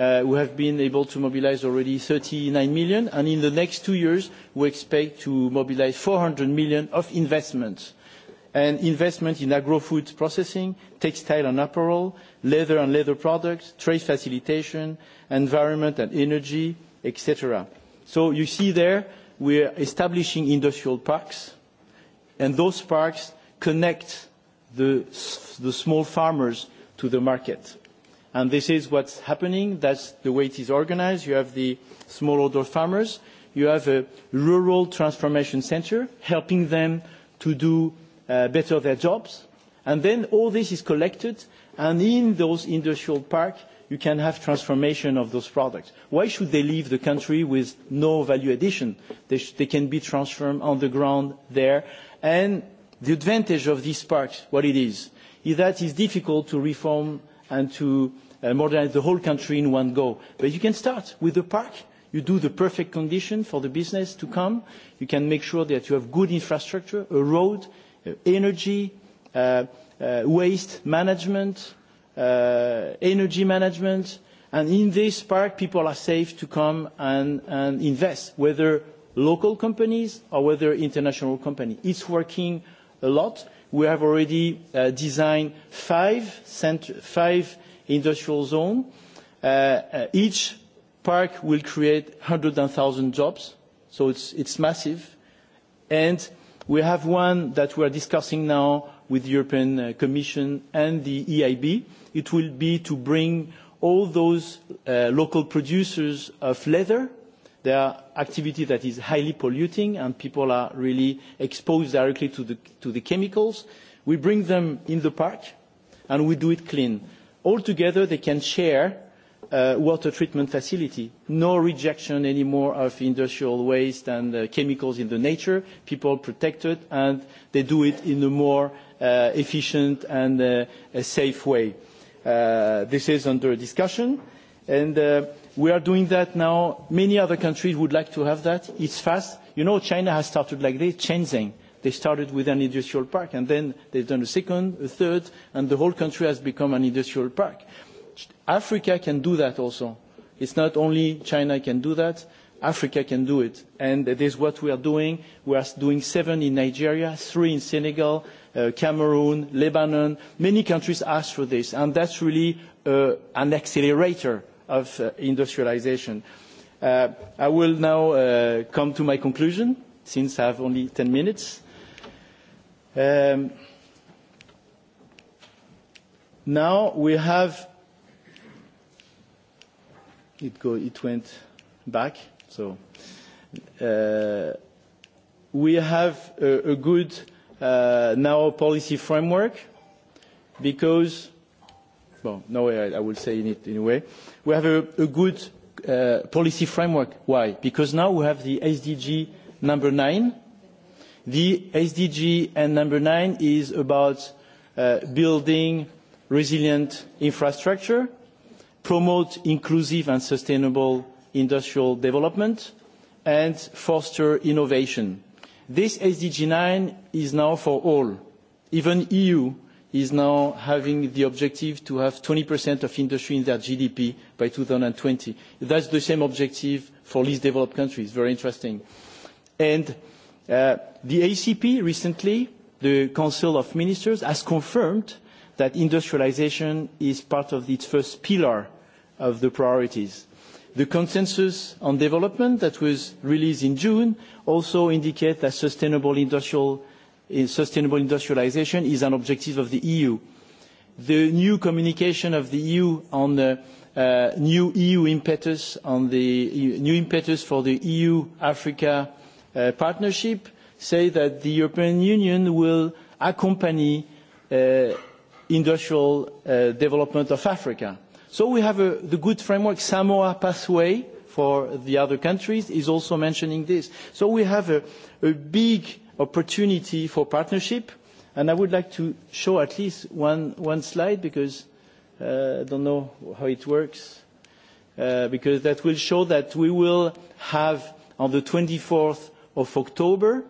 uh, who have been able to mobilize already 39 million. And in the next two years, we expect to mobilize 400 million of investments. And investment in agro-food processing, textile and apparel, leather and leather products, trade facilitation, environment and energy, etc. So you see there, we are establishing industrial parks and those parks connect the, the small farmers to the market. And this is what's happening. That's the way it is organized. You have the smallholder farmers. You have a rural transformation center helping them to do uh, better their jobs. And then all this is collected, and in those industrial parks, you can have transformation of those products. Why should they leave the country with no value addition? They, sh- they can be transformed on the ground there And the advantage of this pact, what it is, is that it's difficult to reform and to uh, modernize the whole country in one go. But you can start with the park. You do the perfect condition for the business to come. You can make sure that you have good infrastructure, a road, uh, energy, uh, uh, waste management, uh, energy management. And in this park, people are safe to come and, and invest, whether local companies or whether international companies. It's working a lot. We have already uh, designed five, cent- five industrial zones. Uh, uh, each park will create 100,000 jobs, so it's, it's massive. And we have one that we are discussing now with the European uh, Commission and the EIB. It will be to bring all those uh, local producers of leather They are activity that is highly polluting and people are really exposed directly to the, to the chemicals. We bring them in the park and we do it clean. Altogether, they can share uh, water treatment facility. No rejection anymore of industrial waste and uh, chemicals in the nature. People protected and they do it in a more uh, efficient and uh, a safe way. Uh, this is under discussion. And uh, We are doing that now. Many other countries would like to have that. It's fast. You know, China has started like this, Shenzhen. They started with an industrial park, and then they've done a second, a third, and the whole country has become an industrial park. Africa can do that also. It's not only China can do that. Africa can do it. And that is what we are doing. We are doing seven in Nigeria, three in Senegal, uh, Cameroon, Lebanon. Many countries ask for this. And that's really uh, an accelerator uh, of uh, industrialization. Uh, I will now uh, come to my conclusion, since I have only 10 minutes. Um, now we have... It, go, it went back, so... Uh, we have a, a good uh, now policy framework because, well, no, I, I will say it anyway, we have a, a good uh, policy framework. Why? Because now we have the SDG number nine. The SDG and number nine is about uh, building resilient infrastructure, promote inclusive and sustainable industrial development, and foster innovation. This SDG 9 is now for all. Even EU is now having the objective to have 20% of industry in their GDP by 2020. That's the same objective for least developed countries. Very interesting. And uh, the ACP recently, the Council of Ministers, has confirmed that industrialization is part of its first pillar of the priorities. The consensus on development that was released in June also indicate that sustainable industrial in sustainable industrialization is an objective of the EU. The new communication of the EU on the uh, new EU impetus, on the EU, new impetus for the EU-Africa uh, partnership, say that the European Union will accompany uh, industrial uh, development of Africa. So we have a, uh, the good framework, Samoa pathway for the other countries is also mentioning this. So we have a, a big opportunity for partnership. And I would like to show at least one, one slide because uh, I don't know how it works. Uh, because that will show that we will have on the 24th of October,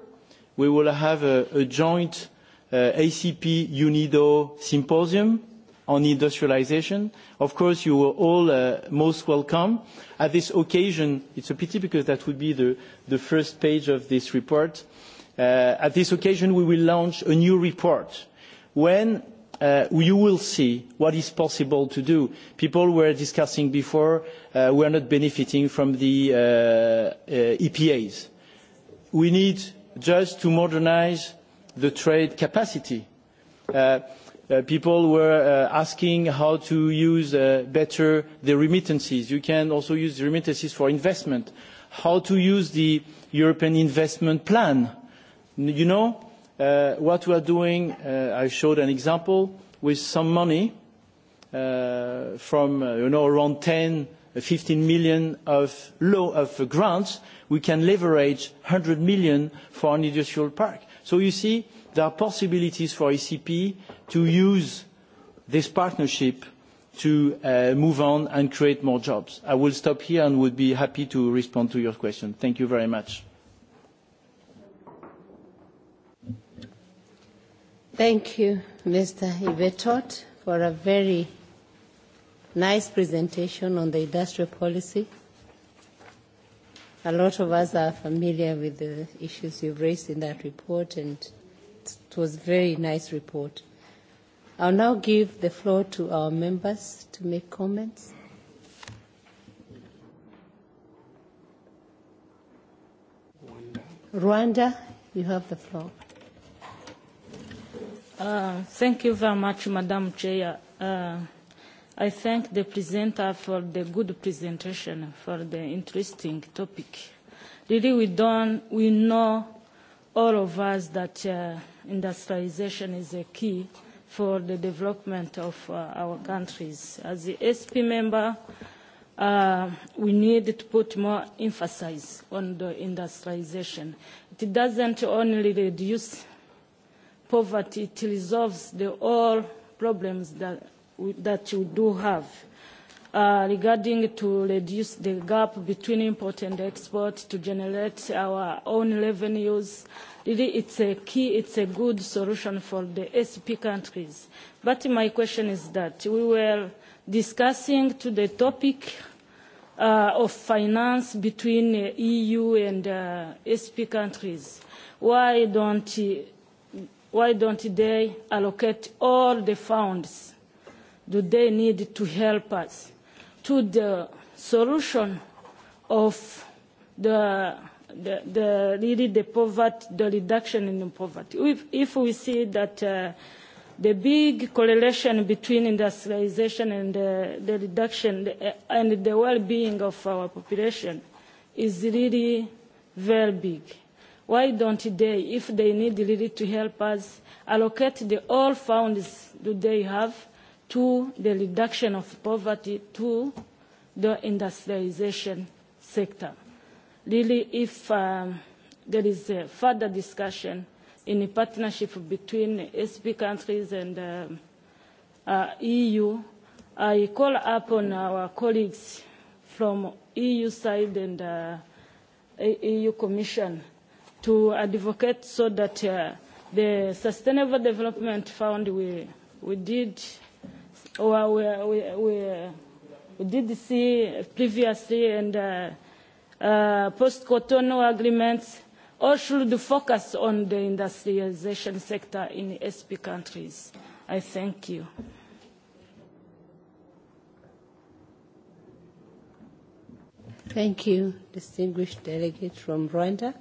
we will have a, a joint uh, ACP UNIDO symposium on industrialization. Of course, you are all uh, most welcome. At this occasion, it's a pity because that would be the, the first page of this report. Uh, Uh, at this occasion, we will launch a new report when uh, you will see what is possible to do. People were discussing before, uh, we are not benefiting from the uh, uh, EPAs. We need just to modernize the trade capacity. Uh, uh, people were uh, asking how to use uh, better the remittances. You can also use remittances for investment. How to use the European investment plan uh, You know, uh, what we are doing, uh, I showed an example with some money uh, from, uh, you know, around 10, 15 uh, million of law of grants, we can leverage 100 million for an industrial park. So you see, there are possibilities for ECP to use this partnership to uh, move on and create more jobs. I will stop here and would be happy to respond to your question. Thank you very much. Thank you, Mr. Ivetot, for a very nice presentation on the industrial policy. A lot of us are familiar with the issues you've raised in that report, and it was a very nice report. I'll now give the floor to our members to make comments. Rwanda, you have the floor. Uh, thank you very much, Madam Chair. Uh, I thank the presenter for the good presentation, for the interesting topic. Really, we, don't, we know, all of us, that uh, industrialization is a key for the development of uh, our countries. As the SP member, uh, we need to put more emphasis on the industrialization. It doesn't only reduce poverty it resolves the all problems that we, that you do have uh, regarding to reduce the gap between import and export to generate our own revenues. Really, it's a key, it's a good solution for the SP countries. But my question is that we were discussing to the topic uh, of finance between uh, e EU and uh, SP countries. Why don't uh, why don't they allocate all the funds do they need to help us to the solution of the, the, the really the poverty, the reduction in poverty. If, if we see that uh, the big correlation between industrialization and uh, the reduction uh, and the well-being of our population is really very big. Why don't they, if they need really to help us, allocate the all funds do they have to the reduction of poverty to the industrialization sector? Really, if um, there is a further discussion in a partnership between SP countries and um, uh, EU, I call upon our colleagues from EU side and uh, EU Commission to advocate so that uh, the Sustainable Development Fund we, we did or we, we, we, we did see previously and uh, uh, post-Cotonou agreements or should focus on the industrialization sector in SP countries. I thank you. Thank you, distinguished delegate from Rwanda.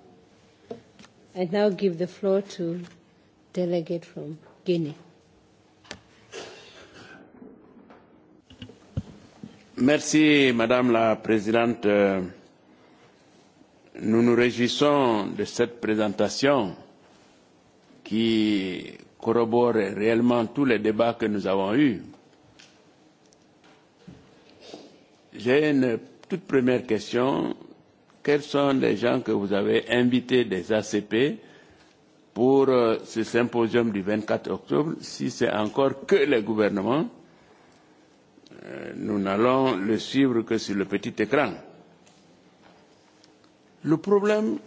I now give the floor to delegate from Guinea. Merci, Madame la Présidente. Euh, nous nous réjouissons de cette présentation qui corrobore réellement tous les débats que nous avons eus. J'ai une toute première question quels sont les gens que vous avez invités des ACP pour euh, ce symposium du 24 octobre, si c'est encore que les gouvernements, euh, nous n'allons le suivre que sur le petit écran. Le problème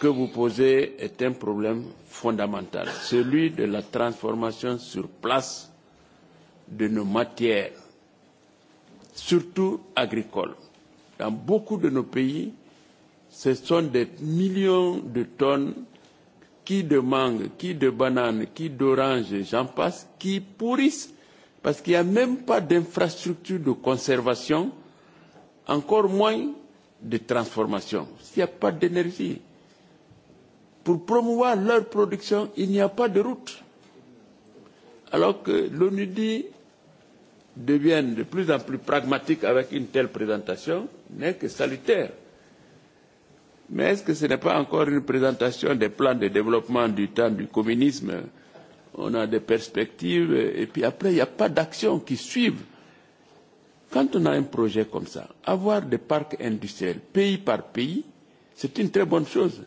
que vous posez est un problème fondamental, celui de la transformation sur place de nos matières, surtout agricoles. Dans beaucoup de nos pays, ce sont des millions de tonnes qui de mangue, qui de banane, qui d'orange, j'en passe, qui pourrissent parce qu'il n'y a même pas d'infrastructure de conservation, encore moins de transformation. S'il n'y a pas d'énergie, pour promouvoir leur production, il n'y a pas de route. Alors que l'ONU dit deviennent de plus en plus pragmatiques avec une telle présentation n'est que salutaire. Mais est-ce que ce n'est pas encore une présentation des plans de développement du temps du communisme On a des perspectives et puis après, il n'y a pas d'action qui suivent. Quand on a un projet comme ça, avoir des parcs industriels pays par pays, c'est une très bonne chose.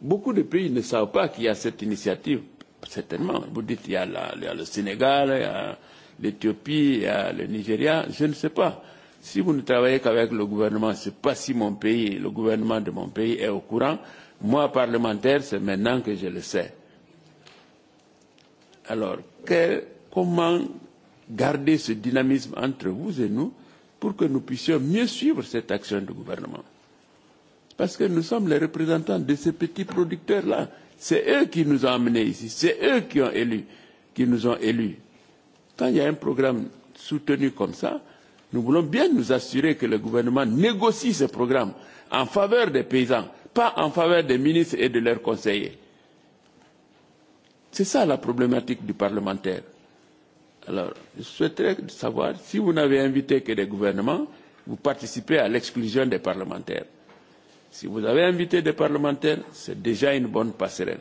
Beaucoup de pays ne savent pas qu'il y a cette initiative, certainement. Vous dites, il y a, la, il y a le Sénégal, il y a l'Éthiopie, à euh, le Nigeria, je ne sais pas. Si vous ne travaillez qu'avec le gouvernement, ce n'est pas si mon pays, le gouvernement de mon pays est au courant. Moi, parlementaire, c'est maintenant que je le sais. Alors, que, comment garder ce dynamisme entre vous et nous pour que nous puissions mieux suivre cette action du gouvernement Parce que nous sommes les représentants de ces petits producteurs-là. C'est eux qui nous ont amenés ici, c'est eux qui ont élu, qui nous ont élus. Quand il y a un programme soutenu comme ça, nous voulons bien nous assurer que le gouvernement négocie ce programme en faveur des paysans, pas en faveur des ministres et de leurs conseillers. C'est ça la problématique du parlementaire. Alors, je souhaiterais savoir si vous n'avez invité que des gouvernements, vous participez à l'exclusion des parlementaires. Si vous avez invité des parlementaires, c'est déjà une bonne passerelle.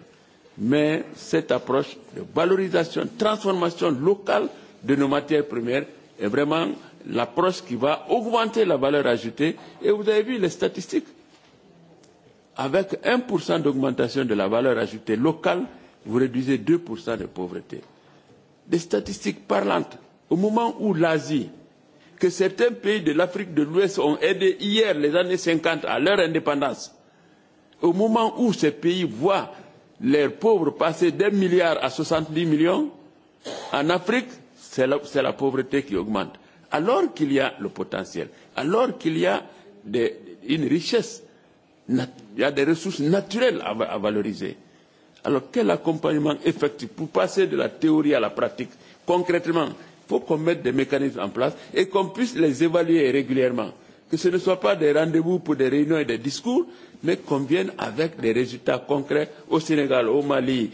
Mais cette approche de valorisation, transformation locale de nos matières premières est vraiment l'approche qui va augmenter la valeur ajoutée. Et vous avez vu les statistiques. Avec 1% d'augmentation de la valeur ajoutée locale, vous réduisez 2% de pauvreté. Des statistiques parlantes. Au moment où l'Asie, que certains pays de l'Afrique de l'Ouest ont aidé hier, les années 50, à leur indépendance, au moment où ces pays voient leurs pauvres passer d'un milliard à 70 millions, en Afrique, c'est la, la pauvreté qui augmente. Alors qu'il y a le potentiel, alors qu'il y a des, une richesse, il y a des ressources naturelles à, à valoriser. Alors quel accompagnement effectif pour passer de la théorie à la pratique Concrètement, il faut qu'on mette des mécanismes en place et qu'on puisse les évaluer régulièrement. Que ce ne soit pas des rendez-vous pour des réunions et des discours, mais qu'on vienne avec des résultats concrets au Sénégal, au Mali,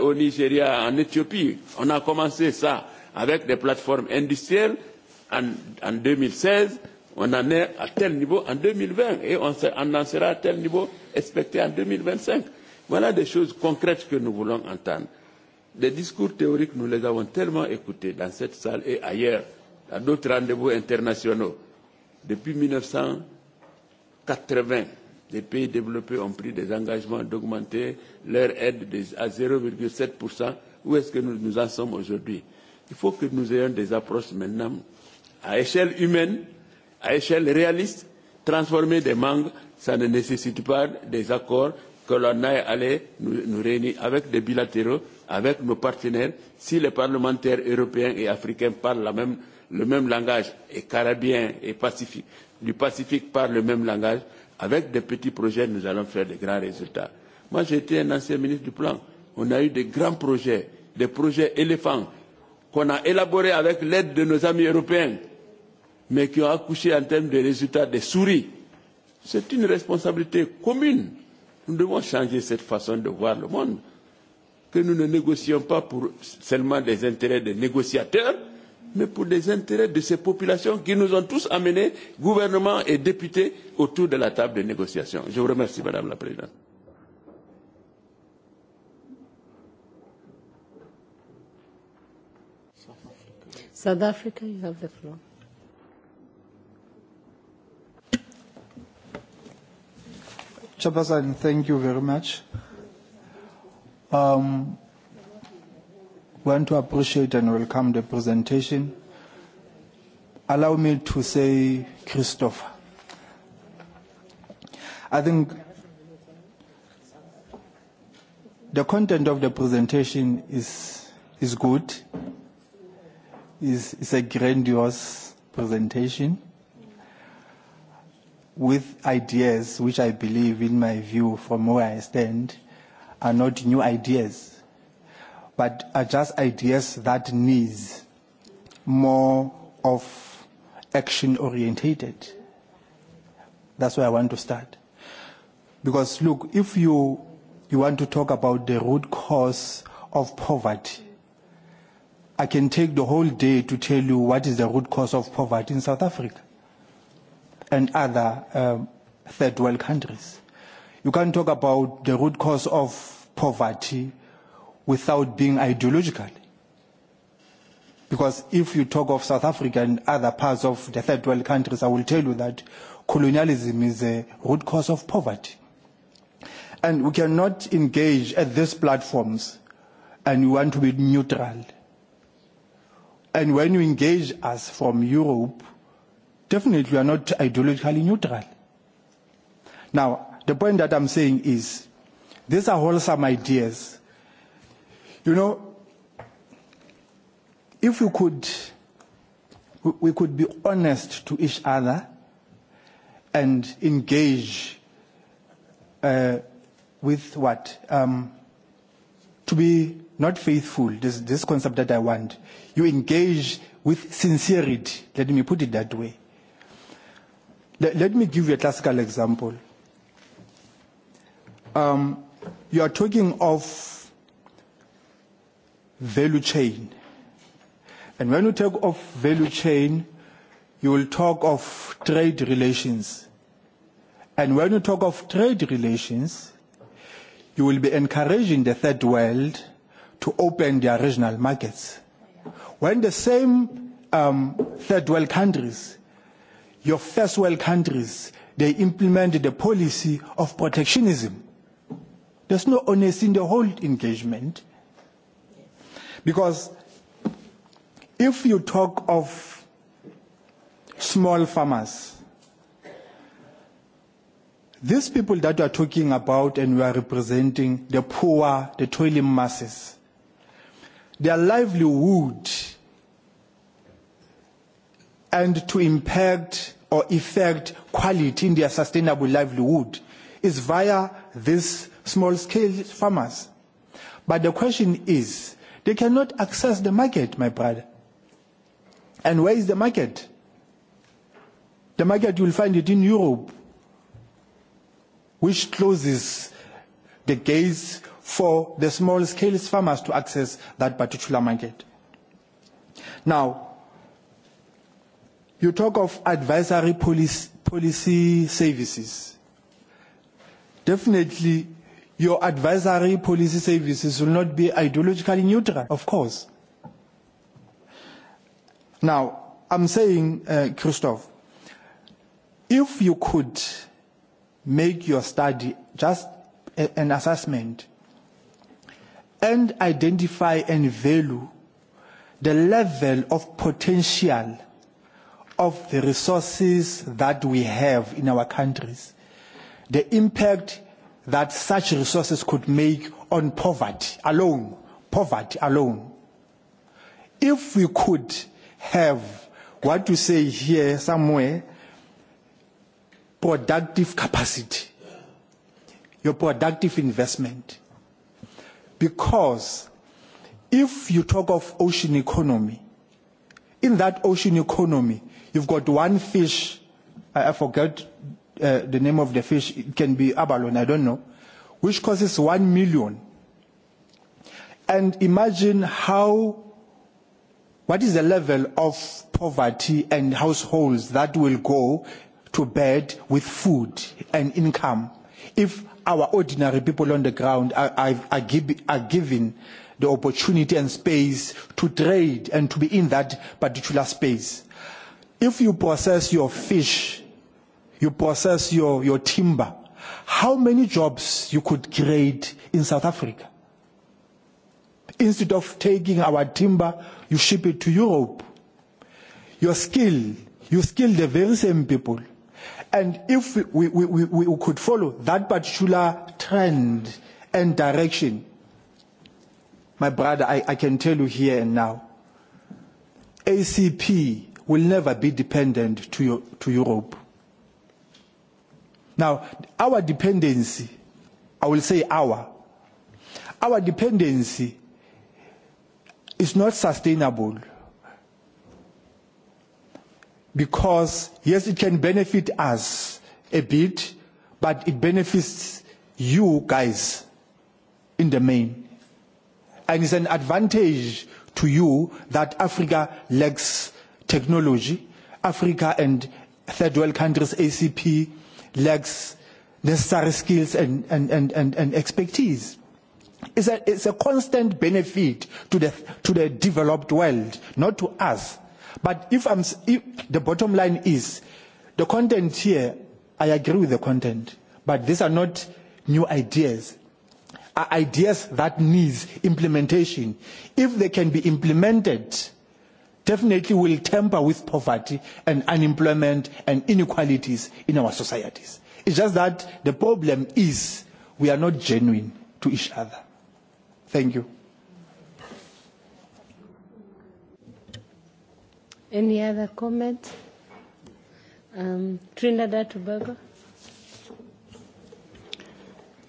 au Nigeria, en Éthiopie. On a commencé ça avec des plateformes industrielles. En, en 2016, on en est à tel niveau en 2020 et on, se, on en sera à tel niveau expecté en 2025. Voilà des choses concrètes que nous voulons entendre. Les discours théoriques, nous les avons tellement écoutés dans cette salle et ailleurs, à d'autres rendez-vous internationaux. Depuis 1980, les pays développés ont pris des engagements d'augmenter leur aide à 0,7%. Où est-ce que nous, nous en sommes aujourd'hui Il faut que nous ayons des approches maintenant à échelle humaine, à échelle réaliste. Transformer des mangues, ça ne nécessite pas des accords que l'on aille aller nous, nous réunir avec des bilatéraux, avec nos partenaires. Si les parlementaires européens et africains parlent la même, le même langage, et carabien et pacifique, du Pacifique parlent le même langage, avec des petits projets, nous allons faire de grands résultats. Moi, j'étais un ancien ministre du plan. On a eu des grands projets, des projets éléphants qu'on a élaboré avec l'aide de nos amis européens, mais qui ont accouché en termes de résultats des souris. C'est une responsabilité commune. Nous devons changer cette façon de voir le monde, que nous ne négocions pas pour seulement des intérêts des négociateurs, mais pour des intérêts de ces populations qui nous ont tous amenés, gouvernements et députés, autour de la table de négociation. Je vous remercie, Madame la Présidente. South Africa, you have the floor. Chapasan, thank you very much. Um, want to appreciate and welcome the presentation. Allow me to say, Christopher, I think the content of the presentation is, is good is, is a grandiose presentation with ideas which I believe, in my view, from where I stand, are not new ideas, but are just ideas that needs more of action orientated. That's where I want to start. Because look, if you, you want to talk about the root cause of poverty, I can take the whole day to tell you what is the root cause of poverty in South Africa and other um, third world countries. You can't talk about the root cause of poverty without being ideological. Because if you talk of South Africa and other parts of the third world countries, I will tell you that colonialism is the root cause of poverty. And we cannot engage at these platforms and we want to be neutral And when you engage us from Europe, definitely you are not ideologically neutral. Now, the point that I'm saying is, these are wholesome ideas. You know, if we could, we could be honest to each other and engage uh, with what? Um, to be not faithful, this, this concept that I want. You engage with sincerity. Let me put it that way. Let, let me give you a classical example. Um, you are talking of value chain. And when you talk of value chain, you will talk of trade relations. And when you talk of trade relations, you will be encouraging the third world to open their regional markets. When the same um, third world countries, your first world countries, they implement the policy of protectionism. There's no honesty in the whole engagement. Because if you talk of small farmers, these people that you are talking about and you are representing, the poor, the toiling masses, their livelihood and to impact or affect quality in their sustainable livelihood is via these small scale farmers. But the question is, they cannot access the market, my brother. And where is the market? The market you'll find it in Europe, which closes the gates for the small-scale farmers to access that particular market. Now, you talk of advisory policy, policy services. Definitely, your advisory policy services will not be ideologically neutral, of course. Now, I'm saying, uh, Christoph, if you could make your study just a, an assessment and identify and value the level of potential of the resources that we have in our countries, the impact that such resources could make on poverty alone, poverty alone. If we could have what you say here somewhere, productive capacity, your productive investment, Because if you talk of ocean economy, in that ocean economy, you've got one fish, I, I forget uh, the name of the fish, it can be abalone, I don't know, which causes one million. And imagine how, what is the level of poverty and households that will go to bed with food and income if our ordinary people on the ground are, are, are, give, are given the opportunity and space to trade and to be in that particular space. If you process your fish, you process your, your timber, how many jobs you could create in South Africa? Instead of taking our timber, you ship it to Europe. Your skill, you skill the very same people And if we, we, we, we could follow that particular trend and direction, my brother, I, I can tell you here and now, ACP will never be dependent to, your, to Europe. Now, our dependency, I will say our, our dependency is not sustainable because yes, it can benefit us a bit, but it benefits you guys in the main. And it's an advantage to you that Africa lacks technology. Africa and third world countries, ACP, lacks necessary skills and, and, and, and, and expertise. It's a, it's a constant benefit to the, to the developed world, not to us But if I'm, if the bottom line is the content here, I agree with the content, but these are not new ideas. Are ideas that needs implementation. If they can be implemented, definitely will temper with poverty and unemployment and inequalities in our societies. It's just that the problem is we are not genuine to each other. Thank you. Any other comment? Um, Trinidad Tobago.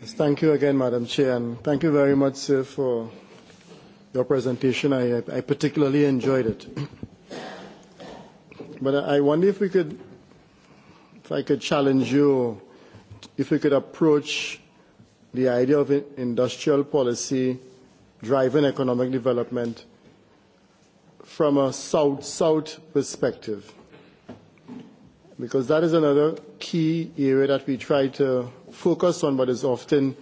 Yes, thank you again, Madam Chair, and thank you very much, sir, for your presentation. I, I particularly enjoyed it. but I wonder if we could, if I could challenge you, if we could approach the idea of industrial policy driving economic development from a south-south perspective, because that is another key area that we try to focus on, but is often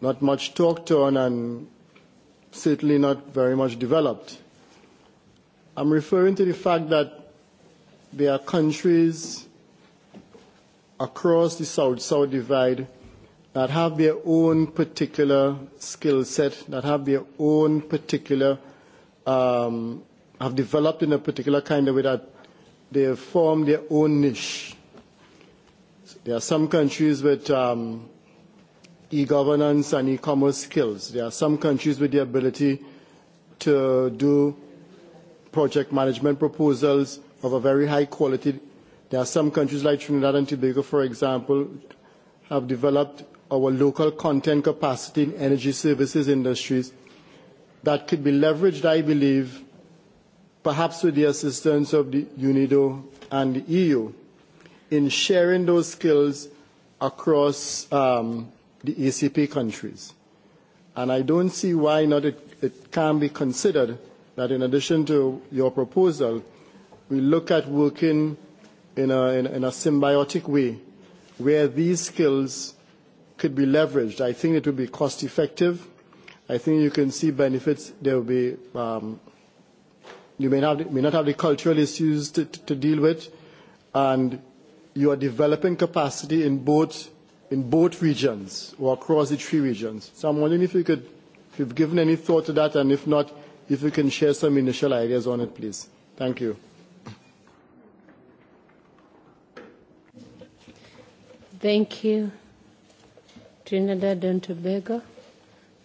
not much talked on and certainly not very much developed. I'm referring to the fact that there are countries across the South-South divide that have their own particular skill set, that have their own particular um, have developed in a particular kind of way that they form their own niche. There are some countries with um, e-governance and e-commerce skills. There are some countries with the ability to do project management proposals of a very high quality. There are some countries like Trinidad and Tobago, for example, have developed our local content capacity in energy services industries that could be leveraged, I believe, perhaps with the assistance of the UNIDO and the EU, in sharing those skills across um, the ACP e countries. And I don't see why not it, it can be considered that in addition to your proposal, we look at working in a, in, in a symbiotic way where these skills could be leveraged. I think it would be cost effective. I think you can see benefits. There will be um, you may not, may not have the cultural issues to, to, to deal with, and you are developing capacity in both, in both regions or across the three regions. So I'm wondering if you could, if you've given any thought to that, and if not, if you can share some initial ideas on it, please. Thank you. Thank you. Trinidad and Tobago.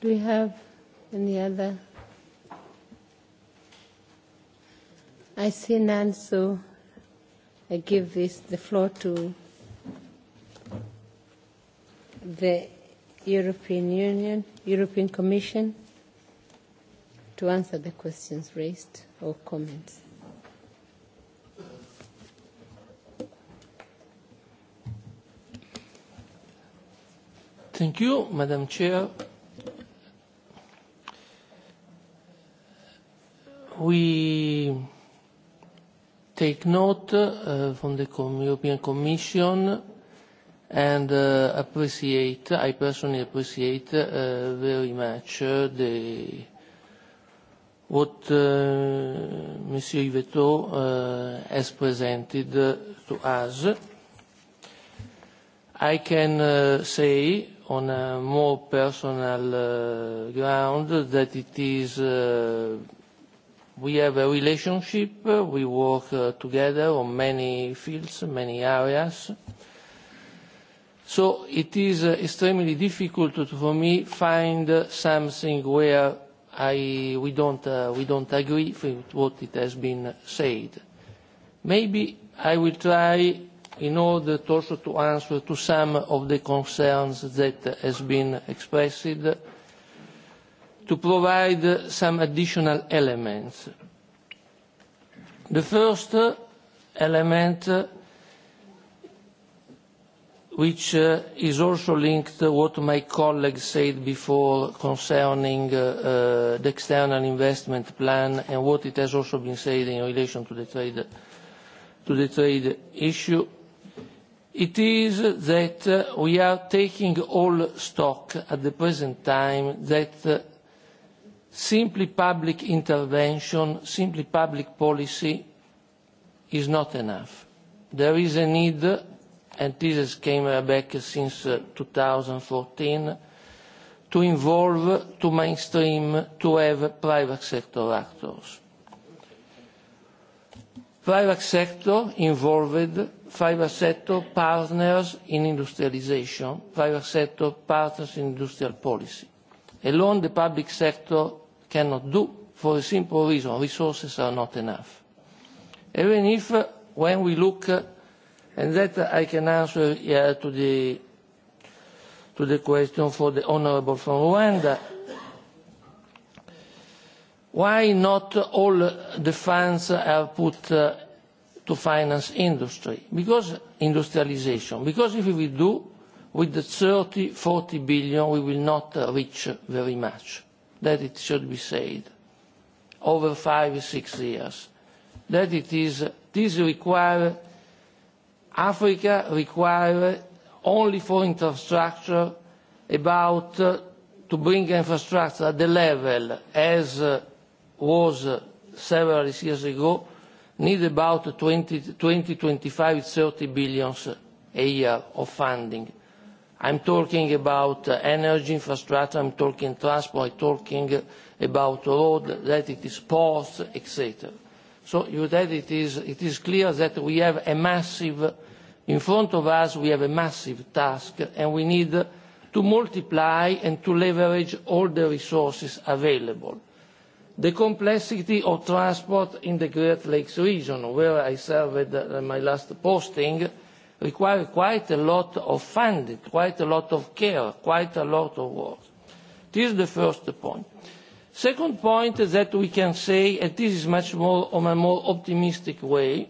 Do we have any other I see none, so I give this the floor to the European Union, European Commission, to answer the questions raised or comments. Thank you, Madam Chair. We take note uh, from the Com European Commission and uh, appreciate, I personally appreciate uh, very much uh, the, what uh, Monsieur Yvetot uh, has presented uh, to us. I can uh, say on a more personal uh, ground that it is uh, We have a relationship. We work uh, together on many fields, many areas. So it is uh, extremely difficult to, for me find uh, something where I, we, don't, uh, we don't agree with what it has been said. Maybe I will try in order to also to answer to some of the concerns that has been expressed to provide some additional elements. The first element, which uh, is also linked to what my colleague said before concerning uh, uh, the external investment plan and what it has also been said in relation to the trade, to the trade issue, It is that we are taking all stock at the present time that Simply public intervention, simply public policy is not enough. There is a need, and this has came back since 2014, uh, to involve, to mainstream, to have private sector actors. Private sector involved, private sector partners in industrialization, private sector partners in industrial policy. Alone, the public sector cannot do for a simple reason. Resources are not enough. Even if uh, when we look, uh, and that I can answer yeah, to, the, to the question for the honorable from Rwanda, why not all the funds are put uh, to finance industry? Because industrialization. Because if we do, with the 30, 40 billion, we will not uh, reach very much that it should be said, over five, six years. That it is, this require, Africa require only for infrastructure about uh, to bring infrastructure at the level as uh, was uh, several years ago, need about 20, 20 25, 30 billion a year of funding I'm talking about uh, energy infrastructure, I'm talking transport, I'm talking about road, that it is ports, et cetera. So you that it is, it is clear that we have a massive, in front of us, we have a massive task, and we need to multiply and to leverage all the resources available. The complexity of transport in the Great Lakes region, where I served uh, my last posting, require quite a lot of funding, quite a lot of care, quite a lot of work. This is the first point. Second point is that we can say, and this is much more on a more optimistic way,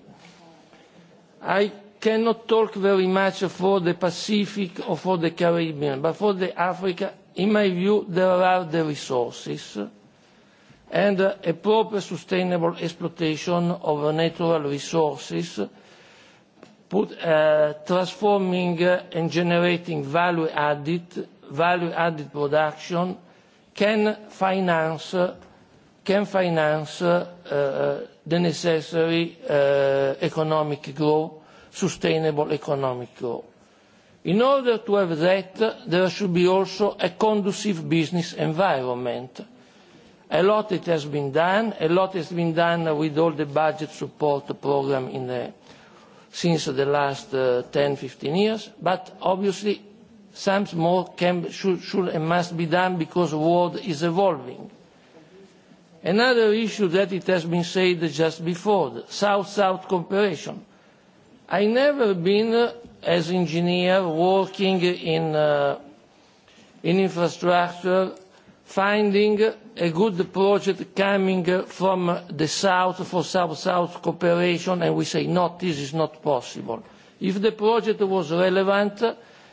I cannot talk very much for the Pacific or for the Caribbean, but for the Africa, in my view, there are the resources and a proper sustainable exploitation of natural resources put, uh, transforming uh, and generating value added, value added production can finance, can finance uh, uh, the necessary uh, economic growth, sustainable economic growth. In order to have that, there should be also a conducive business environment. A lot it has been done. A lot has been done with all the budget support program in the since the last uh, 10, 15 years, but obviously something more can, should, should and must be done because the world is evolving. Another issue that it has been said just before, South-South cooperation. I never been, uh, as engineer, working in, uh, in infrastructure finding a good project coming from the south for south-south cooperation, and we say, "No, this is not possible." If the project was relevant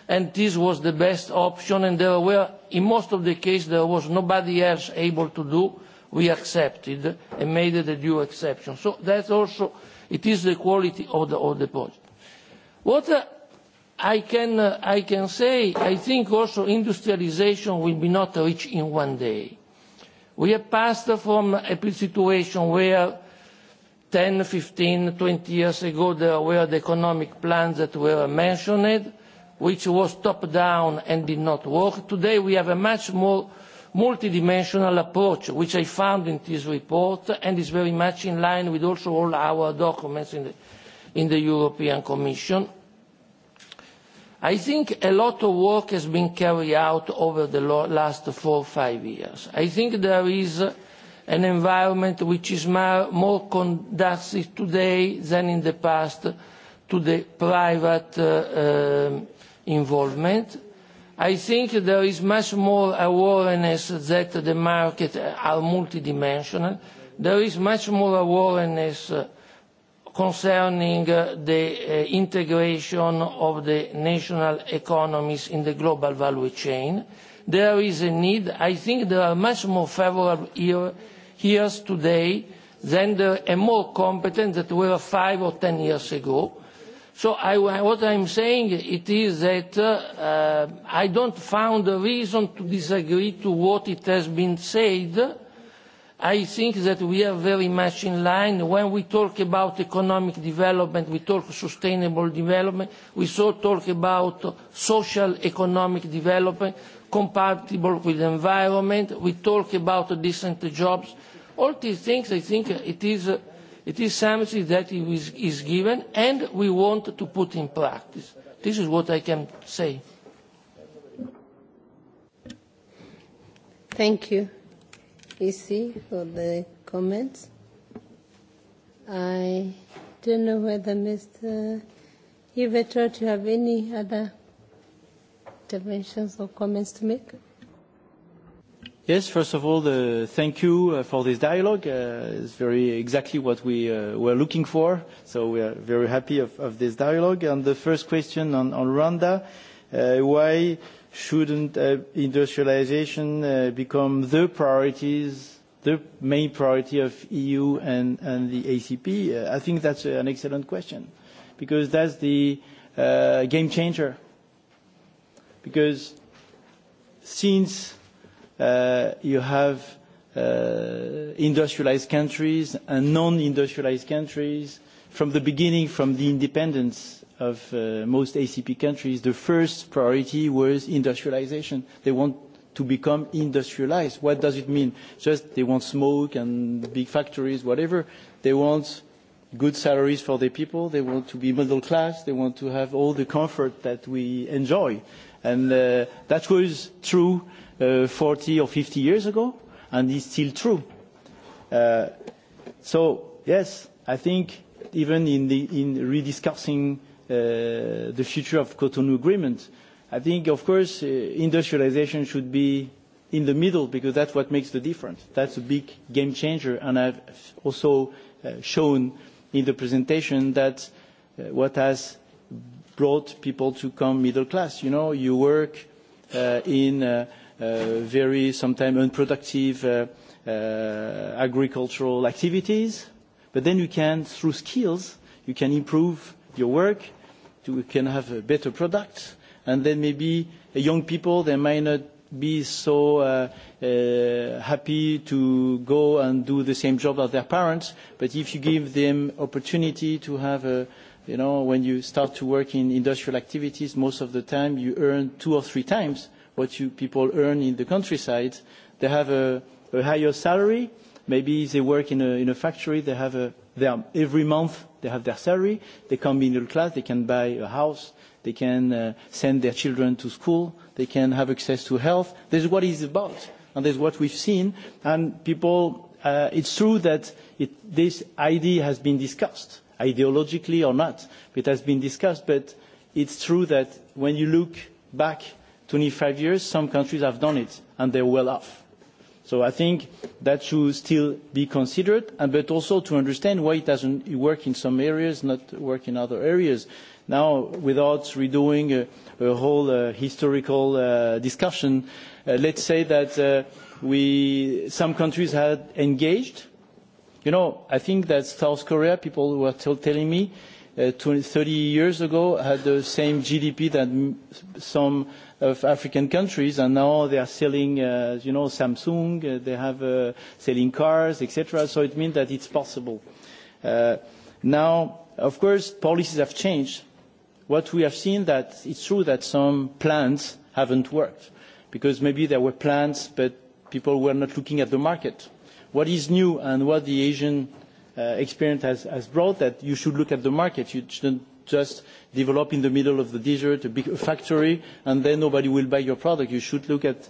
and this was the best option, and there were, in most of the case, there was nobody else able to do, we accepted and made the due exception. So that's also, it is the quality of the, of the project. What I can, uh, I can say, I think also industrialization will be not reached in one day. We have passed from a situation where 10, 15, 20 years ago, there were the economic plans that were mentioned, which was top-down and did not work. Today, we have a much more multidimensional approach, which I found in this report and is very much in line with also all our documents in the, in the European Commission I think a lot of work has been carried out over the last four or five years. I think there is an environment which is more conducive today than in the past to the private uh, um, involvement. I think there is much more awareness that the market are multidimensional. There is much more awareness uh, concerning uh, the uh, integration of the national economies in the global value chain. There is a need. I think there are much more favorable year, years today than there are more competent that were five or ten years ago. So I, what I'm saying it is that uh, uh I don't found a reason to disagree to what it has been said I think that we are very much in line. When we talk about economic development, we talk sustainable development, we so talk about social economic development compatible with the environment, we talk about decent jobs. All these things, I think it is, it is something that is, is given and we want to put in practice. This is what I can say. Thank you. EC for the comments. I don't know whether Mr. Yvetot, you have any other interventions or comments to make? Yes, first of all, the, thank you uh, for this dialogue. Uh, it's very exactly what we uh, were looking for, so we are very happy of, of this dialogue. And the first question on, on Rwanda, uh, why shouldn't uh, industrialization uh, become the priorities, the main priority of EU and, and the ACP? Uh, I think that's an excellent question because that's the uh, game changer. Because since uh, you have uh, industrialized countries and non-industrialized countries from the beginning, from the independence of uh, most ACP countries, the first priority was industrialization. They want to become industrialized. What does it mean? Just they want smoke and big factories, whatever. They want good salaries for their people. They want to be middle class. They want to have all the comfort that we enjoy. And uh, that was true uh, 40 or 50 years ago, and is still true. Uh, so, yes, I think even in, the, in rediscussing uh, uh, the future of Cotonou Agreement. I think, of course, uh, industrialization should be in the middle because that's what makes the difference. That's a big game changer. And I've also uh, shown in the presentation that uh, what has brought people to come middle class. You know, you work uh, in uh, uh, very sometimes unproductive uh, uh, agricultural activities, but then you can, through skills, you can improve your work, we can have a better product. And then maybe young people, they might not be so uh, uh, happy to go and do the same job as their parents. But if you give them opportunity to have a, you know, when you start to work in industrial activities, most of the time you earn two or three times what you people earn in the countryside. They have a, a higher salary. Maybe they work in a, in a factory. They have a They are, every month they have their salary. They come middle class. They can buy a house. They can uh, send their children to school. They can have access to health. This is what it's about, and this is what we've seen. And people, uh, it's true that it, this idea has been discussed, ideologically or not. It has been discussed, but it's true that when you look back 25 years, some countries have done it, and they're well off So I think that should still be considered, and but also to understand why it doesn't work in some areas, not work in other areas. Now, without redoing a, a whole uh, historical uh, discussion, uh, let's say that uh, we, some countries had engaged. You know, I think that South Korea, people were t- telling me, uh, 20, 30 years ago had the same GDP that m- some of African countries, and now they are selling, uh, you know, Samsung, uh, they have uh, selling cars, etc. So it means that it's possible. Uh, now, of course, policies have changed. What we have seen that it's true that some plans haven't worked, because maybe there were plans, but people were not looking at the market. What is new and what the Asian uh, experience has, has brought that you should look at the market. You shouldn't just develop in the middle of the desert a big factory and then nobody will buy your product. You should look at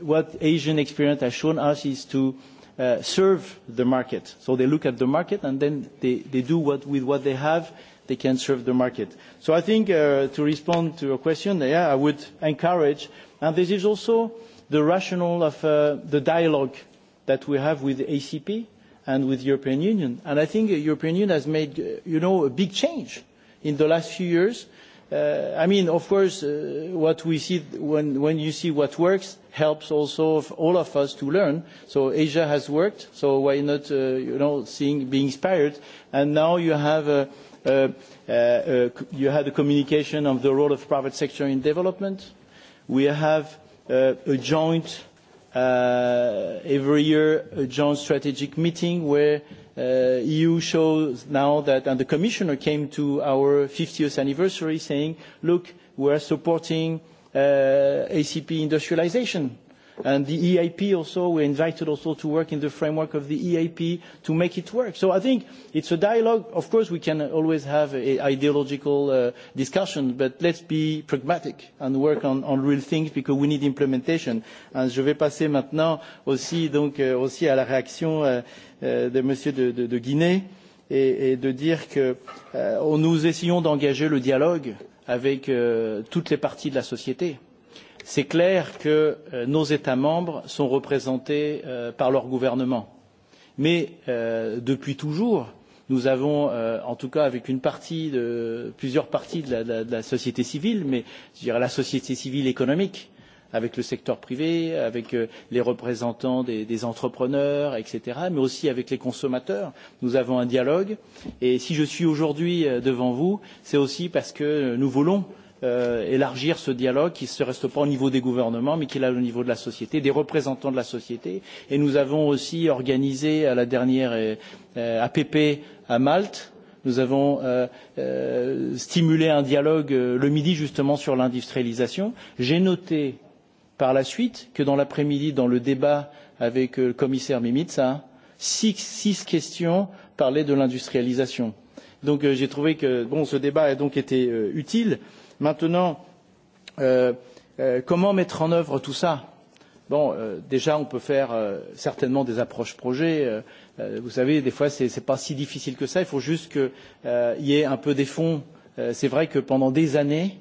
what Asian experience has shown us is to uh, serve the market. So they look at the market and then they, they do what with what they have they can serve the market. So I think uh, to respond to your question, yeah, I would encourage, and this is also the rationale of uh, the dialogue that we have with ACP and with European Union. And I think the European Union has made, uh, you know, a big change in the last few years. Uh, I mean, of course, uh, what we see when, when you see what works helps also all of us to learn. So Asia has worked, so why not, uh, you know, seeing, being inspired? And now you have a, a, a, you had a communication of the role of private sector in development. We have uh, a joint uh, every year, a joint strategic meeting where uh, EU shows now that, and the Commissioner came to our 50th anniversary saying, look, we are supporting uh, ACP industrialization And the EAP also, we're invited also to work in the framework of the EAP to make it work. So I think it's a dialogue. Of course, we can always have an ideological uh, discussion, but let's be pragmatic and work on, on real things because we need implementation. And je vais passer maintenant aussi, donc, euh, aussi à la réaction euh, euh, de Monsieur de, de, de Guinée et, et de dire que euh, nous essayons d'engager le dialogue avec euh, toutes les parties de la société. Euh, c'est clair que euh, nos États membres sont représentés euh, par leur gouvernement. Mais euh, depuis toujours, nous avons, euh, en tout cas avec une partie de, plusieurs parties de la, de, de la société civile, mais je dirais la société civile économique, avec le secteur privé, avec euh, les représentants des, des entrepreneurs, etc., mais aussi avec les consommateurs. Nous avons un dialogue. Et si je suis aujourd'hui euh, devant vous, c'est aussi parce que euh, nous voulons euh, euh, élargir ce dialogue qui ne reste pas au niveau des gouvernements, mais qui est là au niveau de la société, des représentants de la société. Et nous avons aussi organisé à la dernière euh, APP à Malte, nous avons euh, euh, stimulé un dialogue euh, le midi justement sur l'industrialisation. J'ai noté par la suite que dans l'après-midi, dans le débat avec euh, le commissaire Mimitsa, six, six questions parlaient de l'industrialisation. Donc euh, j'ai trouvé que bon, ce débat a donc été euh, utile. Euh, Maintenant, euh, euh, comment mettre en œuvre tout ça Bon, euh, déjà, on peut faire euh, certainement des approches projets. Euh, euh, vous savez, des fois, ce n'est pas si difficile que ça. Il faut juste qu'il euh, y ait un peu des fonds. Euh, c'est vrai que pendant des années,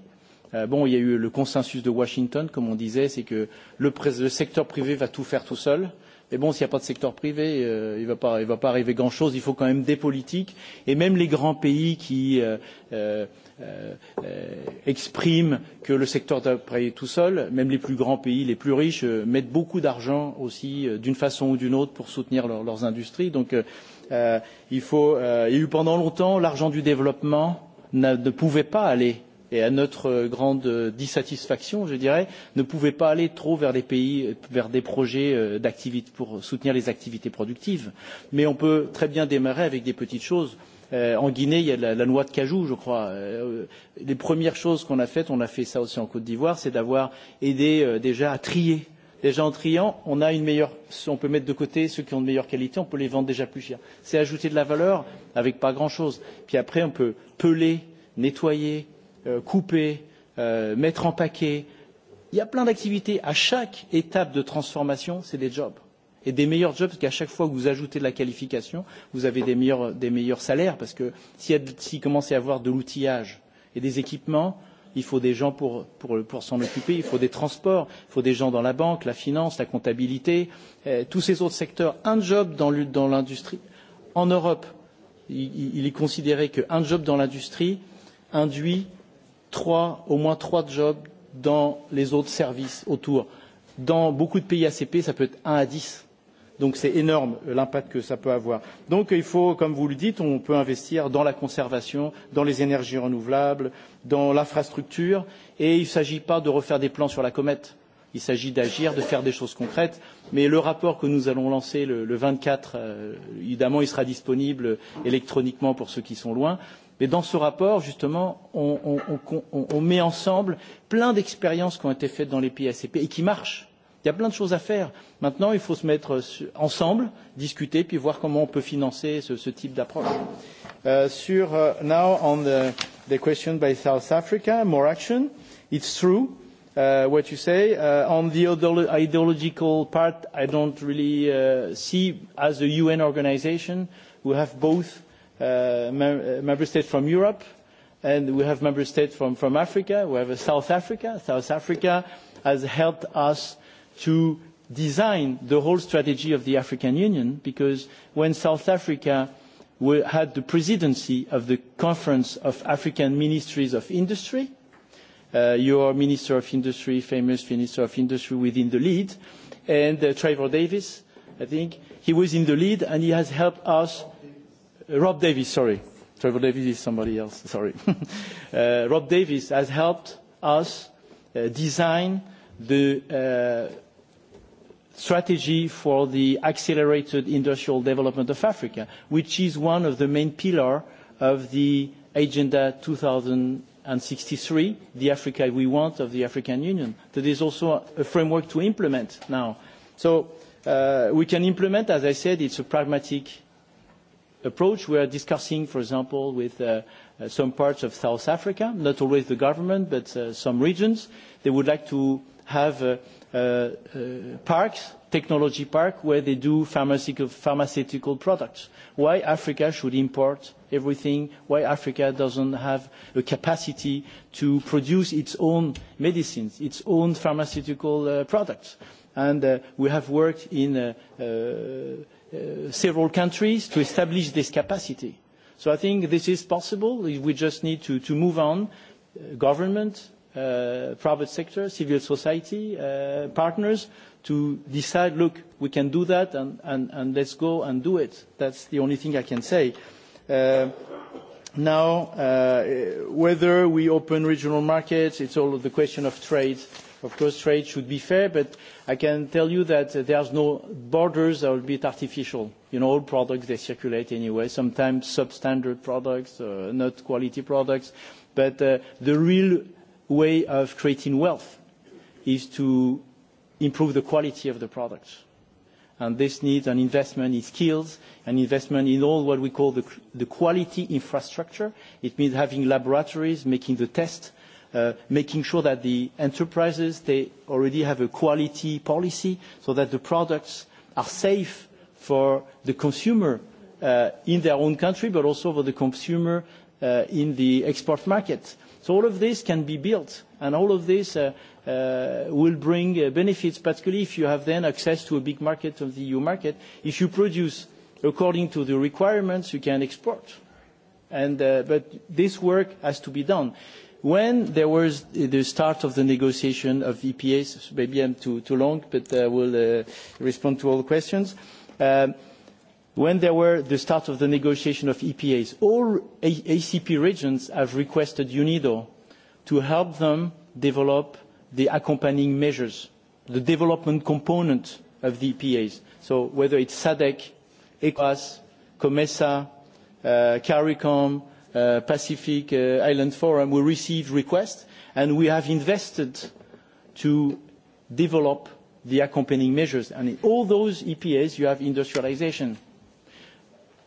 euh, bon, il y a eu le consensus de Washington, comme on disait, c'est que le, le secteur privé va tout faire tout seul. Euh, mais bon, s'il n'y a pas de secteur privé, euh, il ne va, pas, il va pas arriver grand-chose. Il faut quand même des politiques. Et même les grands pays qui euh, euh, euh, expriment que le secteur doit payer tout seul, même les plus grands pays, les plus riches, euh, mettent beaucoup d'argent aussi, euh, d'une façon ou d'une autre, pour soutenir leur, leurs industries. Donc, euh, euh, il faut. Euh, il y a eu pendant longtemps l'argent du développement ne pouvait pas aller et à notre euh, grande euh, dissatisfaction, je dirais, ne pouvaient pas aller trop vers des pays, euh, vers des projets d'activité pour soutenir les activités productives. Mais on peut très bien démarrer avec des petites choses. Euh, en Guinée, il y a la, la noix de cajou, je crois. Euh, les premières choses qu'on a faites, on a fait ça aussi en Côte d'Ivoire, c'est d'avoir aidé euh, déjà à trier. Déjà en triant, on a une meilleure, on peut mettre de côté ceux qui ont de meilleure qualité, on peut les vendre déjà plus cher. C'est ajouter de la valeur avec pas grand chose. Puis après, on peut peler, nettoyer, euh, couper, euh, mettre en paquet. Il y a plein d'activités. À chaque étape de transformation, c'est des jobs. Et des meilleurs jobs, parce qu'à chaque fois que vous ajoutez de la qualification, vous avez des meilleurs, des meilleurs salaires, parce que s'il si commence à y avoir de l'outillage et des équipements, il faut des gens pour, pour, pour s'en occuper, il faut des transports, il faut des gens dans la banque, la finance, la comptabilité, euh, tous ces autres secteurs. Un job dans l'industrie, en Europe, il, il est considéré qu'un job dans l'industrie induit euh, trois, au moins trois jobs dans les autres services autour. Dans beaucoup de pays ACP, ça peut être 1 à 10. Donc c'est énorme euh, l'impact que ça peut avoir. Donc euh, il faut, comme vous le dites, on peut investir dans la conservation, dans les énergies renouvelables, dans l'infrastructure, et il ne s'agit pas de refaire des plans sur la comète. Il s'agit d'agir, de faire des choses concrètes. Mais le rapport que nous allons lancer le, le 24, euh, évidemment, il sera disponible électroniquement pour ceux qui sont loin. Mais dans ce rapport, justement, on, on, on, on met ensemble plein d'expériences qui ont été faites dans les pays ACP et qui marchent. Il y a plein de choses à faire. Maintenant, il faut se mettre ensemble, discuter, puis voir comment on peut financer ce, ce type d'approche. Uh, sur uh, now on the, the question by South Africa, more action. It's true uh, what you say. Uh, on the ideolo ideological part, I don't really uh, see as a UN organization. We have both uh, mem uh, member states from Europe, and we have member states from, from Africa. We have South Africa. South Africa has helped us to design the whole strategy of the African Union because when South Africa had the presidency of the Conference of African Ministries of Industry, uh, your Minister of Industry, famous Minister of Industry within the lead, and uh, Trevor Davis, I think, he was in the lead and he has helped us uh, Uh, Rob Davies, sorry. Trevor Davies is somebody else, sorry. uh, Rob Davies has helped us uh, design the uh, strategy for the accelerated industrial development of Africa, which is one of the main pillar of the Agenda 2063, the Africa we want of the African Union. That is also a framework to implement now. So uh, we can implement, as I said, it's a pragmatic approach. We are discussing, for example, with uh, uh, some parts of South Africa, not always the government, but uh, some regions. They would like to have uh, uh, uh, parks, technology park, where they do pharmaceutical, pharmaceutical products. Why Africa should import everything? Why Africa doesn't have a capacity to produce its own medicines, its own pharmaceutical uh, products? And uh, we have worked in uh, uh, uh, several countries to establish this capacity. So I think this is possible. We just need to, to move on, uh, government, uh, private sector, civil society, uh, partners, to decide, look, we can do that and, and, and let's go and do it. That's the only thing I can say. Uh, now, uh, whether we open regional markets, it's all the question of trade. Uh, Of course, trade should be fair, but I can tell you that uh, there's no borders that will be artificial. You know, all products, they circulate anyway, sometimes substandard products, uh, not quality products. But uh, the real way of creating wealth is to improve the quality of the products. And this needs an investment in skills, an investment in all what we call the, the quality infrastructure. It means having laboratories, making the tests, uh, making sure that the enterprises, they already have a quality policy so that the products are safe for the consumer uh, in their own country, but also for the consumer uh, in the export market. So all of this can be built, and all of this uh, uh, will bring uh, benefits, particularly if you have then access to a big market of the EU market. If you produce according to the requirements, you can export. And, uh, but this work has to be done. Uh, When there was the start of the negotiation of EPAs, maybe I'm too, too long, but I will uh, respond to all the questions. Um, when there were the start of the negotiation of EPAs, all A ACP regions have requested UNIDO to help them develop the accompanying measures, the development component of the EPAs. So whether it's SADC, ECOWAS, COMESA, uh, CARICOM, uh, Pacific uh, Island Forum, we received requests and we have invested to develop the accompanying measures. And in all those EPAs, you have industrialization.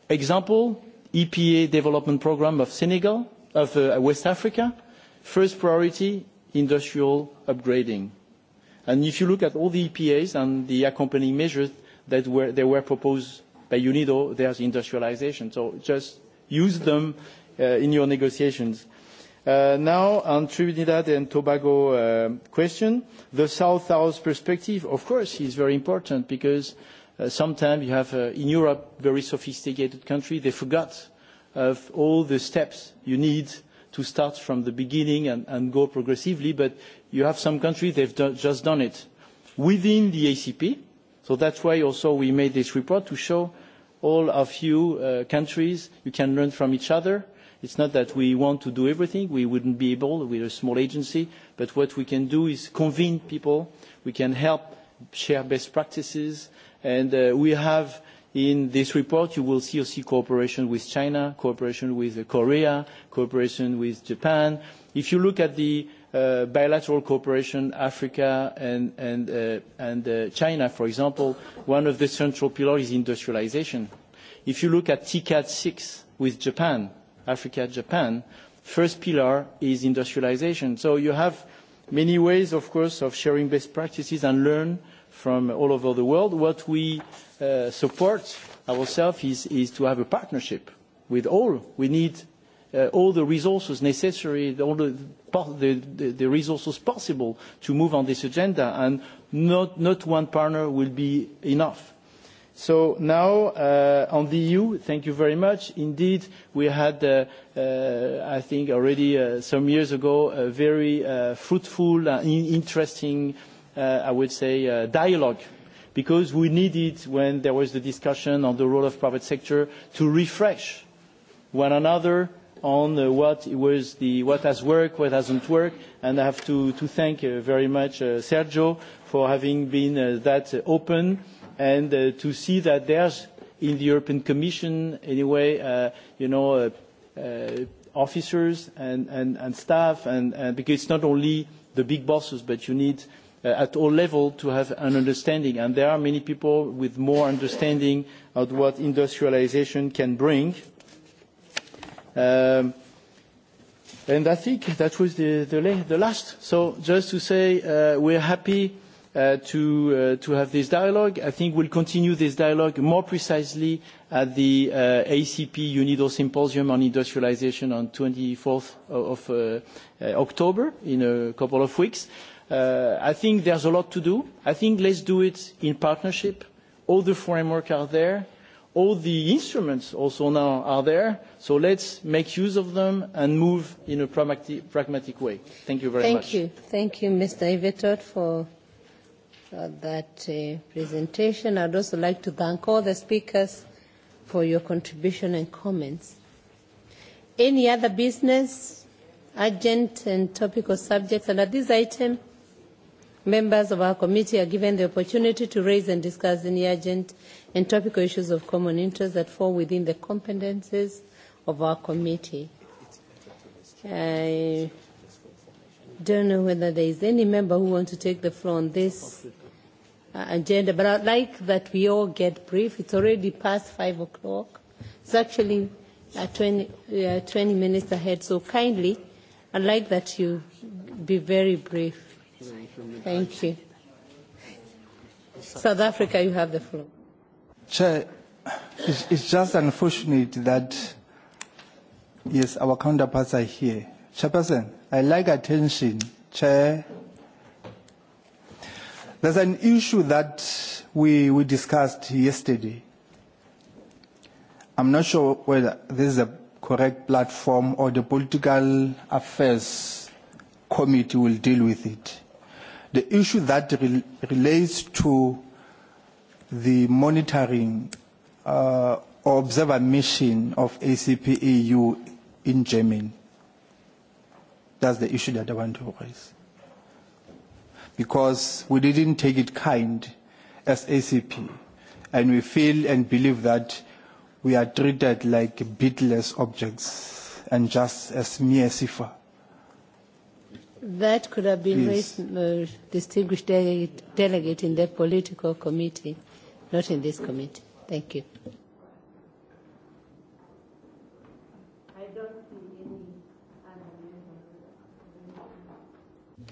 Example, EPA development program of Senegal, of uh, West Africa, first priority, industrial upgrading. And if you look at all the EPAs and the accompanying measures that were, they were proposed by UNIDO, there's industrialization. So just use them Uh, in your negotiations. Uh, now, on Trinidad and Tobago uh, question, the South-South perspective, of course, is very important because sometimes you have, in Europe, very sophisticated country, they forgot of all the steps you need to start from the beginning and, and go progressively, but you have some countries, they've done, just done it within the ACP. So that's why also we made this report to show all of you uh, countries, you can learn from each other. It's not that we want to do everything. We wouldn't be able. We're a small agency. But what we can do is convene people. We can help share best practices. And uh, we have in this report, you will see also cooperation with China, cooperation with Korea, cooperation with Japan. If you look at the uh, bilateral cooperation, Africa and, and, uh, and uh, China, for example, one of the central pillars is industrialization. If you look at TCAD 6 with Japan, Africa, Japan, first pillar is industrialization. So you have many ways, of course, of sharing best practices and learn from all over the world. What we uh, support ourselves is, is to have a partnership with all. We need uh, all the resources necessary, all the, the, the resources possible to move on this agenda, and not, not one partner will be enough So now, uh, on the EU, thank you very much. Indeed, we had, uh, uh, I think already uh, some years ago, a very uh, fruitful and interesting, uh, I would say, dialogue. Because we needed, when there was the discussion on the role of private sector, to refresh one another on what, the, what has worked, what hasn't worked. And I have to, to thank very much Sergio for having been that open and uh, to see that there's in the European Commission anyway, uh, you know, uh, uh, officers and, and, and staff, and, and uh, because it's not only the big bosses, but you need uh, at all level to have an understanding. And there are many people with more understanding of what industrialization can bring. Um, and I think that was the, the, the last. So just to say uh, we're happy uh, to, uh, to have this dialogue. I think we'll continue this dialogue more precisely at the uh, ACP UNIDO Symposium on Industrialization on 24th of uh, uh, October in a couple of weeks. Uh, I think there's a lot to do. I think let's do it in partnership. All the framework are there. All the instruments also now are there. So let's make use of them and move in a pragmatic, pragmatic way. Thank you very Thank much. Thank you. Thank you, Mr. Evetod, for uh, that uh, presentation. I'd also like to thank all the speakers for your contribution and comments. Any other business, urgent and topical subjects under this item? Members of our committee are given the opportunity to raise and discuss any urgent and topical issues of common interest that fall within the competences of our committee. I don't know whether there is any member who wants to take the floor on this uh, agenda, but I'd like that we all get brief. It's already past 5 o'clock. It's actually uh, 20, uh, 20 minutes ahead, so kindly, I'd like that you be very brief. Thank you. South Africa, you have the floor. Chair, it's, it's just unfortunate that, yes, our counterparts are here. Chairperson, I like attention. Chair, There's an issue that we, we discussed yesterday. I'm not sure whether this is a correct platform or the political affairs committee will deal with it. The issue that re- relates to the monitoring uh, or observer mission of ACP EU in Germany. That's the issue that I want to raise because we didn't take it kind as ACP and we feel and believe that we are treated like beatless objects and just as mere cipher. That could have been Please. raised, uh, distinguished de- delegate, in the political committee, not in this committee. Thank you. I don't see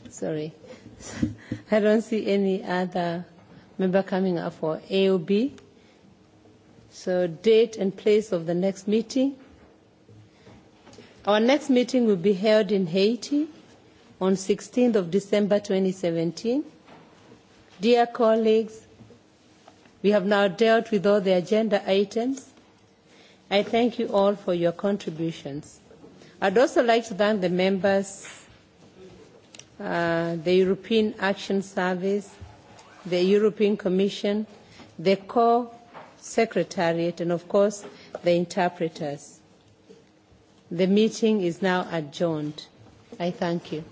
any Sorry. I don't see any other member coming up for AOB. So date and place of the next meeting. Our next meeting will be held in Haiti on 16th of December 2017. Dear colleagues, we have now dealt with all the agenda items. I thank you all for your contributions. I'd also like to thank the members uh, the European Action Service, the European Commission, the core secretariat, and of course, the interpreters. The meeting is now adjourned. I thank you.